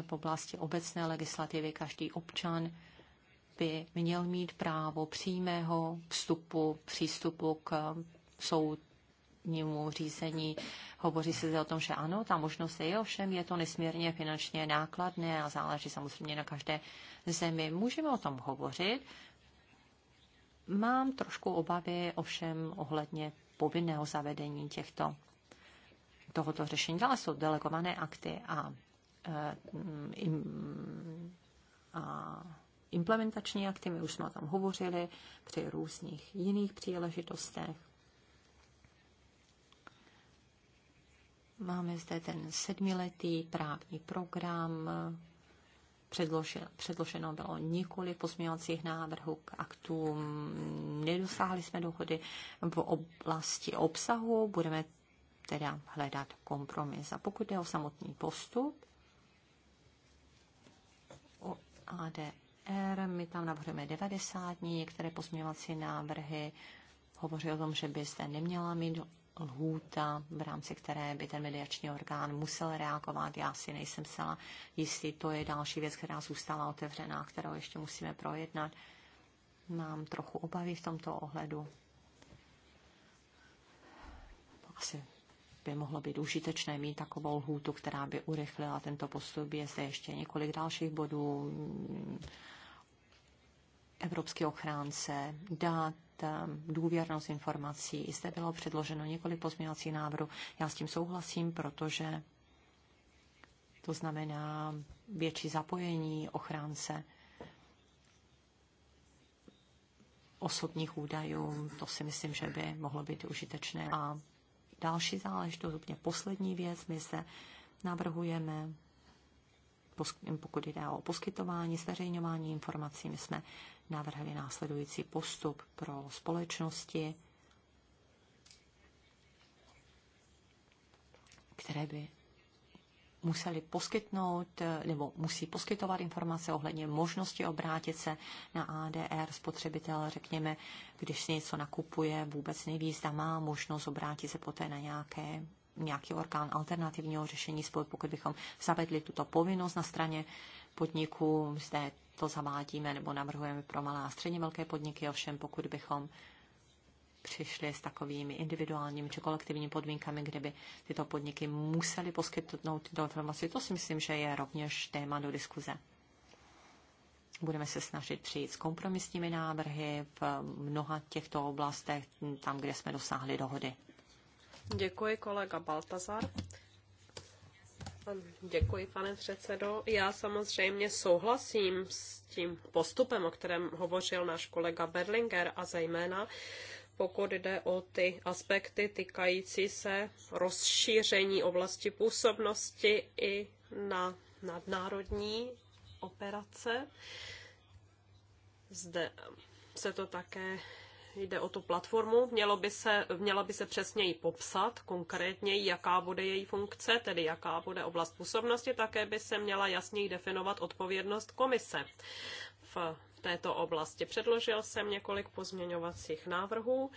[SPEAKER 3] v oblasti obecné legislativy. Každý občan by měl mít právo přímého vstupu, přístupu k soudnímu řízení. Hovoří se zde o tom, že ano, ta možnost je, ovšem je to nesmírně finančně nákladné a záleží samozřejmě na každé zemi. Můžeme o tom hovořit, Mám trošku obavy ovšem ohledně povinného zavedení těchto tohoto řešení. Dále jsou delegované akty a, e, a implementační akty, my už jsme o tom hovořili při různých jiných příležitostech. Máme zde ten sedmiletý právní program, předloženo, předloženo bylo několik pozměňovacích návrhů k aktu. Nedosáhli jsme dohody v oblasti obsahu, budeme teda hledat kompromis. A pokud jde o samotný postup, o ADR, my tam navrhujeme 90 dní, některé pozměňovací návrhy hovoří o tom, že byste neměla mít lhůta, v rámci které by ten mediační orgán musel reagovat. Já si nejsem zcela jistý, to je další věc, která zůstala otevřená, kterou ještě musíme projednat. Mám trochu obavy v tomto ohledu. Asi by mohlo být užitečné mít takovou lhůtu, která by urychlila tento postup. Je zde ještě několik dalších bodů. Evropský ochránce dát Eh, důvěrnost informací. I zde bylo předloženo několik pozměňovacích návrhů. Já s tím souhlasím, protože to znamená větší zapojení ochránce osobních údajů. To si myslím, že by mohlo být užitečné. A další záležitost, úplně poslední věc, my se navrhujeme, pokud jde o poskytování, zveřejňování informací, my jsme navrhli následující postup pro společnosti, které by museli poskytnout nebo musí poskytovat informace ohledně možnosti obrátit se na ADR. Spotřebitel, řekněme, když si něco nakupuje, vůbec neví, zda má možnost obrátit se poté na nějaké nějaký orgán alternativního řešení sporu, pokud bychom zavedli tuto povinnost na straně podniků, Zde to zavádíme nebo navrhujeme pro malé a středně velké podniky, ovšem pokud bychom přišli s takovými individuálními či kolektivními podmínkami, kde by tyto podniky musely poskytnout tyto informace, To si myslím, že je rovněž téma do diskuze. Budeme se snažit přijít s kompromisními návrhy v mnoha těchto oblastech, tam, kde jsme dosáhli dohody.
[SPEAKER 1] Děkuji kolega Baltazar. Děkuji, pane předsedo. Já samozřejmě souhlasím s tím postupem, o kterém hovořil náš kolega Berlinger a zejména pokud jde o ty aspekty týkající se rozšíření oblasti působnosti i na nadnárodní operace. Zde se to také jde o tu platformu, mělo by se, měla by se přesněji popsat konkrétně, jaká bude její funkce, tedy jaká bude oblast působnosti, také by se měla jasněji definovat odpovědnost komise v této oblasti. Předložil jsem několik pozměňovacích návrhů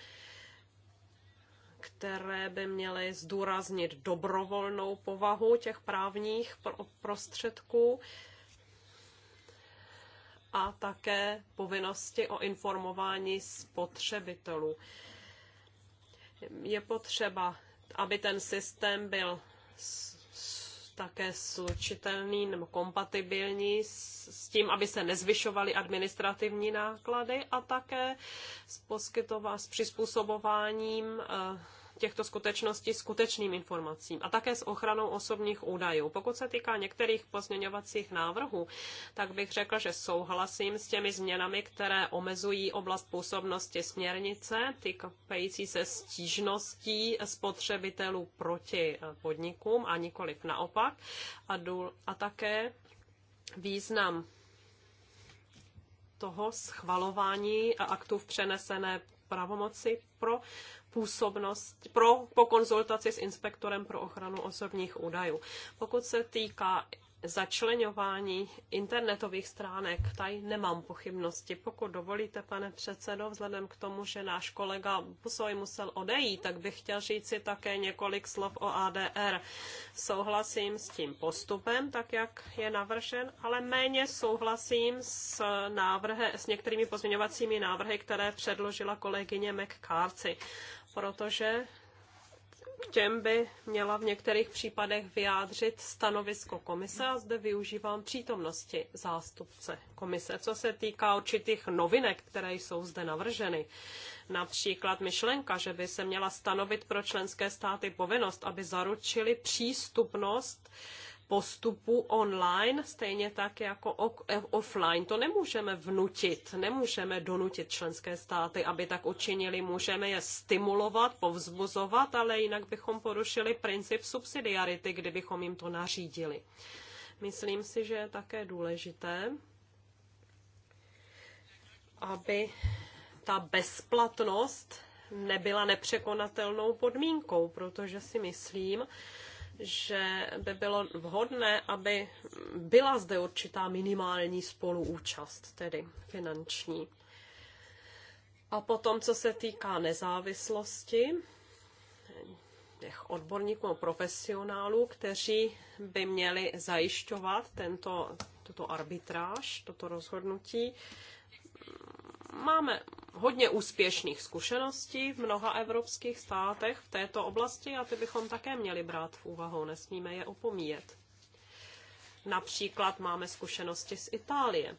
[SPEAKER 1] které by měly zdůraznit dobrovolnou povahu těch právních prostředků a také povinnosti o informování spotřebitelů. Je potřeba, aby ten systém byl také slučitelný nebo kompatibilní s tím, aby se nezvyšovaly administrativní náklady a také s, s přizpůsobováním eh, těchto skutečností skutečným informacím a také s ochranou osobních údajů. Pokud se týká některých pozměňovacích návrhů, tak bych řekl, že souhlasím s těmi změnami, které omezují oblast působnosti směrnice týkající se stížností spotřebitelů proti eh, podnikům a nikoliv naopak a, důl, a také význam toho schvalování a aktů v přenesené pravomoci pro působnost pro, po konzultaci s inspektorem pro ochranu osobních údajů. Pokud se týká začlenování internetových stránek, tady nemám pochybnosti. Pokud dovolíte, pane předsedo, vzhledem k tomu, že náš kolega Busoj musel odejít, tak bych chtěl říct si také několik slov o ADR. Souhlasím s tím postupem, tak jak je navržen, ale méně souhlasím s, návrhe, s některými pozměňovacími návrhy, které předložila kolegyně McCarthy protože k těm by měla v některých případech vyjádřit stanovisko komise a zde využívám přítomnosti zástupce komise. Co se týká určitých novinek, které jsou zde navrženy, například myšlenka, že by se měla stanovit pro členské státy povinnost, aby zaručili přístupnost postupu online, stejně tak jako eh, offline. To nemůžeme vnutit, nemůžeme donutit členské státy, aby tak učinili. Můžeme je stimulovat, povzbuzovat, ale jinak bychom porušili princip subsidiarity, kdybychom jim to nařídili. Myslím si, že je také důležité, aby ta bezplatnost nebyla nepřekonatelnou podmínkou, protože si myslím, že by bylo vhodné, aby byla zde určitá minimální spoluúčast, tedy finanční. A potom, co se týká nezávislosti, těch odborníků a profesionálů, kteří by měli zajišťovat tento, tuto arbitráž, toto rozhodnutí. Máme hodně úspěšných zkušeností v mnoha evropských státech v této oblasti a ty bychom také měli brát v úvahu, nesmíme je opomíjet. Například máme zkušenosti z Itálie,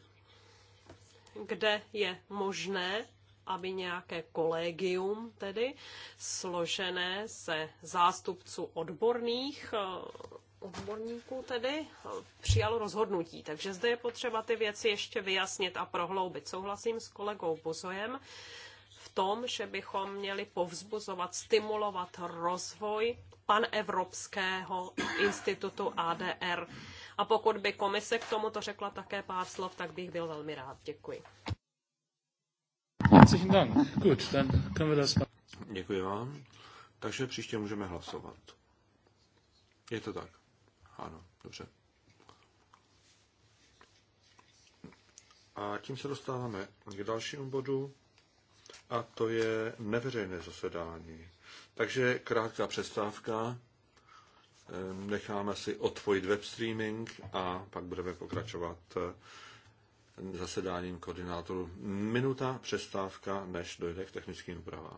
[SPEAKER 1] kde je možné, aby nějaké kolegium, tedy složené se zástupců odborných odborníků tedy přijalo rozhodnutí, takže zde je potřeba ty věci ještě vyjasnit a prohloubit. Souhlasím s kolegou Buzojem v tom, že bychom měli povzbuzovat, stimulovat rozvoj panevropského institutu ADR. A pokud by komise k tomuto řekla také pár slov, tak bych byl velmi rád. Děkuji.
[SPEAKER 2] Děkuji vám. Takže příště můžeme hlasovat. Je to tak. Ano, dobře. A tím se dostáváme k dalšímu bodu, a to je neveřejné zasedání. Takže krátká přestávka, ehm, necháme si otvojit web streaming a pak budeme pokračovat ehm, zasedáním koordinátorů. Minuta přestávka, než dojde k technickým úpravám.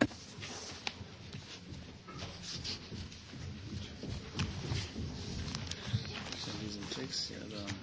[SPEAKER 2] Alexia,